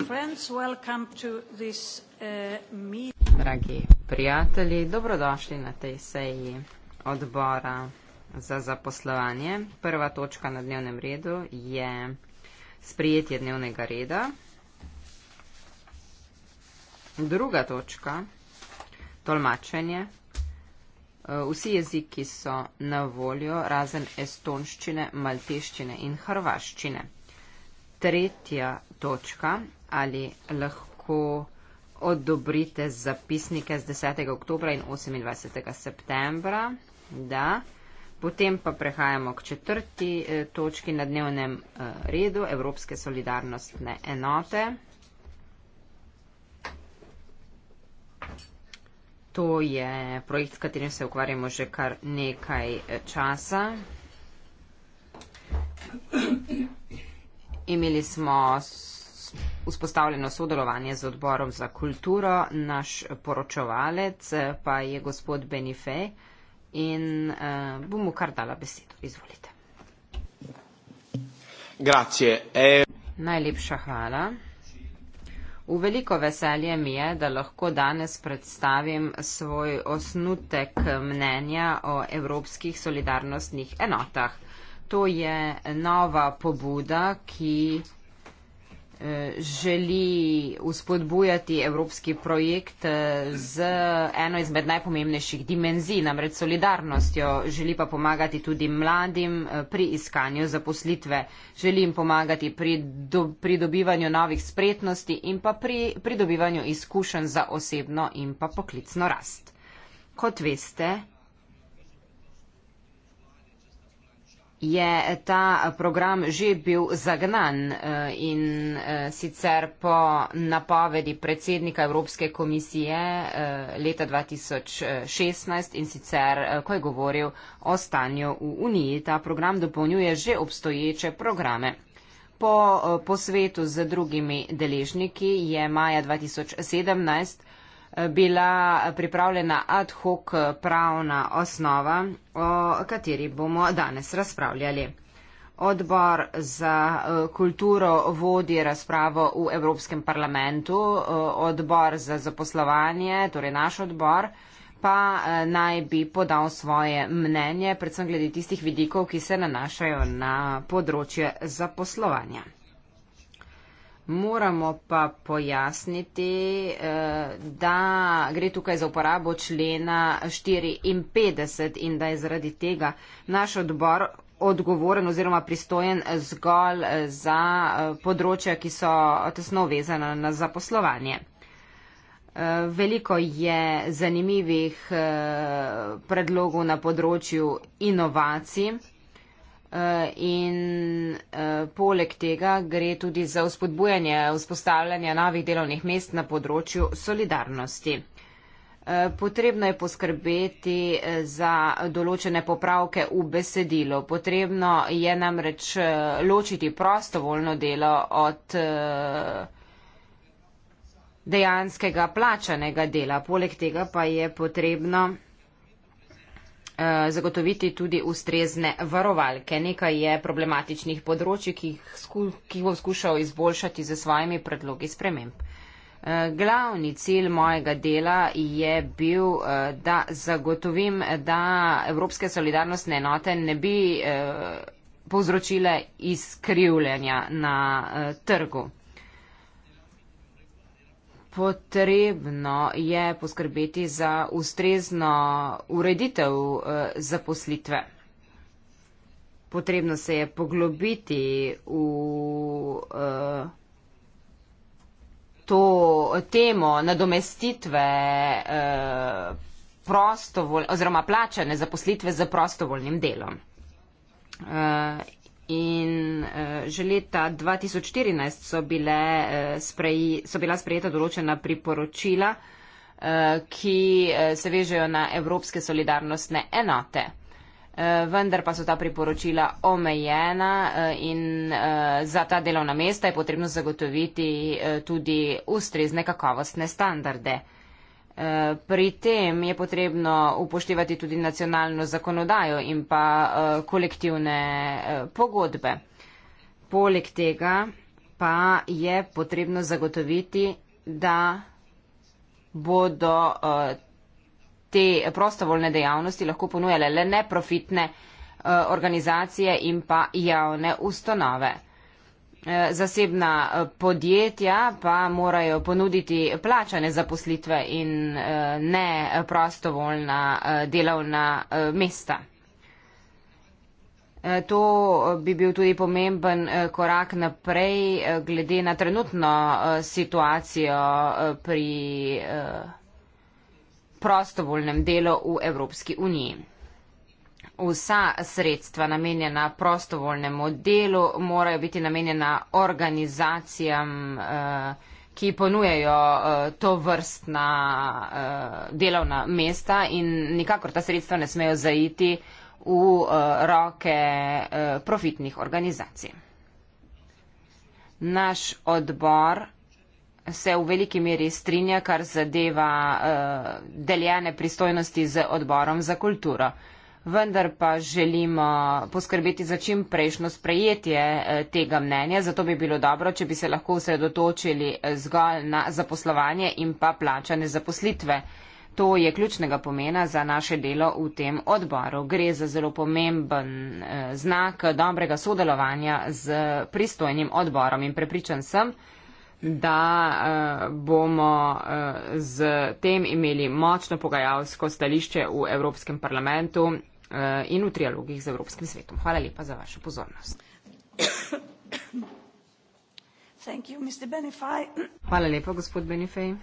Uh, Dragi prijatelji, dobrodošli na tej seji odbora za zaposlovanje. Prva točka na dnevnem redu je sprijetje dnevnega reda. Druga točka, tolmačenje. Uh, vsi jeziki so na voljo, razen estonščine, malteščine in hrvaščine. Tretja točka ali lahko odobrite zapisnike z 10. oktobra in 28. septembra. Da. Potem pa prehajamo k četrti eh, točki na dnevnem eh, redu Evropske solidarnostne enote. To je projekt, s katerim se ukvarjamo že kar nekaj eh, časa. Imeli smo vzpostavljeno sodelovanje z odborom za kulturo, naš poročevalec eh, pa je gospod Benifej in uh, bom mu kar dala besedo. Izvolite. Grazie. Eh... Najlepša hvala. V veliko veselje mi je, da lahko danes predstavim svoj osnutek mnenja o evropskih solidarnostnih enotah to je nova pobuda, ki eh, želi uspodbujati evropski projekt eh, z eno izmed najpomembnejših dimenzij, namreč solidarnostjo, želi pa pomagati tudi mladim eh, pri iskanju zaposlitve, želi jim pomagati pri, do, pri dobivanju novih spretnosti in pa pri pridobivanju izkušenj za osebno in pa poklicno rast. Kot veste, je ta program že bil zagnan eh, in eh, sicer po napovedi predsednika Evropske komisije eh, leta 2016 in sicer, ko je govoril o stanju v Uniji. Ta program dopolnjuje že obstoječe programe. Po posvetu z drugimi deležniki je maja 2017 bila pripravljena ad hoc pravna osnova, o kateri bomo danes razpravljali. Odbor za e, kulturo vodi razpravo v Evropskem parlamentu, e, odbor za zaposlovanje, torej naš odbor, pa e, naj bi podal svoje mnenje, predvsem glede tistih vidikov, ki se nanašajo na področje zaposlovanja. Moramo pa pojasniti, eh, da gre tukaj za uporabo člena 54 in da je zaradi tega naš odbor odgovoren oziroma pristojen zgolj eh, za eh, področja, ki so tesno vezana na zaposlovanje. Veliko je zanimivih predlogov na področju inovacij in eh, poleg tega gre tudi za vzpodbujanje vzpostavljanja novih delovnih mest na področju solidarnosti. Eh, potrebno je poskrbeti eh, za določene popravke v besedilo. Potrebno je namreč ločiti prostovoljno delo od dejanskega plačanega dela. Poleg tega pa je potrebno Eh, zagotoviti tudi ustrezne varovalke. Nekaj je problematičnih področji, ki jih, ki jih bom skušal izboljšati z svojimi predlogi sprememb. Eh, glavni cilj mojega dela je bil, eh, da zagotovim, da Evropske solidarnostne enote ne bi povzročile izkrivljanja na trgu potrebno je poskrbeti za ustrezno ureditev eh, zaposlitve. Potrebno se je poglobiti v eh, to temo nadomestitve eh, prostovoljne oziroma plačane zaposlitve za prostovoljnim delom. In uh, že leta 2014 so, bile, uh, eh, spreji, so bila sprejeta določena priporočila, uh, ki uh, se vežejo na evropske solidarnostne enote. Uh, vendar pa so ta priporočila omejena uh, in uh, za ta delovna mesta je potrebno zagotoviti uh, tudi ustrezne kakovostne standarde. Uh, Pri tem je potrebno upoštevati tudi nacionalno zakonodajo in pa eh, kolektivne eh, pogodbe. Poleg tega pa je potrebno zagotoviti, da bodo eh, te prostovoljne dejavnosti lahko ponujale le neprofitne organizacije in pa javne ustanove. Eh, zasebna eh, podjetja pa morajo ponuditi plačane zaposlitve in eh, ne prostovoljna delovna mesta. To bi bil tudi pomemben korak naprej glede na trenutno situacijo pri prostovoljnem delu v Evropski uniji. Vsa sredstva namenjena prostovoljnemu delu morajo biti namenjena organizacijam, eh, ki ponujajo eh, to vrstna eh, delovna mesta in nikakor ta sredstva ne smejo zaiti v roke profitnih organizacij. Naš odbor se v veliki meri strinja, kar zadeva deljene pristojnosti z odborom za kulturo vendar pa želimo poskrbeti za čim prejšnjo sprejetje eh, tega mnenja. Zato bi bilo dobro, če bi se lahko osredotočili eh, zgolj na zaposlovanje in pa plačane zaposlitve. To je ključnega pomena za naše delo v tem odboru. Gre za zelo pomemben eh, znak dobrega sodelovanja z pristojnim odborom in prepričan sem, da bomo z tem imeli močno pogajalsko stališče v Evropskem parlamentu Eh, in v trialogih z Evropskim svetom. Hvala lepa za vašo pozornost. Thank you, Mr. Hvala lepa, gospod Benifej.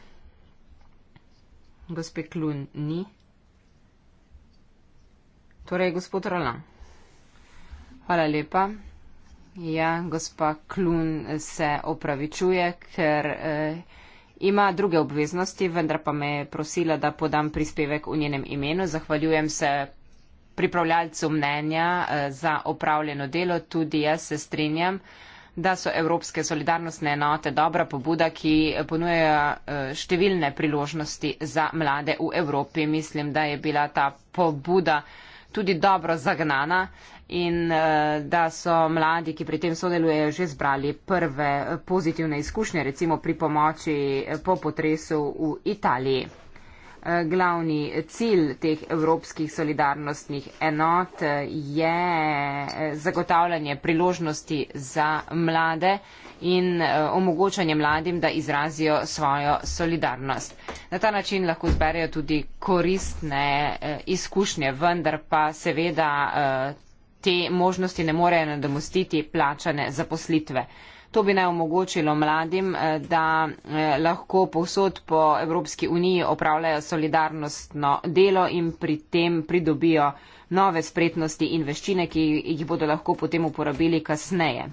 Gospe Klun ni. Torej, gospod Roland. Hvala lepa. Ja, gospa Klun se opravičuje, ker eh, ima druge obveznosti, vendar pa me je prosila, da podam prispevek v njenem imenu. Zahvaljujem se pripravljalcu mnenja eh, za opravljeno delo, tudi jaz se strinjam, da so Evropske solidarnostne enote dobra pobuda, ki ponujejo eh, številne priložnosti za mlade v Evropi. Mislim, da je bila ta pobuda tudi dobro zagnana in eh, da so mladi, ki pri tem sodelujejo, že zbrali prve pozitivne izkušnje, recimo pri pomoči po potresu v Italiji. Eh, glavni cilj teh evropskih solidarnostnih enot eh, je eh, zagotavljanje priložnosti za mlade in omogočanje mladim, da izrazijo svojo solidarnost. Na ta način lahko zberejo tudi koristne izkušnje, vendar pa seveda te možnosti ne morejo nadomostiti plačane zaposlitve. To bi naj omogočilo mladim, eh, da eh, lahko povsod po Evropski uniji opravljajo solidarnostno delo in pri tem pridobijo nove spretnosti in veščine, ki jih bodo lahko potem uporabili kasneje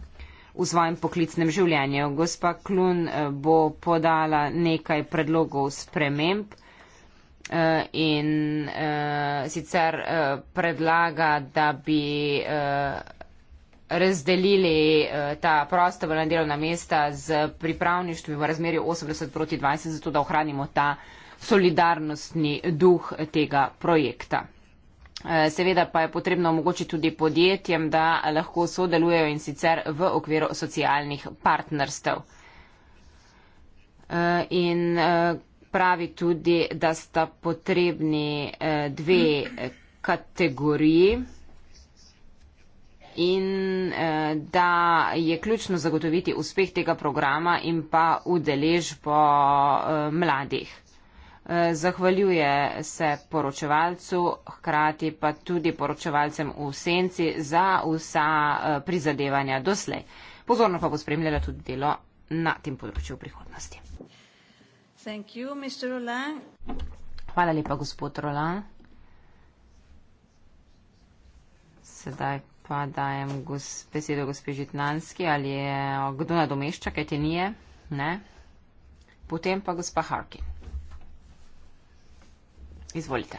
v svojem poklicnem življenju. Gospa Klun eh, bo podala nekaj predlogov sprememb in sicer predlaga, da bi razdelili eh, ta prostovoljna delovna mesta z pripravništvi v razmerju 80 proti 20, zato da ohranimo ta solidarnostni duh tega projekta. Eh, seveda pa je potrebno omogočiti tudi podjetjem, da lahko sodelujejo in sicer v okviru socialnih partnerstev. Eh, in pravi tudi, da sta potrebni dve kategoriji in eh, da je ključno zagotoviti uspeh tega programa in pa udeležbo eh, mladih. Eh, zahvaljuje se poročevalcu, hkrati pa tudi poročevalcem v senci za vsa prizadevanja doslej. Pozorno pa bo spremljala tudi delo na tem področju v prihodnosti. You, Hvala lepa, gospod Roland. Sedaj pa dajem gos, besedo gospe Žitnanski, ali je kdo nadomešča, kaj te nije, ne? Potem pa gospa Harkin. Izvolite.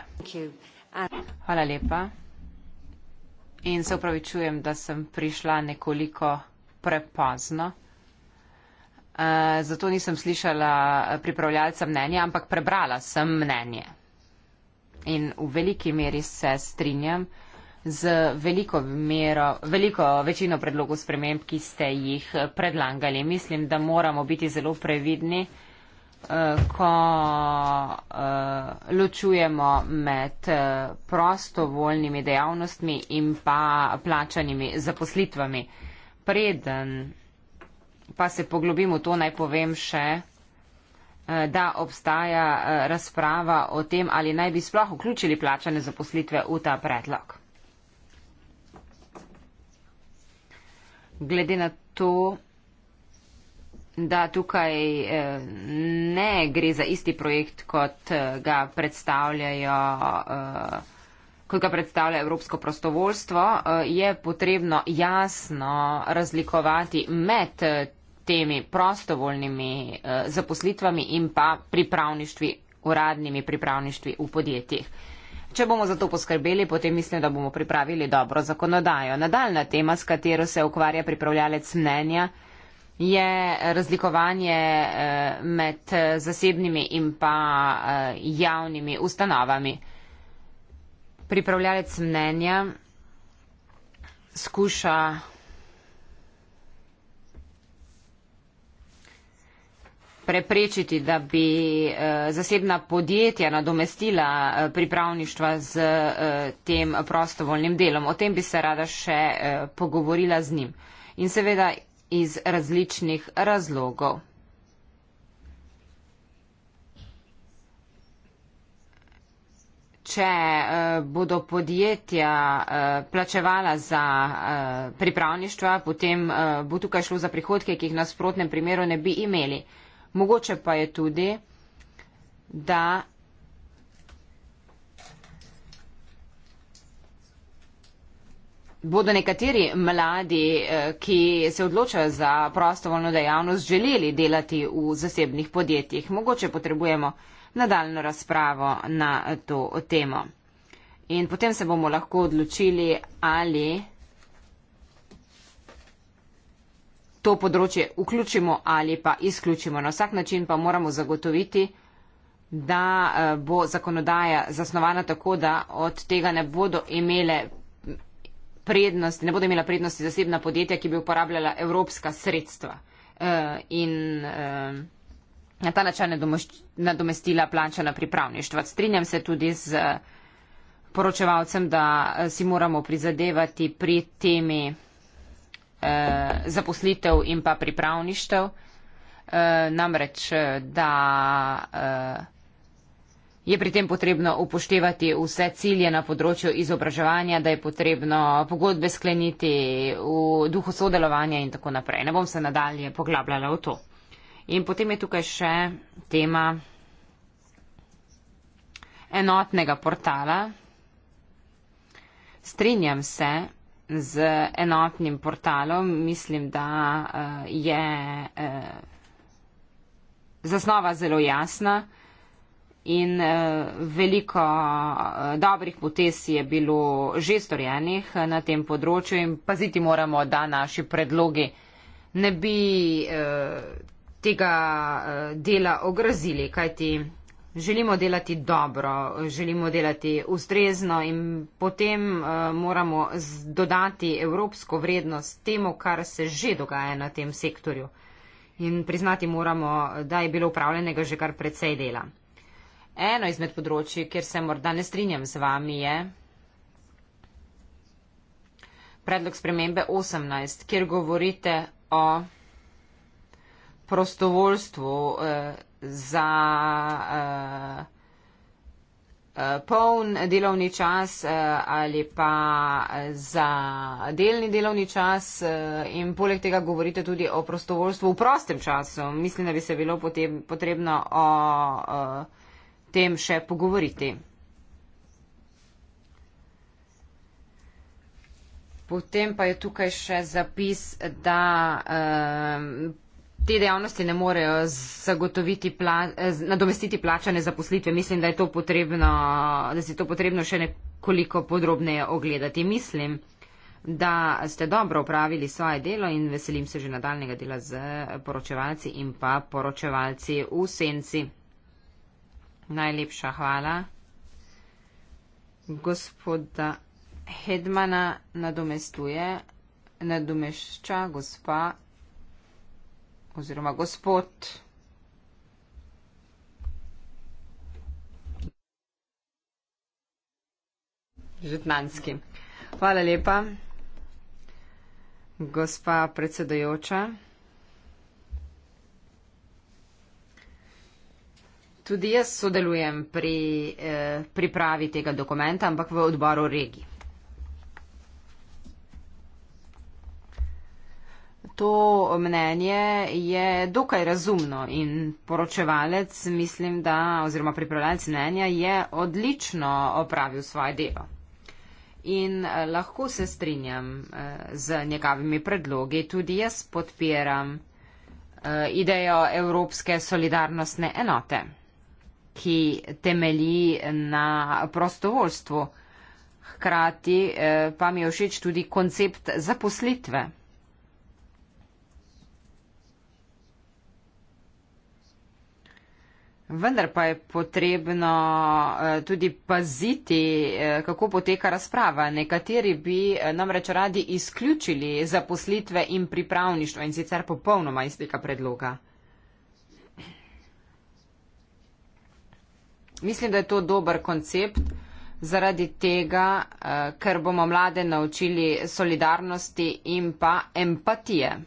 Hvala lepa. In se upravičujem, da sem prišla nekoliko prepozno. Zato nisem slišala pripravljalca mnenja, ampak prebrala sem mnenje. In v veliki meri se strinjam z veliko, mero, veliko večino predlogov sprememb, ki ste jih predlagali. Mislim, da moramo biti zelo previdni, eh, ko eh, ločujemo med eh, prostovoljnimi dejavnostmi in pa plačanimi zaposlitvami. Preden pa se poglobim v to, naj povem še, da obstaja razprava o tem, ali naj bi sploh vključili plačane zaposlitve v ta predlog. glede na to, da tukaj eh, ne gre za isti projekt, kot eh, ga predstavljajo, eh, kot ga predstavlja Evropsko prostovoljstvo, je potrebno jasno razlikovati med temi prostovoljnimi zaposlitvami in pa pripravništvi, uradnimi pripravništvi v podjetjih. Če bomo za to poskrbeli, potem mislim, da bomo pripravili dobro zakonodajo. Nadaljna tema, s katero se ukvarja pripravljalec mnenja, je razlikovanje eh, med eh, zasebnimi in pa eh, javnimi ustanovami. Pripravljalec mnenja skuša preprečiti, da bi eh, zasebna podjetja nadomestila eh, pripravništva z eh, tem prostovoljnim delom. O tem bi se rada še pogovorila z njim in seveda iz različnih razlogov. Če bodo podjetja plačevala za pripravništva, potem bo tukaj šlo za prihodke, ki jih nasprotnem primeru ne bi imeli. Mogoče pa je tudi, da bodo nekateri mladi, eh, ki se odločajo za prostovoljno dejavnost, želeli delati v zasebnih podjetjih. Mogoče potrebujemo nadaljno razpravo na to temo. In potem se bomo lahko odločili, ali. to področje vključimo ali pa izključimo. Na vsak način pa moramo zagotoviti, da eh, bo zakonodaja zasnovana tako, da od tega ne bodo imele prednosti, ne bodo imela prednosti zasebna podjetja, ki bi uporabljala evropska sredstva eh, in eh, na ta način nadomestila plačana pripravništva. Strinjam se tudi z poročevalcem, da si moramo prizadevati pri temi eh, zaposlitev in pa pripravništev. Eh, namreč, eh, da eh, je pri tem potrebno upoštevati vse cilje na področju izobraževanja, da je potrebno pogodbe skleniti v duhu sodelovanja in tako naprej. Ne bom se nadalje poglabljala v to. In potem je tukaj še tema enotnega portala. Strinjam se, z enotnim portalom. Mislim, da uh, je uh, zasnova zelo jasna in uh, veliko uh, dobrih potes je bilo že storjenih na tem področju in paziti moramo, da naši predlogi ne bi uh, tega uh, dela ogrozili, kajti. Želimo delati dobro, želimo delati ustrezno in potem eh, moramo dodati evropsko vrednost temu, kar se že dogaja na tem sektorju. In priznati moramo, da je bilo upravljenega že kar precej dela. Eno izmed področji, kjer se morda ne strinjam z vami, je predlog spremembe 18, kjer govorite o prostovoljstvu. Eh, za uh, poln delovni čas uh, ali pa za delni delovni čas uh, in poleg tega govorite tudi o prostovoljstvu v prostem času. Mislim, da bi se bilo potem, potrebno o uh, tem še pogovoriti. Potem pa je tukaj še zapis, da uh, te dejavnosti ne morejo zagotoviti, pla, eh, nadomestiti plačane zaposlitve. Mislim, da je to potrebno, da si to potrebno še nekoliko podrobneje ogledati. Mislim, da ste dobro upravili svoje delo in veselim se že nadaljnega dela z poročevalci in pa poročevalci v senci. Najlepša hvala. Gospoda Hedmana nadomestuje, nadomešča gospa oziroma gospod. Žetmanski. Hvala lepa, gospa predsedojoča. Tudi jaz sodelujem pri eh, pripravi tega dokumenta, ampak v odboru regij. to mnenje je dokaj razumno in poročevalec, mislim, da oziroma pripravljalec mnenja je odlično opravil svoje delo. In eh, lahko se strinjam eh, z njegovimi predlogi, tudi jaz podpiram eh, idejo Evropske solidarnostne enote, ki temelji na prostovoljstvu. Hkrati pa mi je všeč tudi koncept zaposlitve. Vendar pa je potrebno eh, tudi paziti, eh, kako poteka razprava. Nekateri bi eh, namreč radi izključili zaposlitve in pripravništvo in sicer popolnoma iz tega predloga. Mislim, da je to dober koncept zaradi tega, ker bomo mlade naučili solidarnosti in pa empatije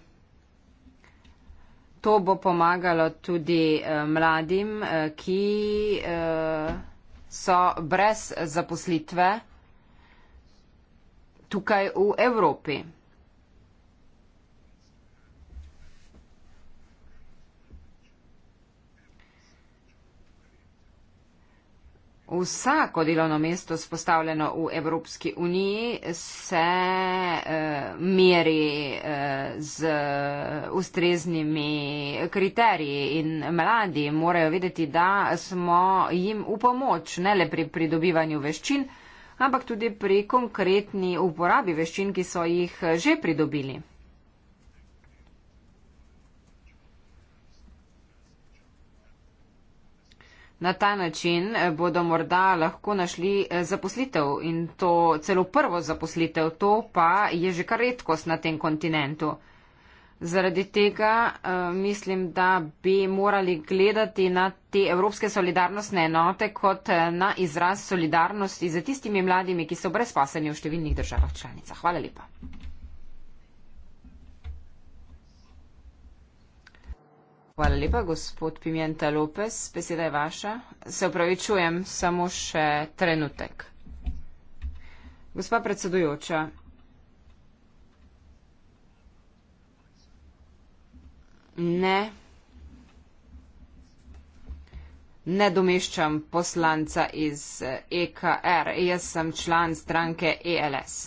to bo pomagalo tudi eh, mladim, eh, ki eh, so brez zaposlitve tukaj v Evropi. Vsako delovno mesto spostavljeno v Evropski uniji se eh, meri eh, z ustreznimi kriteriji in mladi morajo vedeti, da smo jim v pomoč ne le pri pridobivanju veščin, ampak tudi pri konkretni uporabi veščin, ki so jih že pridobili. Na ta način eh, bodo morda lahko našli eh, zaposlitev in to celo prvo zaposlitev, to pa je že kar redkost na tem kontinentu. Zaradi tega eh, mislim, da bi morali gledati na te evropske solidarnostne enote kot na izraz solidarnosti za tistimi mladimi, ki so brezpaseni v številnih državah članicah. Hvala lepa. Hvala lepa, gospod Pimenta Lopes. Beseda je vaša. Se upravičujem, samo še trenutek. Gospa predsedujoča. Ne. Ne domeščam poslanca iz EKR. Jaz sem član stranke ELS.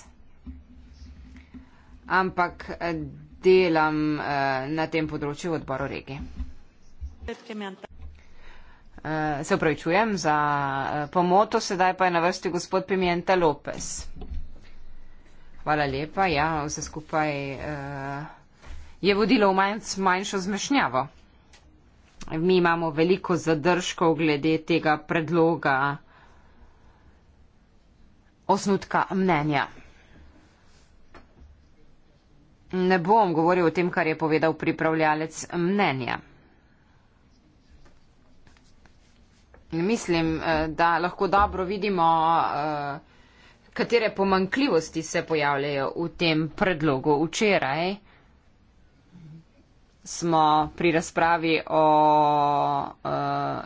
Ampak delam eh, na tem področju v odboru regi. Eh, se upravičujem za eh, pomoto, sedaj pa je na vrsti gospod Pimenta Lopes. Hvala lepa, ja, vse skupaj je vodilo v manj, manjšo zmešnjavo. Mi imamo veliko zadržkov glede tega predloga osnutka mnenja. Ne bom govoril o tem, kar je povedal pripravljalec mnenja. Mislim, eh, da lahko dobro vidimo, eh, katere pomankljivosti se pojavljajo v tem predlogu. Včeraj smo pri razpravi o eh,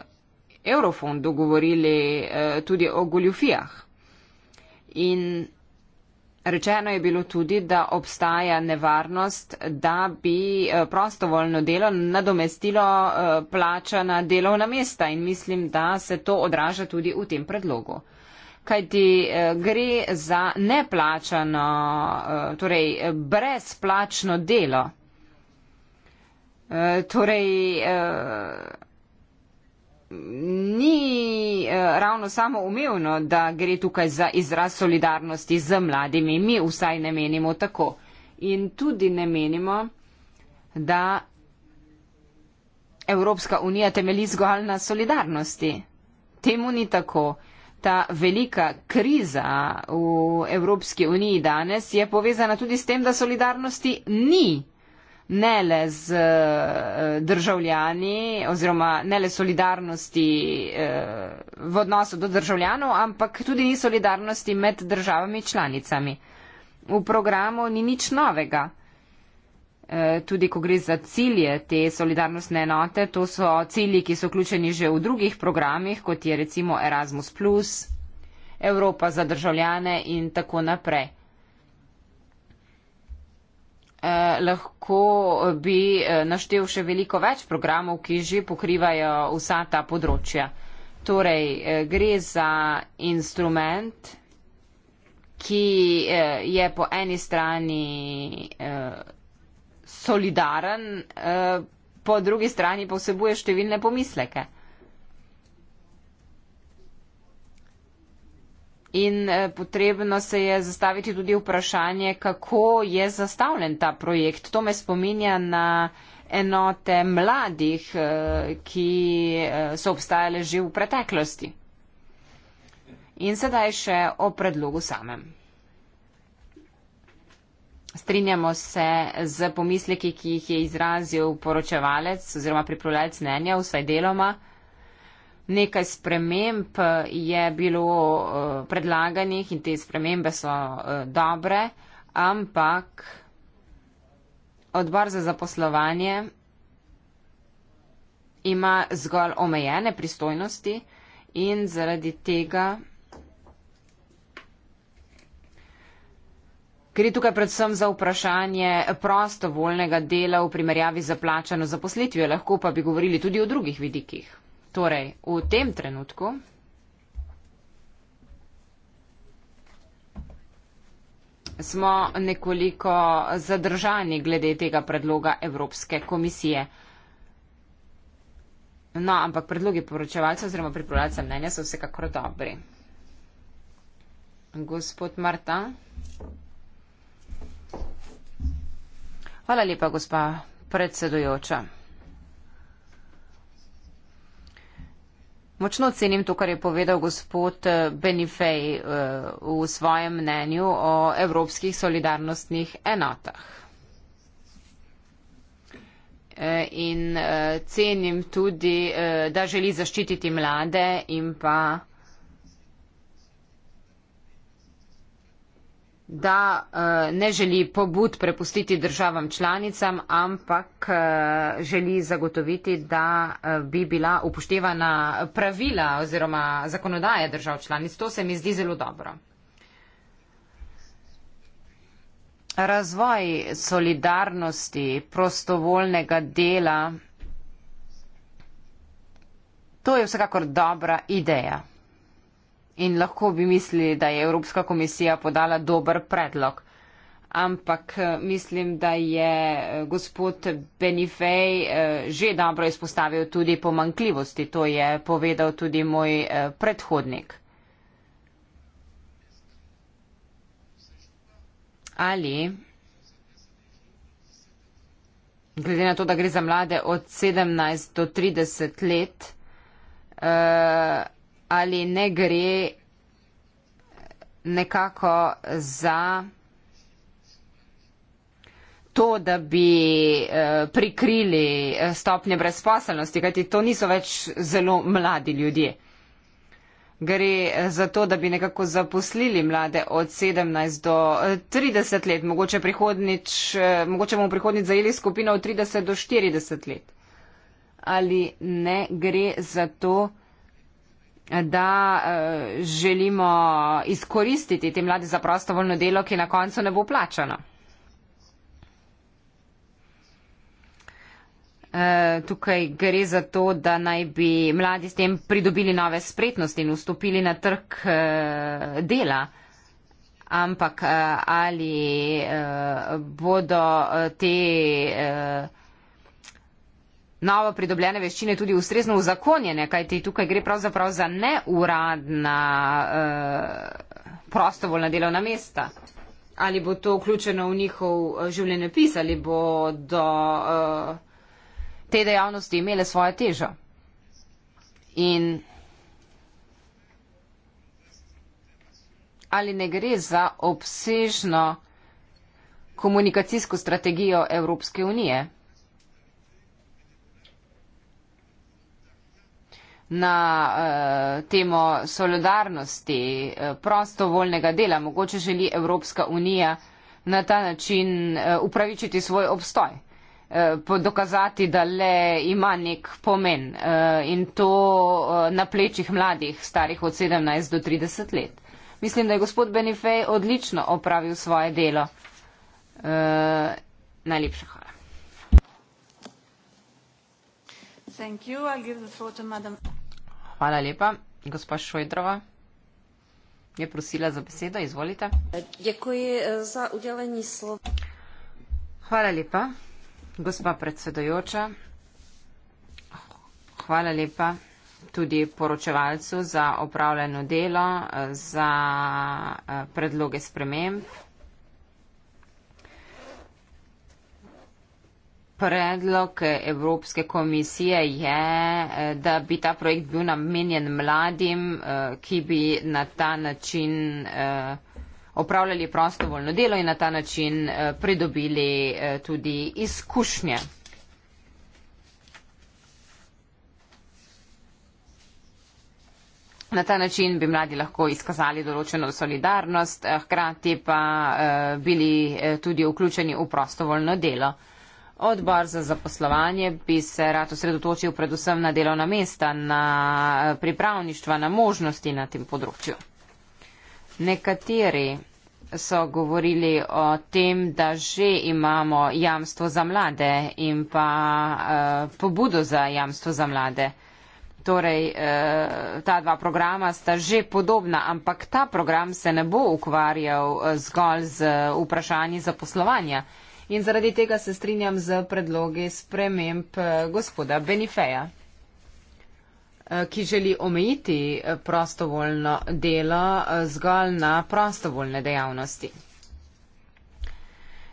eurofondu govorili tudi o goljufijah. In Rečeno je bilo tudi, da obstaja nevarnost, da bi eh, prostovoljno delo nadomestilo eh, plačana delovna mesta in mislim, da se to odraža tudi v tem predlogu. Kaj ti eh, gre za neplačano, torej brezplačno delo? Torej, ni eh, ravno samo umevno, da gre tukaj za izraz solidarnosti z mladimi. Mi vsaj ne menimo tako. In tudi ne menimo, da Evropska unija temeli zgolj na solidarnosti. Temu ni tako. Ta velika kriza v Evropski uniji danes je povezana tudi s tem, da solidarnosti ni ne le z eh, državljani oziroma ne le solidarnosti eh, v odnosu do državljanov, ampak tudi ni solidarnosti med državami članicami. V programu ni nič novega. Eh, tudi ko gre za cilje te solidarnostne enote, to so cilji, ki so vključeni že v drugih programih, kot je recimo Erasmus, Evropa za državljane in tako naprej. Eh, lahko bi eh, naštel še veliko več programov, ki že pokrivajo vsa ta področja. Torej, eh, gre za instrument, ki je po eni strani solidaren, po drugi strani pa vsebuje številne pomisleke. In eh, potrebno se je zastaviti tudi vprašanje, kako je zastavljen ta projekt. To me spominja na enote mladih, eh, ki eh, so obstajale že v preteklosti. In sedaj še o predlogu samem. Strinjamo se z pomisleki, ki jih je izrazil poročevalec oziroma pripravljalec mnenja, vsaj deloma. Nekaj sprememb eh, je bilo eh, predlaganih in te spremembe so eh, dobre, ampak odbor za zaposlovanje ima zgolj omejene pristojnosti in zaradi tega. Gre tukaj predvsem za vprašanje prostovoljnega dela v primerjavi za plačano zaposlitvijo, lahko pa bi govorili tudi o drugih vidikih. Torej, v tem trenutku smo nekoliko zadržani glede tega predloga Evropske komisije. No, ampak predlogi poročevalcev oziroma pripravljalcev mnenja so vsekakor dobri. Gospod Marta. Hvala lepa, gospa predsedujoča. Močno ocenim to, kar je povedal gospod eh, Benifej eh, v svojem mnenju o evropskih solidarnostnih enotah. Eh, in cenim tudi, da želi zaščititi mlade in pa da uh, ne želi pobud prepustiti državam članicam, ampak uh, želi zagotoviti, da uh, bi bila upoštevana pravila oziroma zakonodaje držav članic. To se mi zdi zelo dobro. Razvoj solidarnosti, prostovoljnega dela, to je vsekakor dobra ideja in lahko bi mislili, da je Evropska komisija podala dober predlog. Ampak eh, mislim, da je eh, gospod Benifej eh, že dobro izpostavil tudi pomankljivosti. To je povedal tudi moj predhodnik. Ali, glede na to, da gre za mlade od 17 do 30 let, ali ne gre nekako za to, da bi eh, prikrili eh, stopnje brezposelnosti, kajti to niso več zelo mladi ljudje. Gre eh, za to, da bi nekako zaposlili mlade od 17 do 30 let, mogoče, prihodnič, mogoče bomo prihodnjič zajeli skupino od 30 do 40 let. Ali ne gre za to, da bi prikrili stopnje brezposelnosti? da eh, želimo izkoristiti te mlade za prostovoljno delo, ki na koncu ne bo plačano. Eh, tukaj gre za to, da naj bi mladi s tem pridobili nove spretnosti in vstopili na trg eh, dela. Ampak ali bodo te novo pridobljene veščine tudi ustrezno uzakonjene, kajti tukaj gre pravzaprav za neuradna e, prostovoljna delovna mesta. Ali bo to vključeno v njihov eh, življenjepis, ali bo do e, te dejavnosti imele svojo težo. In ali ne gre za obsežno komunikacijsko strategijo Evropske unije? na uh, temo solidarnosti, eh, prostovoljnega dela. Mogoče želi Evropska unija na ta način uh, upravičiti svoj obstoj, uh, dokazati, da le ima nek pomen uh, in to uh, na plečih mladih, starih od 17 do 30 let. Mislim, da je gospod Benifej odlično opravil svoje delo. Uh, najlepša hvala. Thank you. I'll give the floor to Madam. Hvala lepa. Gospa Šojdrova je prosila za besedo. Izvolite. Děkuji eh, za udelení slova. Hvala lepa. Gospa predsedojoča, hvala lepa tudi poročevalcu za opravljeno delo, eh, za eh, predloge sprememb. predlog Evropske komisije je, eh, da bi ta projekt bil namenjen mladim, eh, ki bi na ta način eh, opravljali prostovoljno delo in na ta način pridobili tudi izkušnje. Na ta način bi mladi lahko izkazali določeno solidarnost, hkrati pa bili tudi vključeni v prostovoljno delo. Odbor za zaposlovanje bi se rad osredotočil predvsem na delovna mesta, na eh, pripravništva, na možnosti na tem področju. Nekateri so govorili o tem, da že imamo jamstvo za mlade in pa eh, pobudo za jamstvo za mlade. Torej, eh, ta dva programa sta že podobna, ampak ta program se ne bo ukvarjal eh, zgolj z vprašanji zaposlovanja in zaradi tega se strinjam z predlogi sprememb eh, gospoda Benifeja, eh, ki želi omejiti eh, prostovoljno delo zgolj na prostovoljne dejavnosti.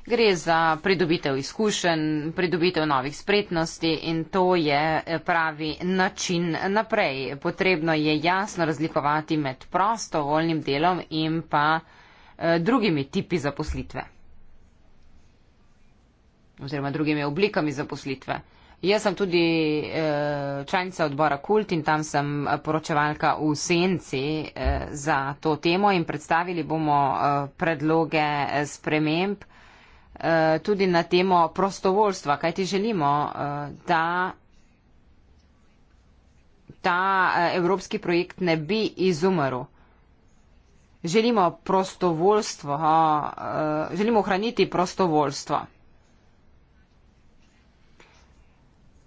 Gre za pridobitev izkušenj, pridobitev novih spretnosti in to je pravi način naprej. Potrebno je jasno razlikovati med prostovoljnim delom in pa drugimi tipi zaposlitve oziroma drugimi oblikami zaposlitve. Jaz sem tudi eh, članica odbora Kult in tam sem eh, poročevalka v senci eh, za to temo in predstavili bomo predloge sprememb tudi na temo prostovoljstva, kaj ti želimo, da ta evropski projekt ne bi izumrl. Želimo prostovoljstvo, želimo ohraniti prostovoljstvo.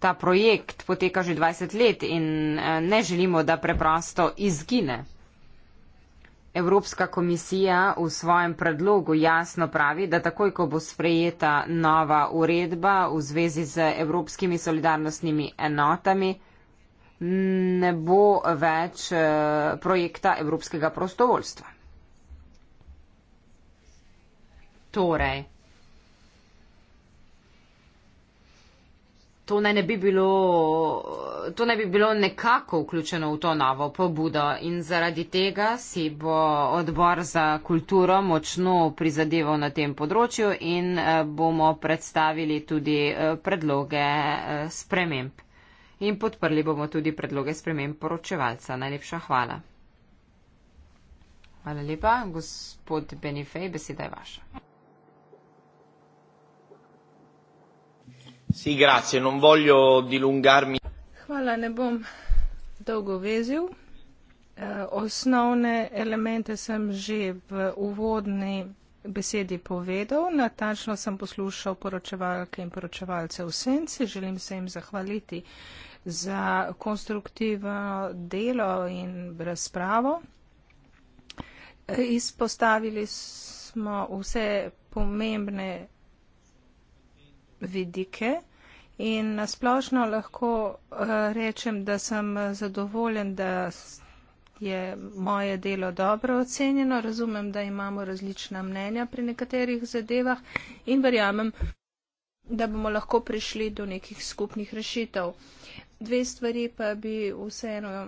ta projekt poteka že 20 let in eh, ne želimo, da preprosto izgine. Evropska komisija v svojem predlogu jasno pravi, da takoj, ko bo sprejeta nova uredba v zvezi z evropskimi solidarnostnimi enotami, ne bo več eh, projekta evropskega prostovoljstva. Torej, to naj ne bi bilo, to naj bi bilo nekako vključeno v to novo pobudo in zaradi tega si bo odbor za kulturo močno prizadeval na tem področju in eh, bomo predstavili tudi eh, predloge eh, sprememb. In podprli bomo tudi predloge sprememb poročevalca. Najlepša hvala. Hvala lepa, gospod Benifej, beseda je vaša. Hvala, ne bom dolgo vezil. Eh, osnovne elemente sem že v uvodni besedi povedal. Natačno sem poslušal poročevalke in poročevalce v senci. Želim se jim zahvaliti za konstruktivno delo in razpravo. Eh, izpostavili smo vse pomembne vidike. In nasplošno lahko eh, rečem, da sem eh, zadovoljen, da je moje delo dobro ocenjeno. Razumem, da imamo različna mnenja pri nekaterih zadevah in verjamem, da bomo lahko prišli do nekih skupnih rešitev. Dve stvari pa bi vseeno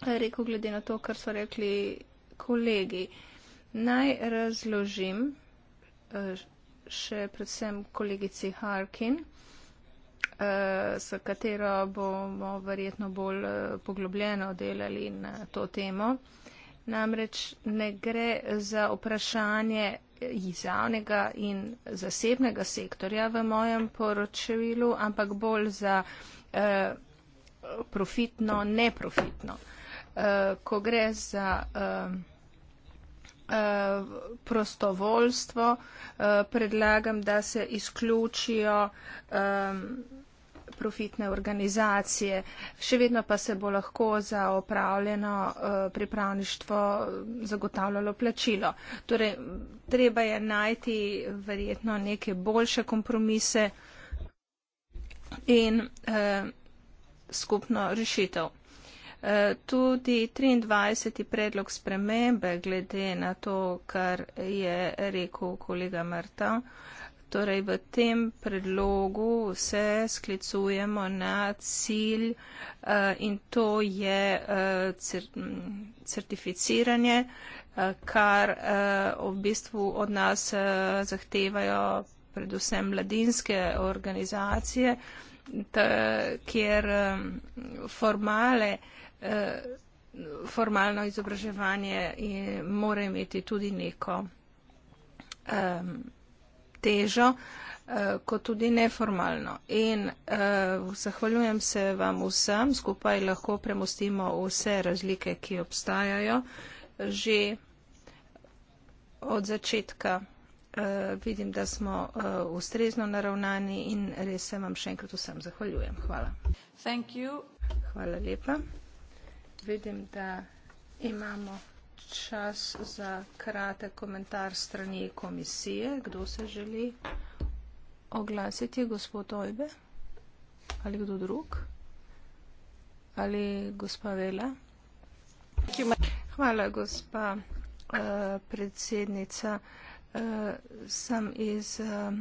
rekel, glede na to, kar so rekli kolegi. Naj razložim eh, še predvsem kolegici Harkin, eh, s katero bomo verjetno bolj eh, poglobljeno delali na to temo. Namreč ne gre za vprašanje izavnega in zasebnega sektorja v mojem poročevilu, ampak bolj za eh, profitno, neprofitno. Ko gre za profitno, Eh, prostovoljstvo, eh, predlagam, da se izključijo profitne organizacije. Še vedno pa se bo lahko za opravljeno eh, pripravništvo zagotavljalo plačilo. Torej, treba je najti verjetno neke boljše kompromise in skupno rešitev. Eh, tudi 23. predlog spremembe glede na to, kar je rekel kolega Marta. Torej v tem predlogu se sklicujemo na cilj eh, in to je eh, certificiranje, kar v bistvu od nas zahtevajo predvsem mladinske organizacije, kjer formale Eh, formalno izobraževanje in mora imeti tudi neko um, težo, uh, kot tudi neformalno. In uh, zahvaljujem se vam vsem, skupaj lahko premostimo vse razlike, ki obstajajo. Že od začetka uh, vidim, da smo uh, ustrezno naravnani in res se vam še enkrat vsem zahvaljujem. Hvala. Hvala lepa. Vidim, da imamo čas za krate komentar strani komisije. Kdo se želi oglasiti? Gospod Ojbe? Ali kdo drug? Ali gospa Vela? Hvala, gospa uh, predsednica. Uh, sem iz. Uh,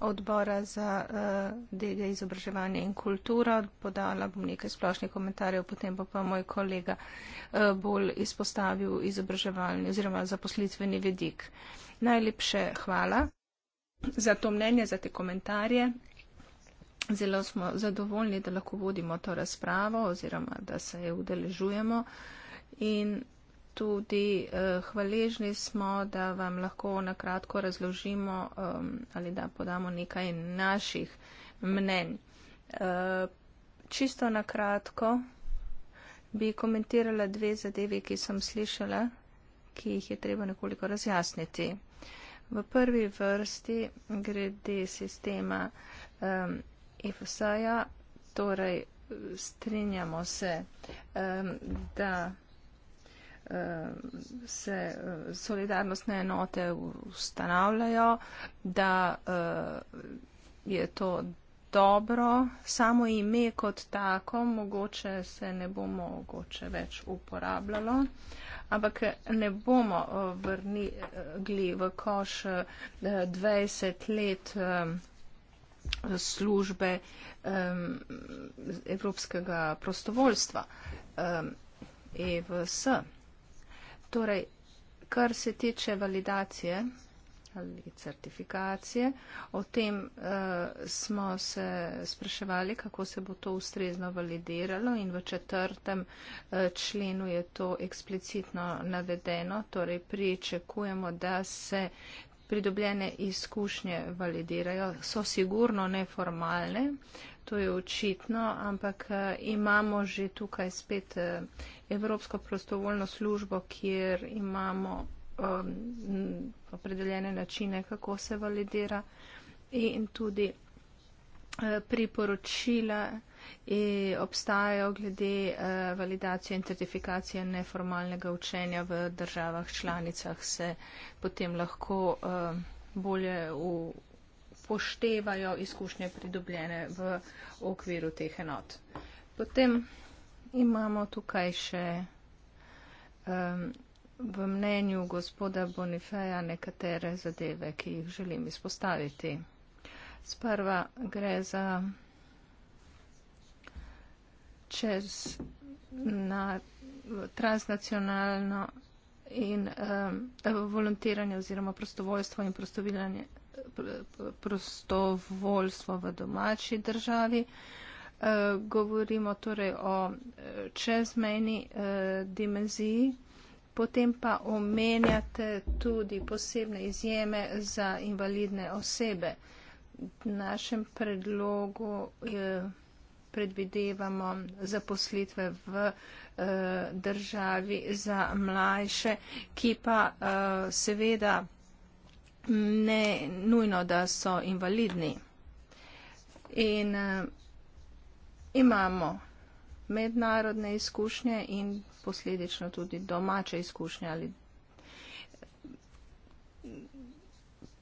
odbora za uh, eh, delje izobraževanje in kulturo. Podala bom nekaj splošnih komentarjev, potem bo pa moj kolega uh, bolj izpostavil izobraževalni oziroma zaposlitveni vedik. Najlepše hvala za to mnenje, za te komentarje. Zelo smo zadovoljni, da lahko vodimo to razpravo oziroma da se je udeležujemo. In tudi uh, hvaležni smo, da vam lahko na kratko razložimo um, ali da podamo nekaj naših mnenj. Uh, čisto na kratko bi komentirala dve zadevi, ki sem slišala, ki jih je treba nekoliko razjasniti. V prvi vrsti grede sistema um, EFSA-ja, torej strinjamo se, um, da. Eh, se eh, solidarnostne enote ustanavljajo, da eh, je to dobro, samo ime kot tako, mogoče se ne bo mogoče več uporabljalo, ampak ne bomo vrnili v koš 20 let službe Evropskega prostovoljstva. EVS. E Torej, kar se tiče validacije ali certifikacije, o tem uh, smo se spraševali, kako se bo to ustrezno validiralo in v četrtem uh, členu je to eksplicitno navedeno. Torej, pričakujemo, da se pridobljene izkušnje validirajo, so sigurno neformalne, uh, to je očitno, ampak eh, imamo že tukaj spet eh, Evropsko prostovoljno službo, kjer imamo um, opredeljene načine, kako se validira in tudi eh, priporočila obstajajo glede validacije in certifikacije neformalnega učenja v državah članicah, se potem lahko bolje upoštevajo izkušnje pridobljene v okviru teh enot. Potem imamo tukaj še um, v mnenju gospoda Bonifeja nekatere zadeve, ki jih želim izpostaviti. Sprva gre za čez na transnacionalno in um, volontiranje oziroma prostovoljstvo in prostovoljanje prostovoljstvo v domači državi. Eh, govorimo torej o eh, čezmejni eh, dimenziji, potem pa omenjate tudi posebne izjeme za invalidne osebe. V našem predlogu predvidevamo zaposlitve v državi za mlajše, ki pa seveda ne nujno, da so invalidni. In uh, imamo mednarodne izkušnje in posledično tudi domače izkušnje. Ali...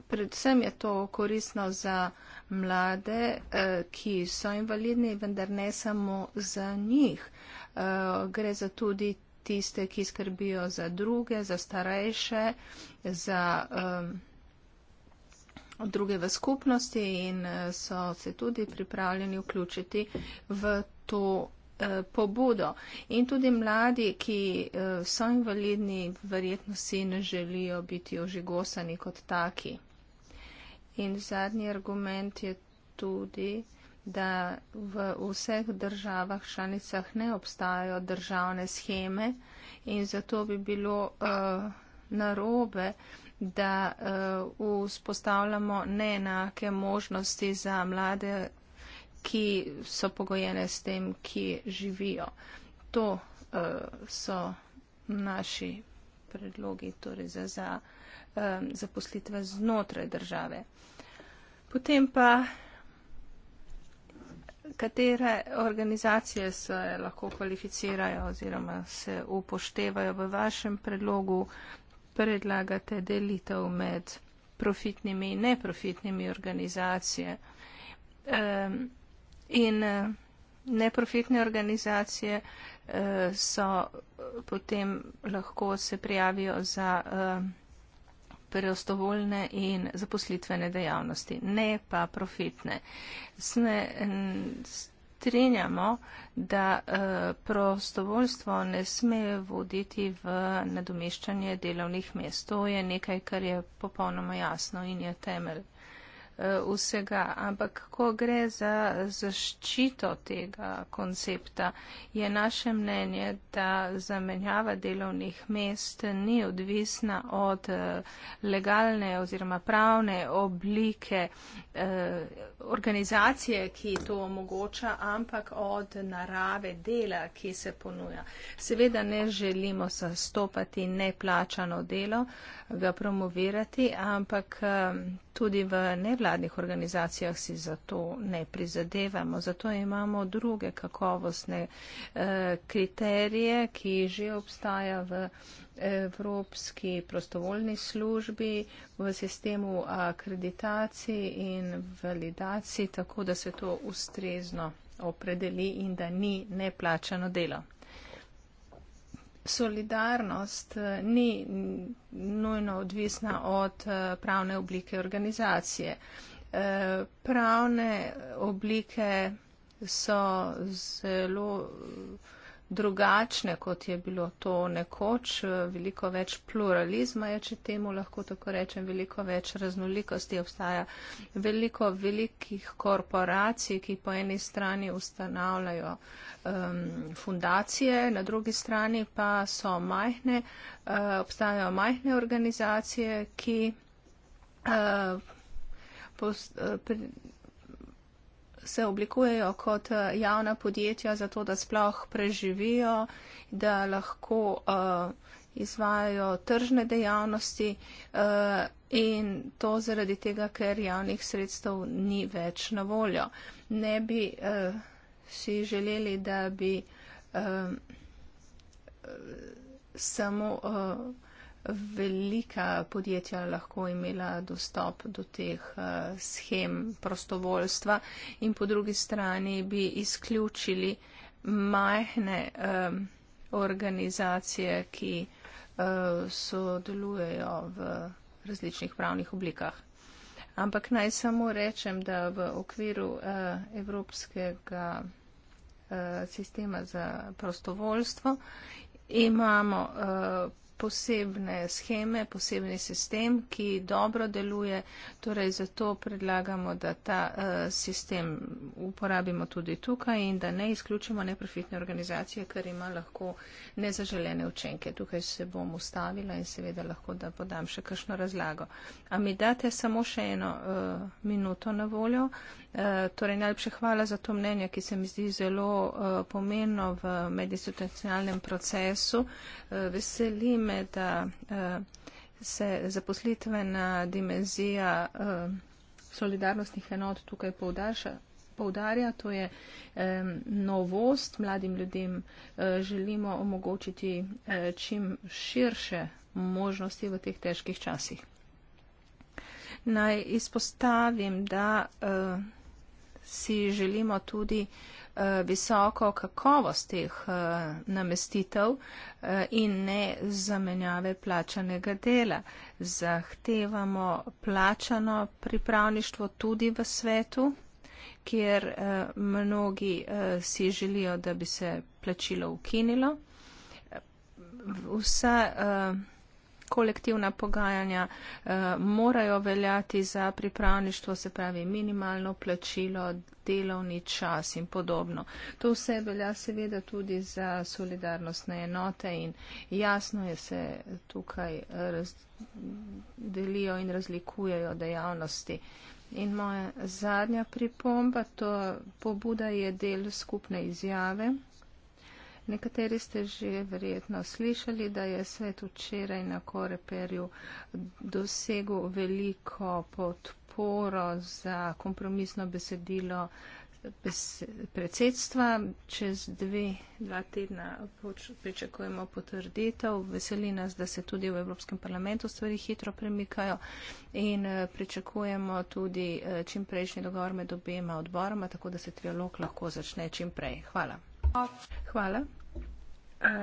Predvsem je to korisno za mlade, uh, ki so invalidni, vendar ne samo za njih. Uh, gre za tudi tiste, ki skrbijo za druge, za starejše, za. Um, druge v skupnosti in eh, so se tudi pripravljeni vključiti v to eh, pobudo. In tudi mladi, ki eh, so invalidni, verjetno si ne želijo biti ožigosani kot taki. In zadnji argument je tudi, da v vseh državah članicah ne obstajajo državne scheme in zato bi bilo uh, narobe, da uh, vzpostavljamo neenake možnosti za mlade, ki so pogojene s tem, ki živijo. To uh, so naši predlogi torej za, za um, zaposlitve znotraj države. Potem pa, katere organizacije se lahko kvalificirajo oziroma se upoštevajo v vašem predlogu, predlagate delitev med profitnimi in neprofitnimi organizacijami. In e, neprofitne organizacije e, so e, potem lahko se prijavijo za prostovoljne in zaposlitvene dejavnosti, ne pa profitne. Sme, strinjamo, da eh, prostovoljstvo ne sme voditi v nadomeščanje delovnih mest. To je nekaj, kar je popolnoma jasno in je temelj Eh, vsega, ampak ko gre za zaščito tega koncepta, je naše mnenje, da zamenjava delovnih mest ni odvisna od eh, legalne oziroma pravne oblike eh, organizacije, ki to omogoča, ampak od narave dela, ki se ponuja. Seveda ne želimo zastopati neplačano delo, ga promovirati, ampak tudi v nevladnosti, nevladnih organizacijah si zato ne prizadevamo. Zato imamo druge kakovostne eh, kriterije, ki že obstaja v Evropski prostovoljni službi v sistemu akreditacij in validacij, tako da se to ustrezno opredeli in da ni neplačano delo solidarnost eh, ni nujno odvisna od eh, pravne oblike organizacije. Eh, pravne oblike so zelo drugačne, kot je bilo to nekoč, veliko več pluralizma je, če temu lahko tako rečem, veliko več raznolikosti obstaja, veliko velikih korporacij, ki po eni strani ustanavljajo um, fundacije, na drugi strani pa so majhne, uh, obstajajo majhne organizacije, ki uh, post, uh, pri, se oblikujejo kot eh, javna podjetja, zato da sploh preživijo, da lahko uh, izvajajo tržne dejavnosti uh, in to zaradi tega, ker javnih sredstev ni več na voljo. Ne bi uh, si želeli, da bi uh, samo. Uh, velika podjetja lahko imela dostop do teh eh, schem prostovoljstva in po drugi strani bi izključili majhne organizacije, ki eh, sodelujejo v različnih pravnih oblikah. Ampak naj samo rečem, da v okviru eh, Evropskega sistema za prostovoljstvo imamo posebne scheme, posebni sistem, ki dobro deluje, torej zato predlagamo, da ta eh, sistem uporabimo tudi tukaj in da ne izključimo neprofitne organizacije, ker ima lahko nezaželene učenke. Tukaj se bom ustavila in seveda lahko, da podam še kakšno razlago. A mi date samo še eno eh, minuto na voljo? Eh, torej, najlepše hvala za to mnenje, ki se mi zdi zelo pomeno v medinstitucionalnem procesu. Veselim probleme, da uh, eh, eh, se zaposlitvena dimenzija uh, solidarnostnih enot tukaj povdarša. Povdarja, to je eh, novost. Mladim ljudem eh, želimo omogočiti eh, čim širše možnosti v teh težkih časih. Naj izpostavim, da eh, si želimo tudi eh, Eh, visoko kakovost teh eh, namestitev eh, in ne zamenjave plačanega dela. Zahtevamo plačano pripravništvo tudi v svetu, kjer mnogi si želijo, da bi se plačilo ukinilo. Vse kolektivna pogajanja eh, morajo veljati za pripravništvo, se pravi minimalno plačilo, delovni čas in podobno. To vse velja seveda tudi za solidarnostne enote in jasno je se tukaj delijo in razlikujejo dejavnosti. In moja zadnja pripomba, to pobuda je del skupne izjave. Nekateri ste že verjetno slišali, da je svet včeraj na Koreperju dosegel veliko podporo za kompromisno besedilo predsedstva. Čez dve, dva tedna pričakujemo potrditev. Veseli nas, da se tudi v Evropskem parlamentu stvari hitro premikajo in eh, pričakujemo tudi eh, čimprejšnji dogovor med obema odboroma, tako da se trialog lahko začne čimprej. Hvala. Hvala.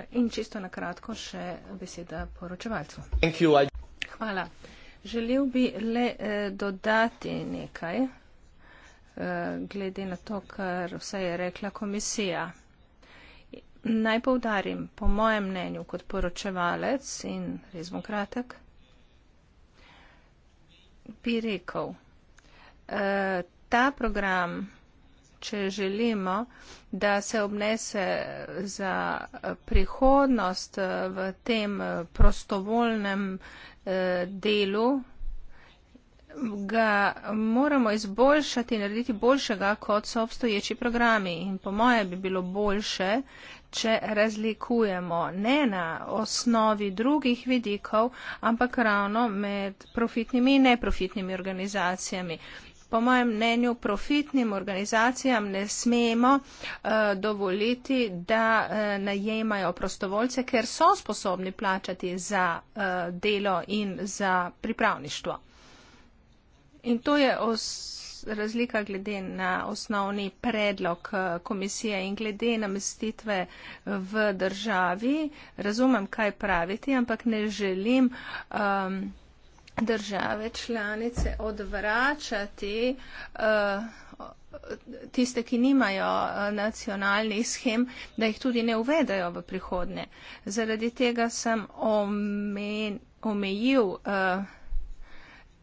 In čisto na kratko še beseda poročevalcu. Hvala. Želel bi le eh, dodati nekaj eh, glede na to, kar vse je rekla komisija. Naj povdarim, po mojem mnenju, kot poročevalec in res bom kratek, bi rekel, eh, ta program če želimo, da se obnese za prihodnost eh, v tem eh, prostovoljnem eh, delu, ga moramo izboljšati in narediti boljšega, kot so obstoječi programi. In po moje bi bilo boljše, če razlikujemo ne na osnovi drugih vidikov, ampak ravno med profitnimi in neprofitnimi organizacijami po mojem mnenju profitnim organizacijam ne smemo uh, dovoliti, da uh, najemajo prostovoljce, ker so sposobni plačati za uh, delo in za pripravništvo. In to je os razlika glede na osnovni predlog komisije in glede namestitve v državi. Razumem, kaj praviti, ampak ne želim. Um, države članice odvračati uh, tiste, ki nimajo eh, nacionalnih schem, da jih tudi ne uvedajo v prihodnje. Zaradi tega sem omen, omejil uh,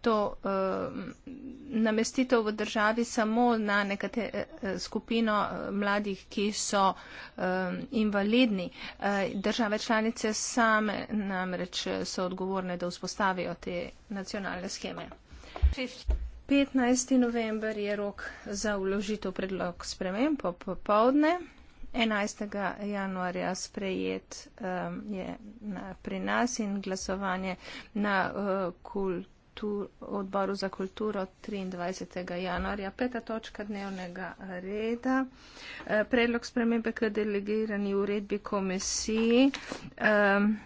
to uh, namestitev v državi samo na nekate eh, skupino eh, mladih, ki so um, invalidni. Uh, države članice same namreč so odgovorne, da vzpostavijo te nacionalne scheme. 15. november je rok za vložitev predlog sprememb po popovdne. 11. januarja sprejet um, je na, pri nas in glasovanje na uh, kult kultur, odboru za kulturo 23. januarja. Peta točka dnevnega reda. E, predlog spremembe k delegirani uredbi komisiji. Um,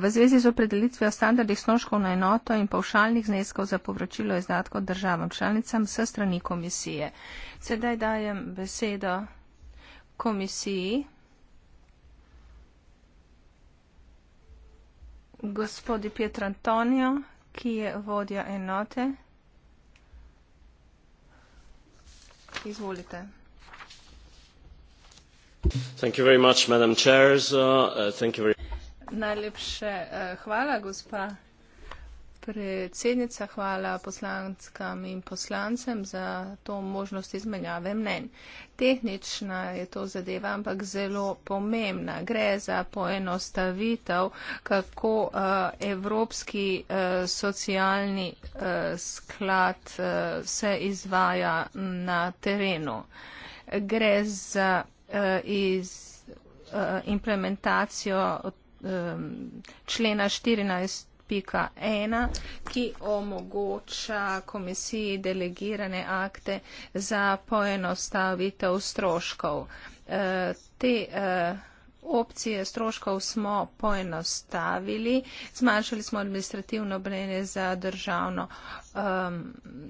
V zvezi z opredelitvijo standardih stroškov na enoto in povšalnih zneskov za povračilo izdatkov državam članicam s strani komisije. Sedaj dajem besedo komisiji. gospodu Pietro Antonio, ki je vodja enote. Izvolite. Thank you very much, Madam Chairs. Uh, uh thank you very... Najlepše uh, hvala, gospa predsednica, hvala poslanskam in poslancem za to možnost izmenjave mnen. Tehnična je to zadeva, ampak zelo pomembna. Gre za poenostavitev, kako uh, Evropski uh, socialni uh, sklad uh, se izvaja na terenu. Gre za uh, iz, uh, implementacijo um, člena 14. 2.1, ki omogoča komisiji delegirane akte za poenostavitev stroškov. Eh, te eh, opcije stroškov smo poenostavili, zmanjšali smo administrativno brene za državno ehm,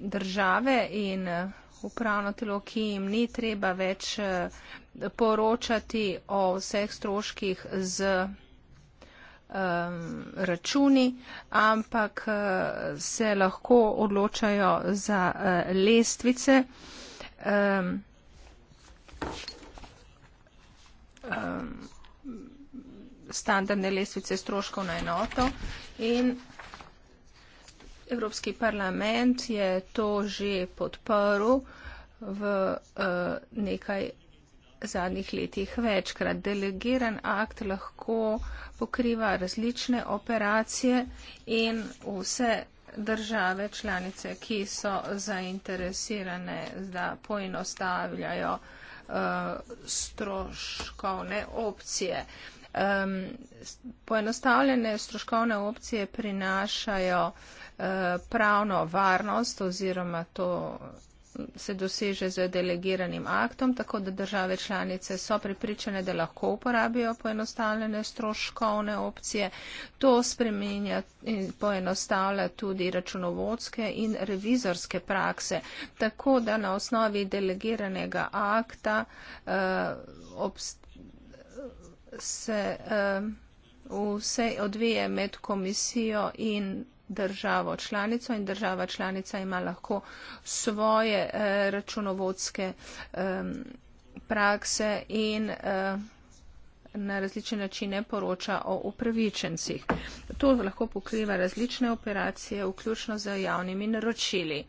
države in eh, upravno telo, ki jim ni treba več poročati o vseh stroških z državami um, računi, ampak eh, se lahko odločajo za uh, lestvice. Um, um, standardne lestvice stroškov na enoto in Evropski parlament je to že podporil v uh, nekaj zadnjih letih večkrat. Delegiran akt lahko pokriva različne operacije in vse države članice, ki so zainteresirane, da poenostavljajo uh, stroškovne opcije. Um, poenostavljene stroškovne opcije prinašajo uh, pravno varnost oziroma to se doseže z delegiranim aktom, tako da države članice so pripričane, da lahko uporabijo poenostavljene stroškovne opcije. To spremenja in poenostavlja tudi računovodske in revizorske prakse, tako da na osnovi delegiranega akta eh, obst, se eh, vse odvije med komisijo in državo članico in država članica ima lahko svoje eh, računovodske eh, prakse in eh, na različne načine poroča o upravičencih. To lahko pokriva različne operacije, vključno z javnimi naročili.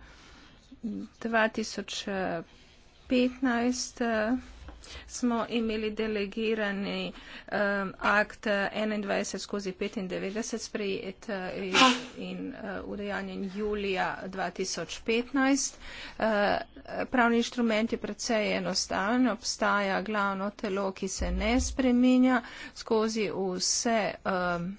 2015. Eh, eh smo imeli delegirani um, akt 21 skozi 95 sprejet in, uh, in uh, udejanjen julija 2015. Uh, pravni inštrument je precej enostaven, obstaja glavno telo, ki se ne spreminja skozi vse. Um,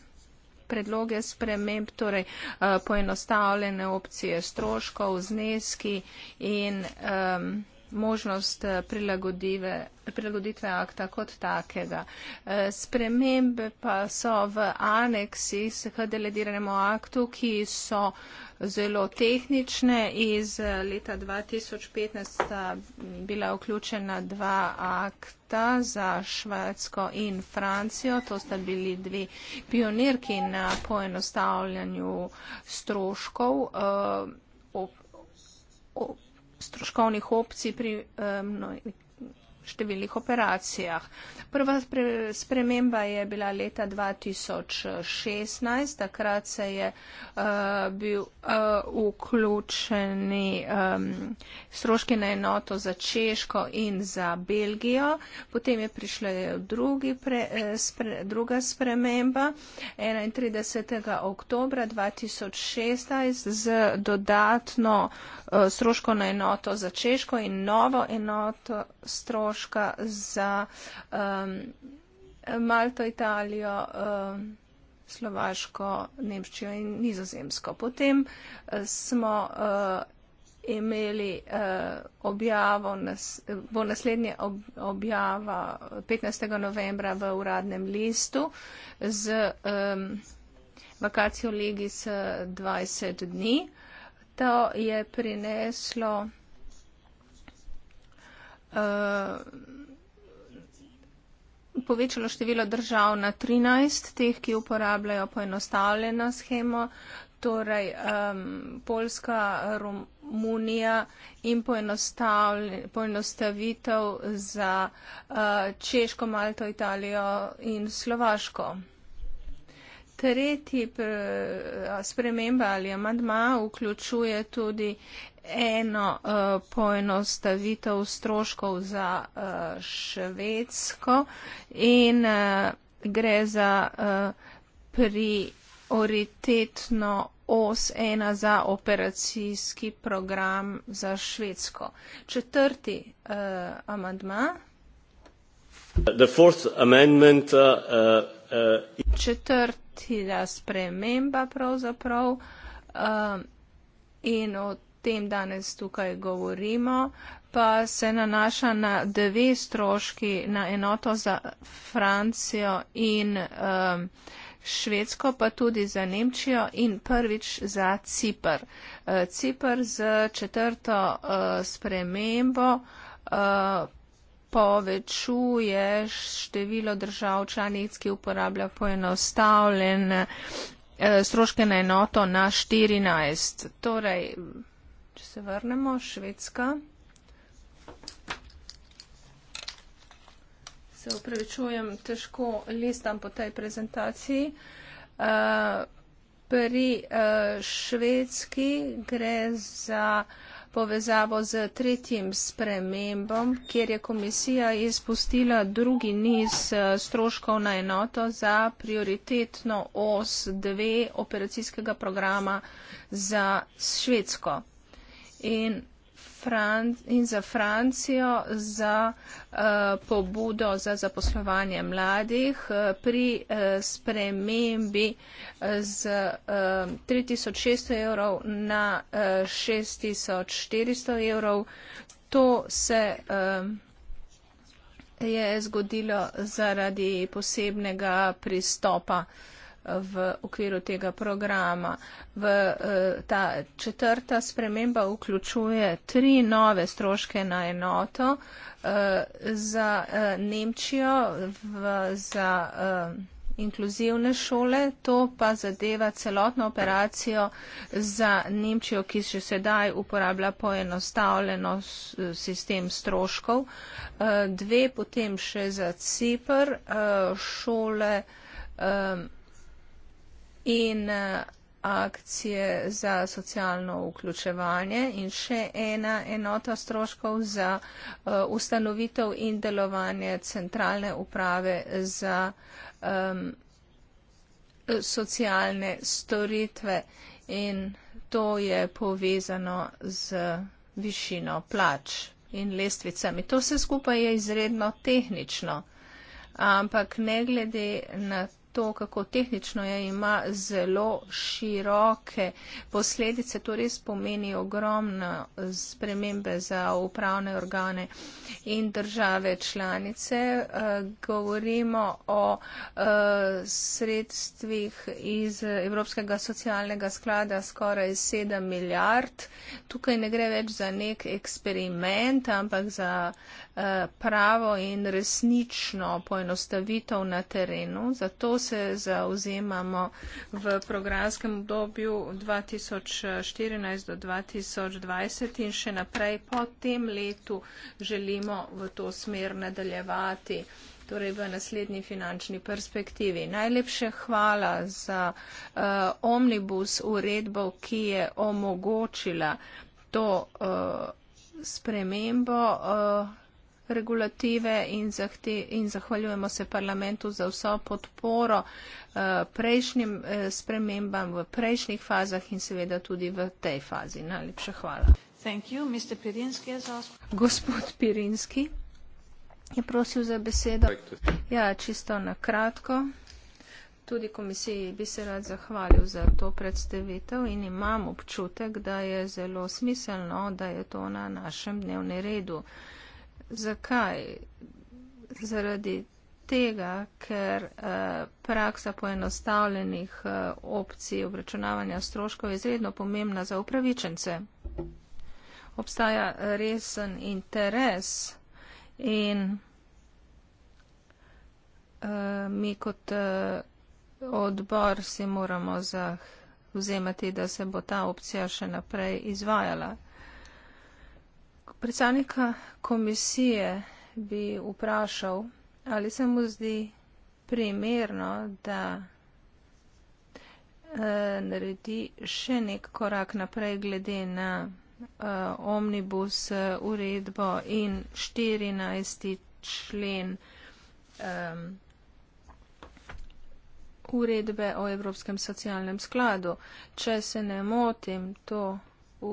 predloge sprememb, torej uh, poenostavljene opcije stroškov, zneski in um možnost eh, prilagoditve akta kot takega. Eh, spremembe pa so v aneksi k delediranemu aktu, ki so zelo tehnične. Iz eh, leta 2015 bila vključena dva akta za Švedsko in Francijo. To sta bili dve pionirki na poenostavljanju stroškov. Uh, op, op, stroškovnih opcij pri um, številnih operacijah. Prva sprememba je bila leta 2016, takrat se je uh, bil uh, vključeni um, stroški na enoto za Češko in za Belgijo, potem je prišla eh, drugi pre, spre, druga sprememba 31. oktobra 2016 z dodatno uh, stroško na enoto za Češko in novo enoto stroško stroška za um, Malto, Italijo, um, Slovaško, Nemčijo in Nizozemsko. Potem eh, smo uh, imeli uh, objavo, nas, bo naslednje objava 15. novembra v uradnem listu z um, vakacijo legis 20 dni. To je prineslo Eh, povečalo število držav na 13, teh, ki uporabljajo poenostavljeno schemo, torej um, Poljska, Romunija in poenostavitev za uh, Češko, Malto, Italijo in Slovaško. Tretji pr, sprememba ali amadma vključuje tudi eno uh, poenostavitev stroškov za uh, Švedsko in uh, gre za uh, prioritetno os ena za operacijski program za Švedsko. Četrti uh, amadma. The fourth amendment. Uh, uh, uh Četrtila sprememba pravzaprav uh, in od tem danes tukaj govorimo, pa se nanaša na dve stroški, na enoto za Francijo in um, Švedsko, pa tudi za Nemčijo in prvič za Cipr. Uh, Cipr z četrto uh, spremembo uh, povečuje število držav članic, ki uporablja poenostavljen uh, stroške na enoto na 14. Torej, Če se vrnemo, Švedska. Se upravičujem, težko listam po tej prezentaciji. Uh, pri uh, Švedski gre za povezavo z tretjim spremembom, kjer je komisija izpustila drugi niz eh, stroškov na enoto za prioritetno OS2 operacijskega programa za Švedsko in, Fran in za Francijo za uh, pobudo za zaposlovanje mladih uh, pri uh, spremembi z uh, 3600 evrov na uh, 6400 evrov. To se uh, je zgodilo zaradi posebnega pristopa. Uh, v okviru tega programa. V, eh, ta četrta sprememba vključuje tri nove stroške na enoto eh, za eh, Nemčijo, v, za inkluzivne šole, to pa zadeva celotno operacijo za Nemčijo, ki že sedaj uporablja poenostavljeno sistem stroškov. Dve potem še za Cipr, šole in eh, akcije za socialno vključevanje in še ena enota stroškov za eh, ustanovitev in delovanje centralne uprave za socialne storitve in to je povezano z višino plač in lestvicami. To vse skupaj je izredno tehnično, ampak ne glede na to, kako tehnično je, ima zelo široke posledice. To res pomeni ogromno spremembe za upravne organe in države članice. Eh, govorimo o eh, sredstvih iz Evropskega socialnega sklada skoraj 7 milijard. Tukaj ne gre več za nek eksperiment, ampak za pravo in resnično poenostavitev na terenu. Zato se zauzemamo v programskem obdobju 2014 do 2020 in še naprej po tem letu želimo v to smer nadaljevati torej v naslednji finančni perspektivi. Najlepše hvala za uh, omnibus uredbo, ki je omogočila to uh, spremembo. Uh, regulative in, zahte, in zahvaljujemo se parlamentu za vso podporo eh, prejšnjim eh, spremembam v prejšnjih fazah in seveda tudi v tej fazi. Najlepša hvala. You, Pirinski Gospod Pirinski je prosil za besedo. Ja, čisto na kratko. Tudi komisiji bi se rad zahvalil za to predstavitev in imam občutek, da je zelo smiselno, da je to na našem dnevnem redu. Zakaj? Zaradi tega, ker eh, praksa poenostavljenih eh, opcij obračunavanja stroškov je izredno pomembna za upravičence. Obstaja eh, resen interes in mi kot odbor si moramo zauzemati, da se bo ta opcija še naprej izvajala. Predstavnika komisije bi vprašal, ali se mu zdi primerno, da e, naredi še nek korak naprej glede na e, omnibus uredbo in 14. člen e, uredbe o Evropskem socialnem skladu. Če se ne motim, to v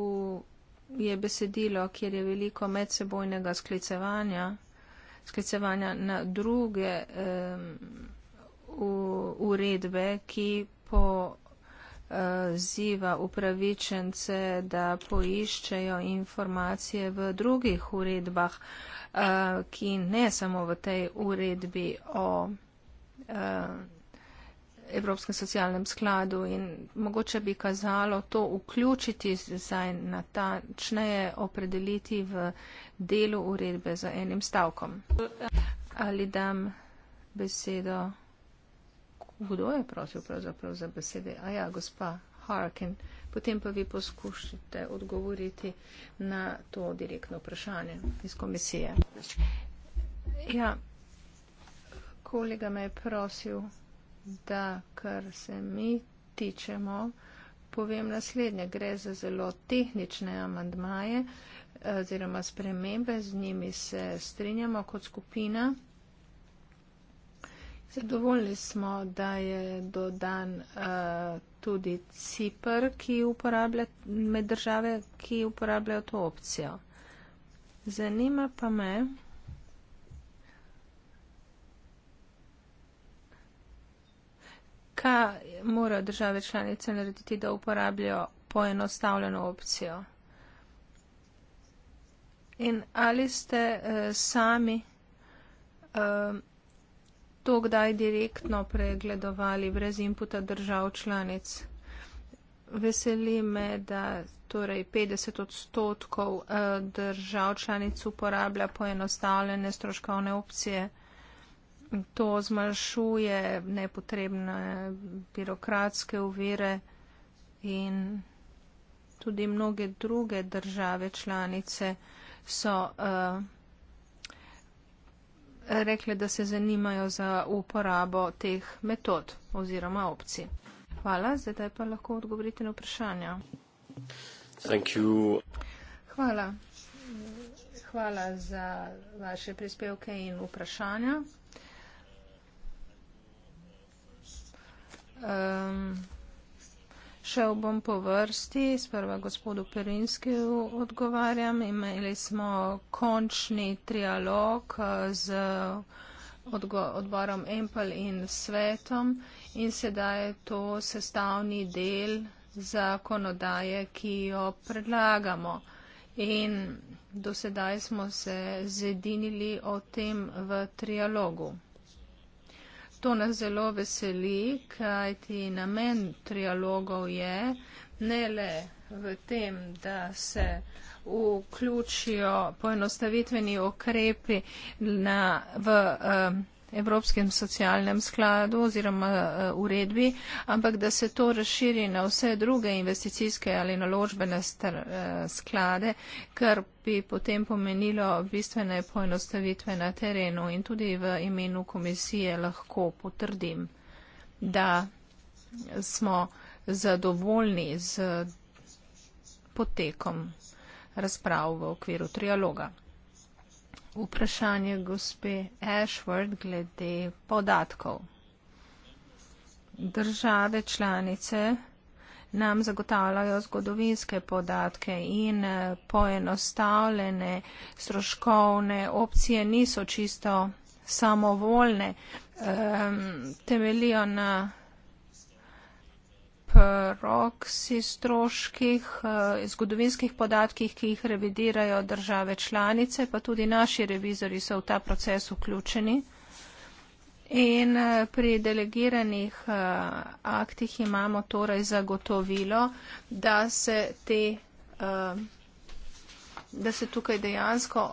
je besedilo, kjer je veliko medsebojnega sklicevanja, sklicevanja na druge um, uredbe, ki poziva uh, upravičence, da poiščejo informacije v drugih uredbah, uh, ki ne samo v tej uredbi o. Uh, Evropskem socialnem skladu in mogoče bi kazalo to vključiti zdaj natančneje opredeliti v delu uredbe za enim stavkom. Ali dam besedo, kdo je prosil pravzaprav za besede? A ja, gospa Harkin, potem pa vi poskušite odgovoriti na to direktno vprašanje iz komisije. Ja, kolega me je prosil da kar se mi tičemo, povem naslednje, gre za zelo tehnične amandmaje eh, oziroma spremembe, z njimi se strinjamo kot skupina. Zadovoljni smo, da je dodan uh, tudi CIPR, ki uporablja med države, ki uporabljajo to opcijo. Zanima pa me, kaj morajo države članice narediti, da uporabljajo poenostavljeno opcijo? In ali ste uh, sami uh, to kdaj direktno pregledovali brez inputa držav članic? Veseli me, da torej 50 odstotkov uh, držav članic uporablja poenostavljene stroškovne opcije to zmanjšuje nepotrebne birokratske uvire in tudi mnoge druge države članice so uh, rekle, da se zanimajo za uporabo teh metod oziroma opcij. Hvala, zdaj pa lahko odgovorite na vprašanja. Thank you. Hvala. Hvala za vaše prispevke in vprašanja. Um, šel bom po vrsti, sprva gospodu Perinski odgovarjam. Imeli smo končni trialog eh, z odborom Empel in svetom in sedaj je to sestavni del zakonodaje, ki jo predlagamo. In do sedaj smo se zedinili o tem v trialogu. To nas zelo veseli, kajti namen trialogov je ne le v tem, da se vključijo poenostavitveni okrepi na, v. Um, Evropskem socialnem skladu oziroma eh, uredbi, ampak da se to razširi na vse druge investicijske ali naložbene eh, sklade, kar bi potem pomenilo bistvene poenostavitve na terenu in tudi v imenu komisije lahko potrdim, da smo zadovoljni z potekom razprav v okviru trialoga vprašanje gospe Ashford glede podatkov. Države članice nam zagotavljajo zgodovinske podatke in eh, poenostavljene stroškovne opcije niso čisto samovoljne, ehm, temelijo na rok si stroških, eh, zgodovinskih podatkih, ki jih revidirajo države članice, pa tudi naši revizori so v ta proces vključeni. In eh, pri delegiranih eh, aktih imamo torej zagotovilo, da se, te, da se tukaj dejansko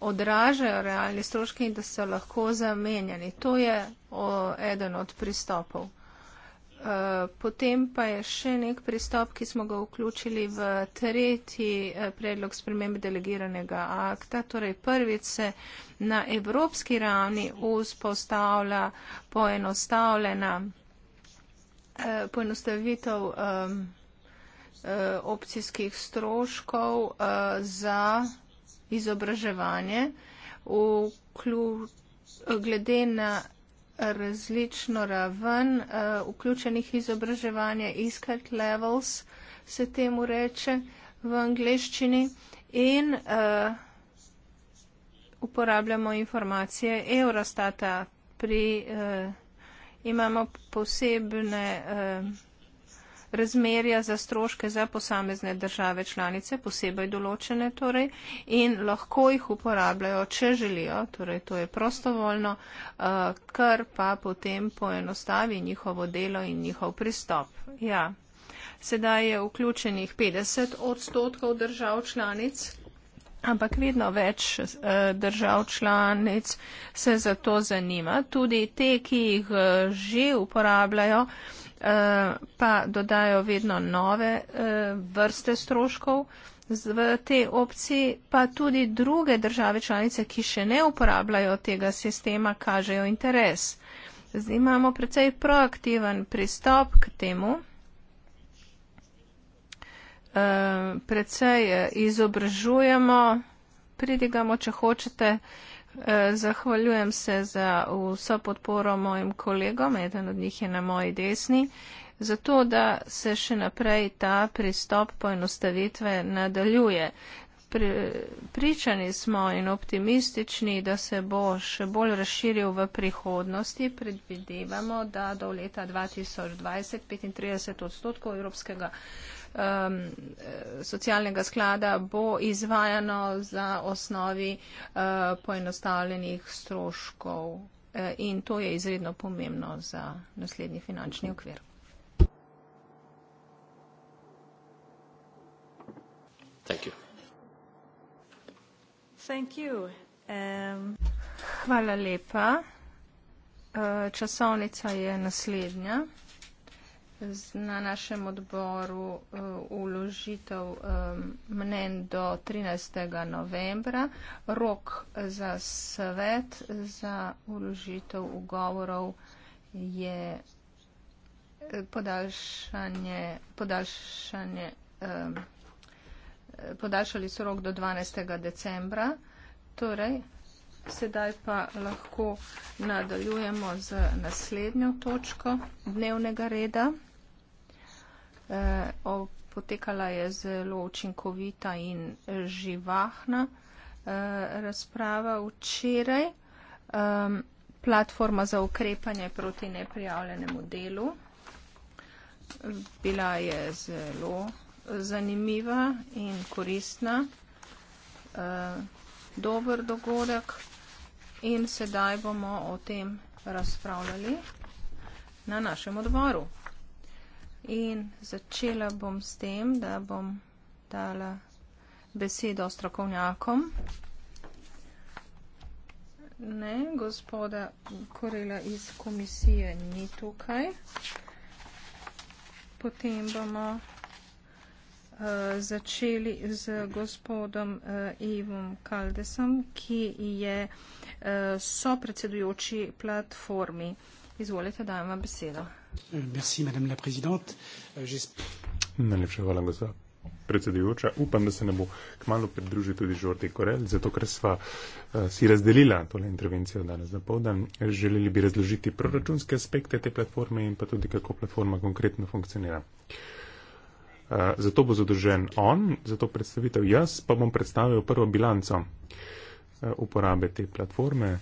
odražajo realni stroški in da so lahko zamenjani. To je eden od pristopov. Eh, potem pa je še nek pristop, ki smo ga vključili v tretji eh, predlog spremembe delegiranega akta. Torej prvič se na evropski ravni vzpostavlja poenostavljena eh, poenostavitev opcijskih stroškov za izobraževanje. Vklju, glede na različno raven uh, vključenih izobraževanja, iskat levels se temu reče v angleščini in uh, uporabljamo informacije Eurostata. Pri, uh, imamo posebne uh, razmerja za stroške za posamezne države članice, posebej določene torej, in lahko jih uporabljajo, če želijo, torej to je prostovoljno, eh, kar pa potem poenostavi njihovo delo in njihov pristop. Ja. Sedaj je vključenih 50 odstotkov držav članic, ampak vedno več eh, držav članic se za to zanima. Tudi te, ki jih eh, že uporabljajo, Eh, pa dodajo vedno nove eh, vrste stroškov v tej opciji, pa tudi druge države članice, ki še ne uporabljajo tega sistema, kažejo interes. Zdaj imamo precej proaktiven pristop k temu, eh, precej izobražujemo, pridigamo, če hočete, Eh, zahvaljujem se za vso podporo mojim kolegom, eden od njih je na moji desni, zato da se še naprej ta pristop poenostavitve nadaljuje. Pričani smo in optimistični, da se bo še bolj razširil v prihodnosti. Predvidevamo, da do leta 2020 35 odstotkov evropskega um, socialnega sklada bo izvajano za osnovi uh, poenostavljenih stroškov uh, in to je izredno pomembno za naslednji finančni okvir. Thank you. Thank you. Um... Hvala lepa. Uh, časovnica je naslednja na našem odboru eh, uložitev eh, mnen do 13. novembra. Rok eh, za svet za uložitev ugovorov je podaljšanje, podaljšanje, podaljšali so rok do 12. decembra. Torej, sedaj pa lahko nadaljujemo z naslednjo točko dnevnega reda eh, potekala je zelo učinkovita in živahna eh, razprava včeraj. Um, platforma za ukrepanje proti neprijavljenemu delu. Bila je zelo zanimiva in koristna. Uh, dober dogodek in sedaj bomo o tem razpravljali na našem odboru. In začela bom s tem, da bom dala besedo strokovnjakom. Ne, gospoda Korela iz komisije ni tukaj. Potem bomo uh, začeli z gospodom uh, eh, Ivom Kaldesom, ki je uh, sopredsedujoči platformi. Izvolite, dajem vam besedo. Tako. Merci, madame la présidente. Euh, Najlepša hvala, gospod predsedujoča. Upam, da se ne bo k malu pridružil tudi Žorti Korel, zato ker sva uh, si razdelila tole intervencijo danes na povdan. Želeli bi razložiti proračunske aspekte te platforme in pa tudi, kako platforma konkretno funkcionira. Uh, zato bo zadržen on, zato predstavitev jaz, pa bom predstavil prvo bilanco uh, uporabe te platforme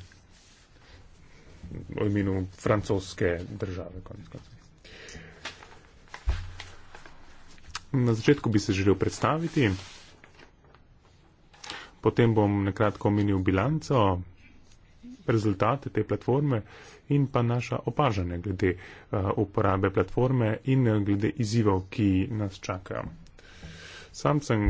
o imenu francoske države. Na začetku bi se želel predstaviti, potem bom nekratko omenil bilanco, rezultate te platforme in pa naša opažanja glede eh, uporabe platforme in eh, glede izzivov, ki nas čakajo. Sam sem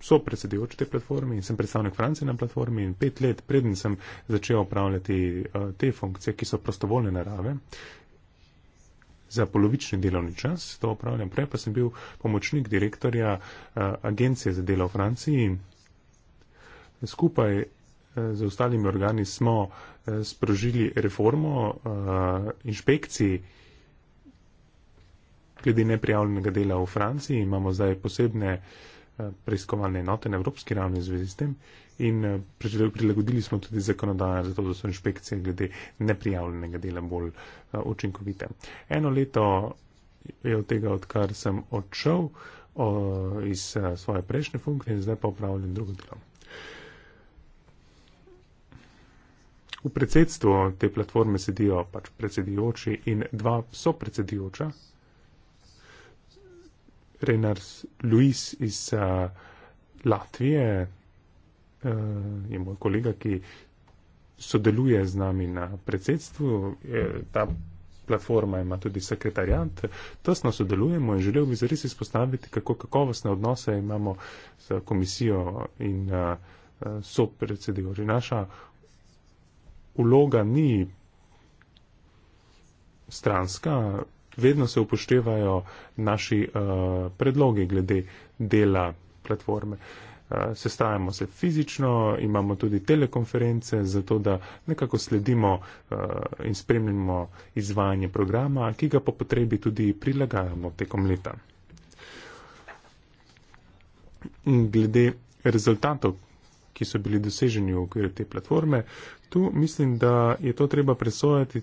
so predsedujoči te platformi in sem predstavnik Francije na platformi in pet let predn sem začel upravljati uh, eh, te funkcije, ki so prostovoljne narave. Za polovični delovni čas to upravljam, prej pa sem bil pomočnik direktorja uh, Agencije za delo v Franciji. Skupaj eh, z ostalimi organi smo sprožili reformo inšpekcij glede neprijavljenega dela v Franciji. Imamo zdaj posebne preiskovalne enote na evropski ravni v zvezi s tem in eh, prilagodili smo tudi zakonodajo za to, da so inšpekcije glede neprijavljenega dela bolj eh, učinkovite. Eno leto je od tega, odkar sem odšel iz eh, svoje prejšnje funkcije in zdaj pa upravljam drugo delo. V predsedstvu te platforme sedijo pač predsedujoči in dva so predsedujoča, Renars Luis iz uh, Latvije, uh, je moj kolega, ki sodeluje z nami na predsedstvu. Je, ta platforma ima tudi sekretarjant. Tesno sodelujemo in želel bi zares izpostaviti, kako kakovostne odnose imamo z komisijo in uh, eh, so predsedujoči. Naša vloga ni stranska, vedno se upoštevajo naši uh, predlogi glede dela platforme. Uh, sestajamo se fizično, imamo tudi telekonference, zato da nekako sledimo uh, in spremljamo izvajanje programa, ki ga po potrebi tudi prilagajamo tekom leta. Glede rezultatov, ki so bili doseženi v okviru te platforme, tu mislim, da je to treba presojati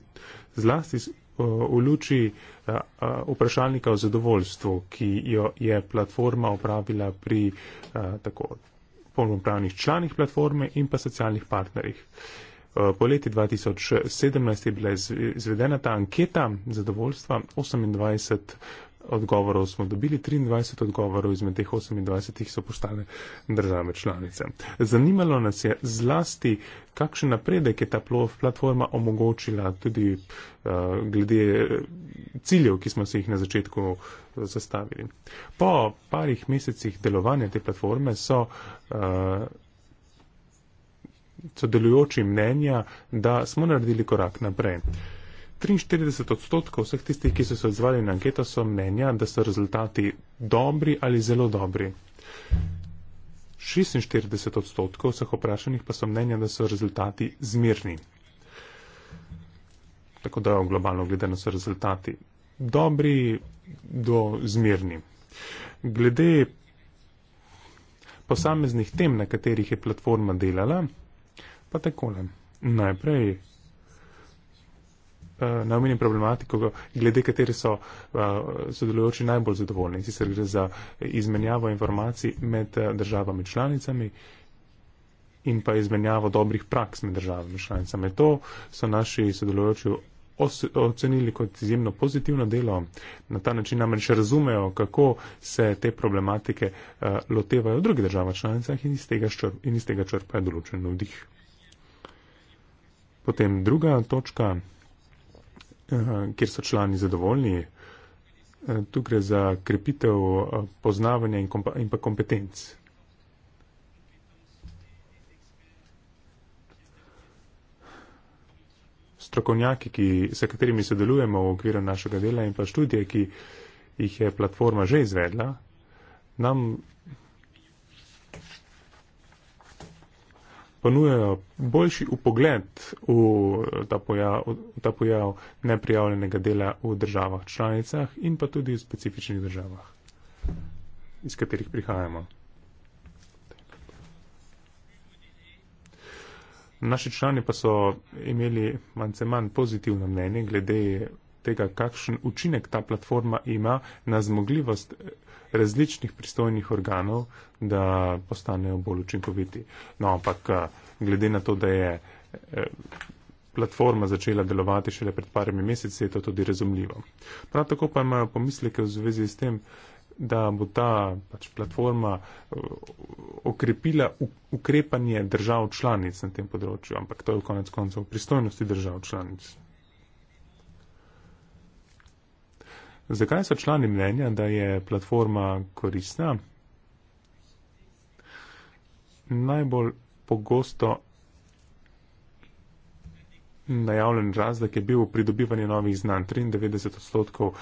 zlasti v luči eh, eh, vprašalnika o zadovoljstvu, ki jo je platforma opravila pri eh, tako polnopravnih članih platforme in pa socialnih partnerjih. Po leti 2017 je bila izvedena ta anketa zadovoljstva 28 odgovorov smo dobili, 23 odgovorov izmed teh 28 so postale države članice. Zanimalo nas je zlasti, kakšen napredek je ta platforma omogočila tudi uh, glede eh, ciljev, ki smo se jih na začetku eh, zastavili. Po parih mesecih delovanja te platforme so. Uh, Sodelujoči mnenja, da smo naredili korak naprej. Uh, 43 odstotkov vseh tistih, ki so se odzvali na anketo, so mnenja, da so rezultati dobri ali zelo dobri. 46 odstotkov vseh vprašanih pa so mnenja, da so rezultati zmirni. Tako da globalno gledano so rezultati dobri do zmirni. Glede posameznih tem, na katerih je platforma delala, pa takole. Najprej Eh, na omenjen problematiko, glede katere so eh, sodelujoči najbolj zadovoljni. Sicer gre za izmenjavo informacij med eh, državami članicami in pa izmenjavo dobrih praks med državami članicami. To so naši sodelujoči ocenili kot izjemno pozitivno delo. Na ta način namreč razumejo, kako se te problematike lotevajo v drugih državah članicah in iz tega, ščrp, in iz tega črpajo določen vdih. Potem druga točka, kjer so člani zadovoljni. Eh, tu gre za krepitev eh, poznavanja in, in pa kompetenc. Strokovnjaki, s katerimi sodelujemo v okviru našega dela in pa študije, ki jih je platforma že izvedla, nam ponujajo boljši upogled v ta pojav, ta pojav neprijavljenega dela v državah članicah in pa tudi v specifičnih državah, iz katerih prihajamo. Naši člani pa so imeli manj se manj pozitivno mnenje glede tega, kakšen učinek ta platforma ima na zmogljivost različnih pristojnih organov, da postanejo bolj učinkoviti. No, ampak eh, glede na to, da je eh, platforma začela delovati šele pred parimi meseci, je to tudi razumljivo. Prav tako pa imajo pomisleke v zvezi s tem, da bo ta pač, platforma eh, okrepila ukrepanje držav članic na tem področju, ampak to je v konec koncev pristojnosti držav članic. Zakaj so člani mnenja, da je platforma koristna? Najbolj pogosto najavljen razlog je bil pridobivanje novih znanj. 93 odstotkov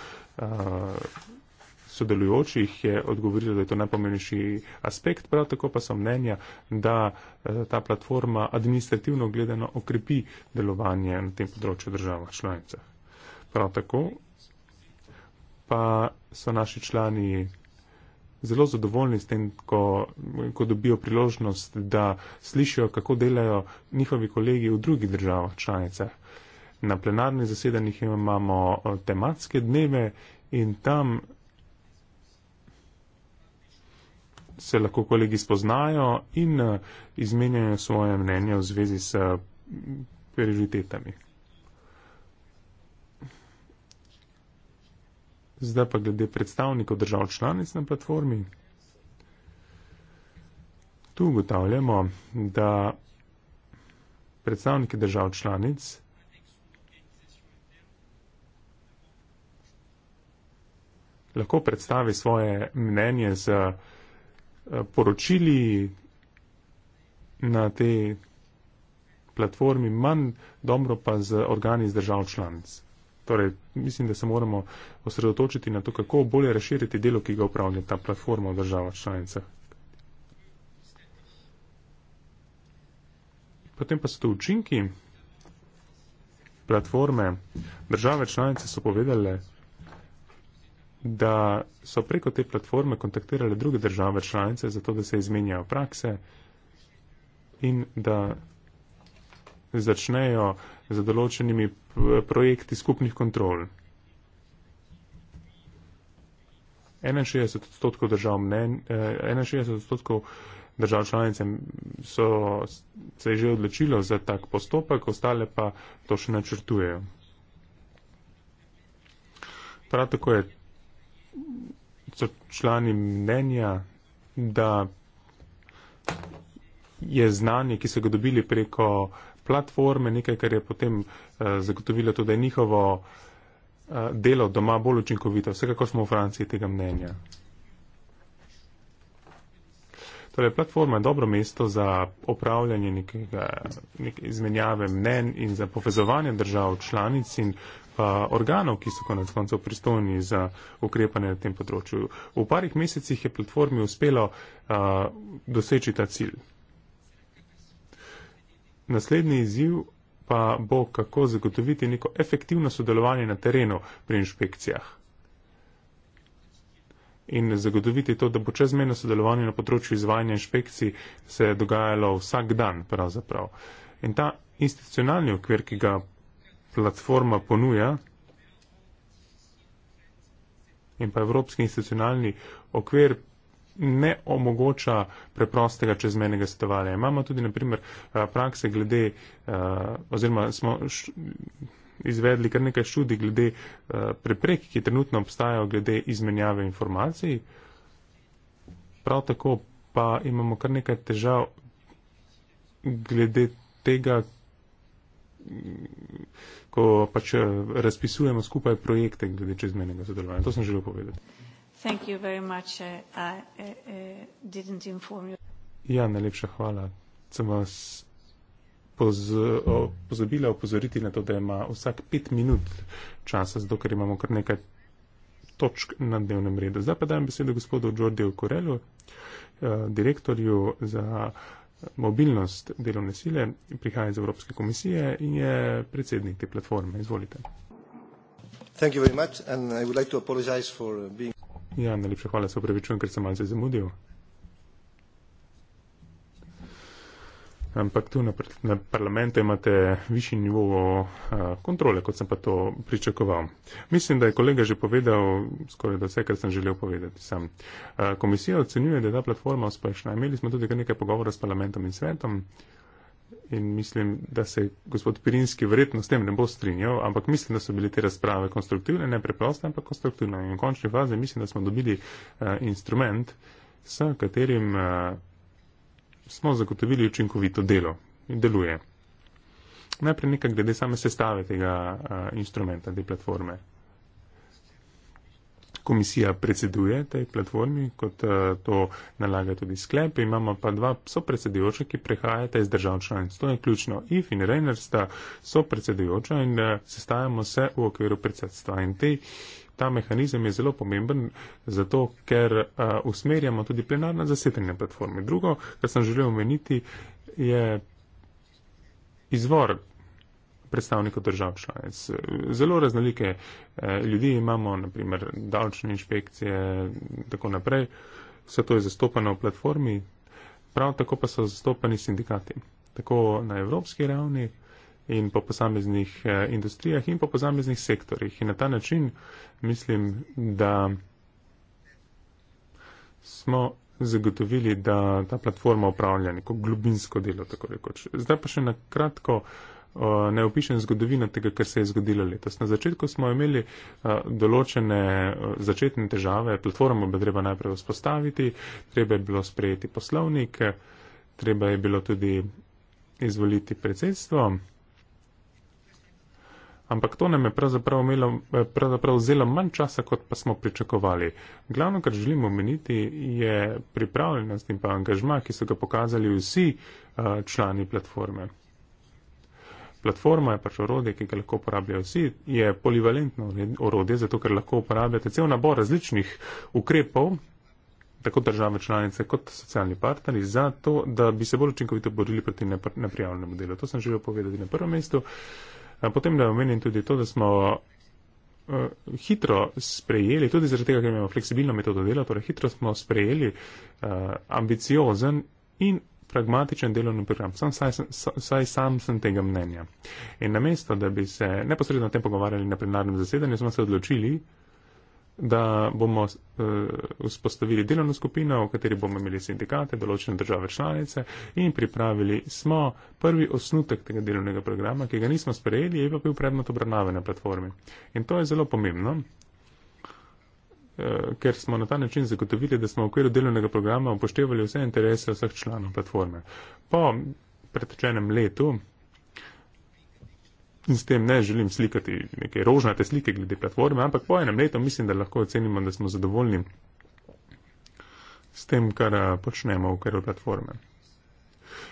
sodelujočih je odgovorilo, da je to najpomembnejši aspekt, prav tako pa so mnenja, da ta platforma administrativno gledano okrepi delovanje na tem področju država članica. Prav tako pa so naši člani zelo zadovoljni s tem, ko, ko dobijo priložnost, da slišijo, kako delajo njihovi kolegi v drugih državah članicah. Na plenarnih zasedanjih imamo eh, tematske dneve in tam se lahko kolegi spoznajo in eh, izmenjajo svoje mnenje v zvezi s eh, prioritetami. Zdaj pa glede predstavnikov držav članic na platformi. Tu ugotavljamo, da predstavniki držav članic lahko predstavi svoje mnenje z eh, poročili na tej platformi, manj dobro pa z organi z držav članic. Torej, mislim, da se moramo osredotočiti na to, kako bolje razširiti delo, ki ga upravlja ta platforma v državah članicah. Potem pa so tu učinki platforme. Države članice so povedale, da so preko te platforme kontaktirale druge države članice, zato da se izmenjajo prakse in da začnejo z določenimi projekti skupnih kontrol. 61 odstotkov držav, mnen, 61 eh, odstotkov držav članice so, se je že odločilo za tak postopek, ostale pa to še načrtujejo. Prav tako je, so člani mnenja, da je znanje, ki so ga dobili preko uh, platforme, nekaj, kar je potem uh, zagotovilo tudi njihovo uh, delo doma bolj učinkovito. Vsekakor smo v Franciji tega mnenja. Torej, platforma je dobro mesto za opravljanje nekega, neke izmenjave mnen in za povezovanje držav članic in pa eh, organov, ki so konec koncev pristojni za ukrepanje na tem področju. V parih mesecih je platformi uspelo uh, doseči ta cilj. Naslednji izziv pa bo, kako zagotoviti neko efektivno sodelovanje na terenu pri inšpekcijah. In zagotoviti to, da bo čezmejno sodelovanje na področju izvajanja inšpekcij se dogajalo vsak dan pravzaprav. In ta institucionalni okvir, ki ga platforma ponuja, in pa evropski institucionalni okvir ne omogoča preprostega čezmenega svetovanja. Imamo tudi, naprimer, eh, prakse glede, eh, oziroma smo izvedli kar nekaj študij glede eh, preprek, ki trenutno obstajajo glede izmenjave informacij. Prav tako pa imamo kar nekaj težav glede tega, ko pač razpisujemo skupaj projekte glede čezmenega sodelovanja. To sem želel povedati. Thank you very much. I didn't inform you. Ja, najlepša hvala. Sem vas poz, o, pozabila opozoriti na to, da ima vsak pet minut časa, zato ker imamo kar nekaj točk na dnevnem redu. Zdaj pa dajem besedo gospodu Jordiju Korelu, eh, direktorju za mobilnost delovne sile, prihaja iz Evropske komisije in je predsednik te platforme. Izvolite. Ja, najlepša hvala, se upravičujem, ker sem malce zamudil. Ampak tu na, na parlamentu imate višji nivo a, eh, kontrole, kot sem pa to pričakoval. Mislim, da je kolega že povedal skoraj da vse, kar sem želel povedati sam. A, eh, komisija ocenjuje, da je ta platforma uspešna. Imeli smo tudi nekaj pogovora s parlamentom in svetom in mislim, da se gospod Pirinski verjetno s tem ne bo strinjal, ampak mislim, da so bile te razprave konstruktivne, ne preproste, ampak konstruktivne. In v končni fazi mislim, da smo dobili uh, instrument, s katerim uh, smo zagotovili učinkovito delo in deluje. Najprej nekaj glede same sestave tega uh, instrumenta, te platforme komisija predseduje tej platformi, kot uh, to nalaga tudi sklep. Imamo pa dva sopredsedujoča, ki prehajata iz držav članic. To je ključno. IF in Reiner sta sopredsedujoča in uh, sestajamo se v okviru predsedstva. In te, ta mehanizem je zelo pomemben, zato ker uh, usmerjamo tudi plenarna zasedanja platforme. Drugo, kar sem želel omeniti, je izvor predstavnikov držav članic. Zelo raznolike eh, ljudi imamo, naprimer davčne inšpekcije in tako naprej. Vse to je zastopano v platformi, prav tako pa so zastopani sindikati. Tako na evropski ravni in po posameznih eh, industrijah in po posameznih sektorjih. In na ta način mislim, da smo zagotovili, da ta platforma upravlja neko globinsko delo, tako rekoč. Zdaj pa še na kratko uh, ne opišem zgodovino tega, kar se je zgodilo letos. Na začetku smo imeli določene začetne težave, platformo bi treba najprej vzpostaviti, treba je bilo sprejeti poslovnik, treba je bilo tudi izvoliti predsedstvo. Ampak to nam je pravzaprav, imelo, eh, pravzaprav vzelo manj časa, kot pa smo pričakovali. Glavno, kar želimo omeniti, je pripravljenost in pa angažma, ki so ga pokazali vsi uh, člani platforme platforma, je pač orodje, ki ga lahko uporabljajo vsi, je polivalentno orodje, zato ker lahko uporabljate cel nabor različnih ukrepov, tako države članice kot socialni partneri, za to, da bi se bolj učinkovito borili proti neprijavljenemu delu. To sem želel povedati na prvem mestu. Potem da omenim tudi to, da smo eh, hitro sprejeli, tudi zaradi tega, ker imamo fleksibilno metodo dela, torej hitro smo sprejeli eh, ambiciozen in pragmatičen delovni program. Sam, saj, saj sam sem tega mnenja. In namesto, da bi se neposredno o tem pogovarjali na plenarnem zasedanju, smo se odločili, da bomo uh, vzpostavili delovno skupino, v kateri bomo imeli sindikate, določene države članice in pripravili smo prvi osnutek tega delovnega programa, ki ga nismo sprejeli, je pa bil predmet obravnave na platformi. In to je zelo pomembno, Eh, ker smo na ta način zagotovili, da smo v okviru delovnega programa upoštevali vse interese vseh članov platforme. Po pretečenem letu, in s tem ne želim slikati neke rožnate slike glede platforme, ampak po enem letu mislim, da lahko ocenimo, da smo zadovoljni s tem, kar eh, počnemo v okviru platforme.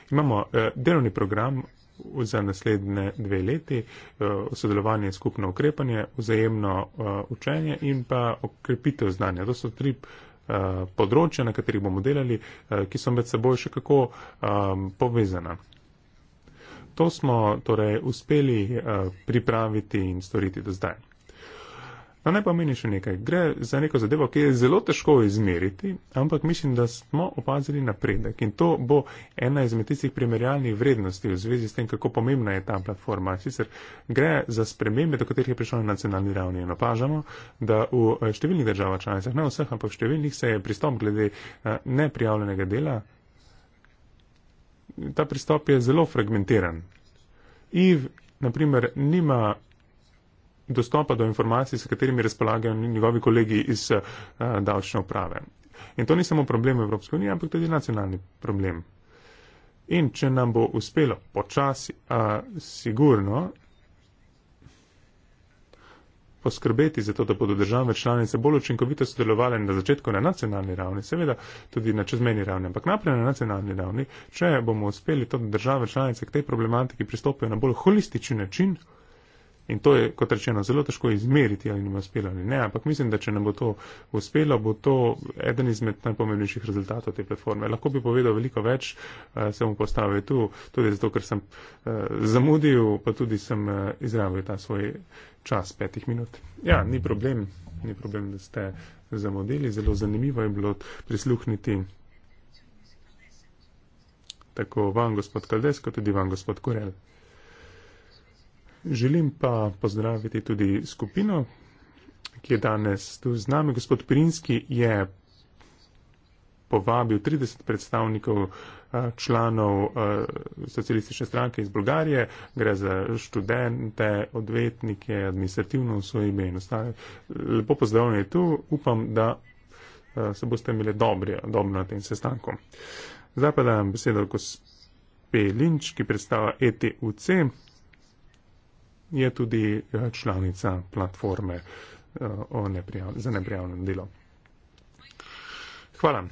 Imamo eh, delovni program za naslednje dve leti, eh, sodelovanje skupno ukrepanje, vzajemno eh, učenje in pa okrepitev znanja. To so tri eh, področja, na katerih bomo delali, ki so med seboj še kako povezana. To smo torej uspeli pripraviti in storiti do zdaj. No, naj pa meni še nekaj. Gre za neko zadevo, ki je zelo težko izmeriti, ampak mislim, da smo opazili napredek in to bo ena izmed tistih primerjalnih vrednosti v zvezi s tem, kako pomembna je ta platforma. Sicer gre za spremembe, do katerih je prišlo na nacionalni ravni in opažamo, da v eh, številnih državah članicah, ne vseh, ampak v številnih se je pristop glede eh, neprijavljenega dela, ta pristop je zelo fragmentiran. IV, naprimer, nima dostopa do informacij, s katerimi razpolagajo njegovi kolegi iz eh, davčne uprave. In to ni samo problem Evropske unije, ampak tudi nacionalni problem. In če nam bo uspelo počasi, a sigurno, poskrbeti za to, da bodo države članice bolj učinkovito sodelovali na začetku na nacionalni ravni, seveda tudi na čezmeni ravni, ampak naprej na nacionalni ravni, če bomo uspeli to, da države članice k tej problematiki pristopijo na bolj holistični način, In to je, kot rečeno, zelo težko izmeriti, ali jim je uspelo ali ne, ampak mislim, da če nam bo to uspelo, bo to eden izmed najpomembnejših rezultatov te platforme. Lahko bi povedal veliko več, eh, se bom postavil tu, tudi zato, ker sem eh, zamudil, pa tudi sem eh, izrabil ta svoj čas petih minut. Ja, ni problem, ni problem, da ste zamudili, zelo zanimivo je bilo prisluhniti. Tako vam, gospod Kaldesko, tudi vam, gospod Korel. Želim pa pozdraviti tudi skupino, ki je danes tu z nami. Gospod Pirinski je povabil 30 predstavnikov eh, članov eh, socialistične stranke iz Bolgarije. Gre za študente, odvetnike, administrativno v svoj ime in ostale. Lepo pozdravljen je tu. Upam, da eh, se boste imeli dobri, dobro na tem sestanku. Zdaj pa dajem besedo gospe Linč, ki predstava ETUC, je tudi eh, članica platforme eh, za neprijavno delo. Hvala.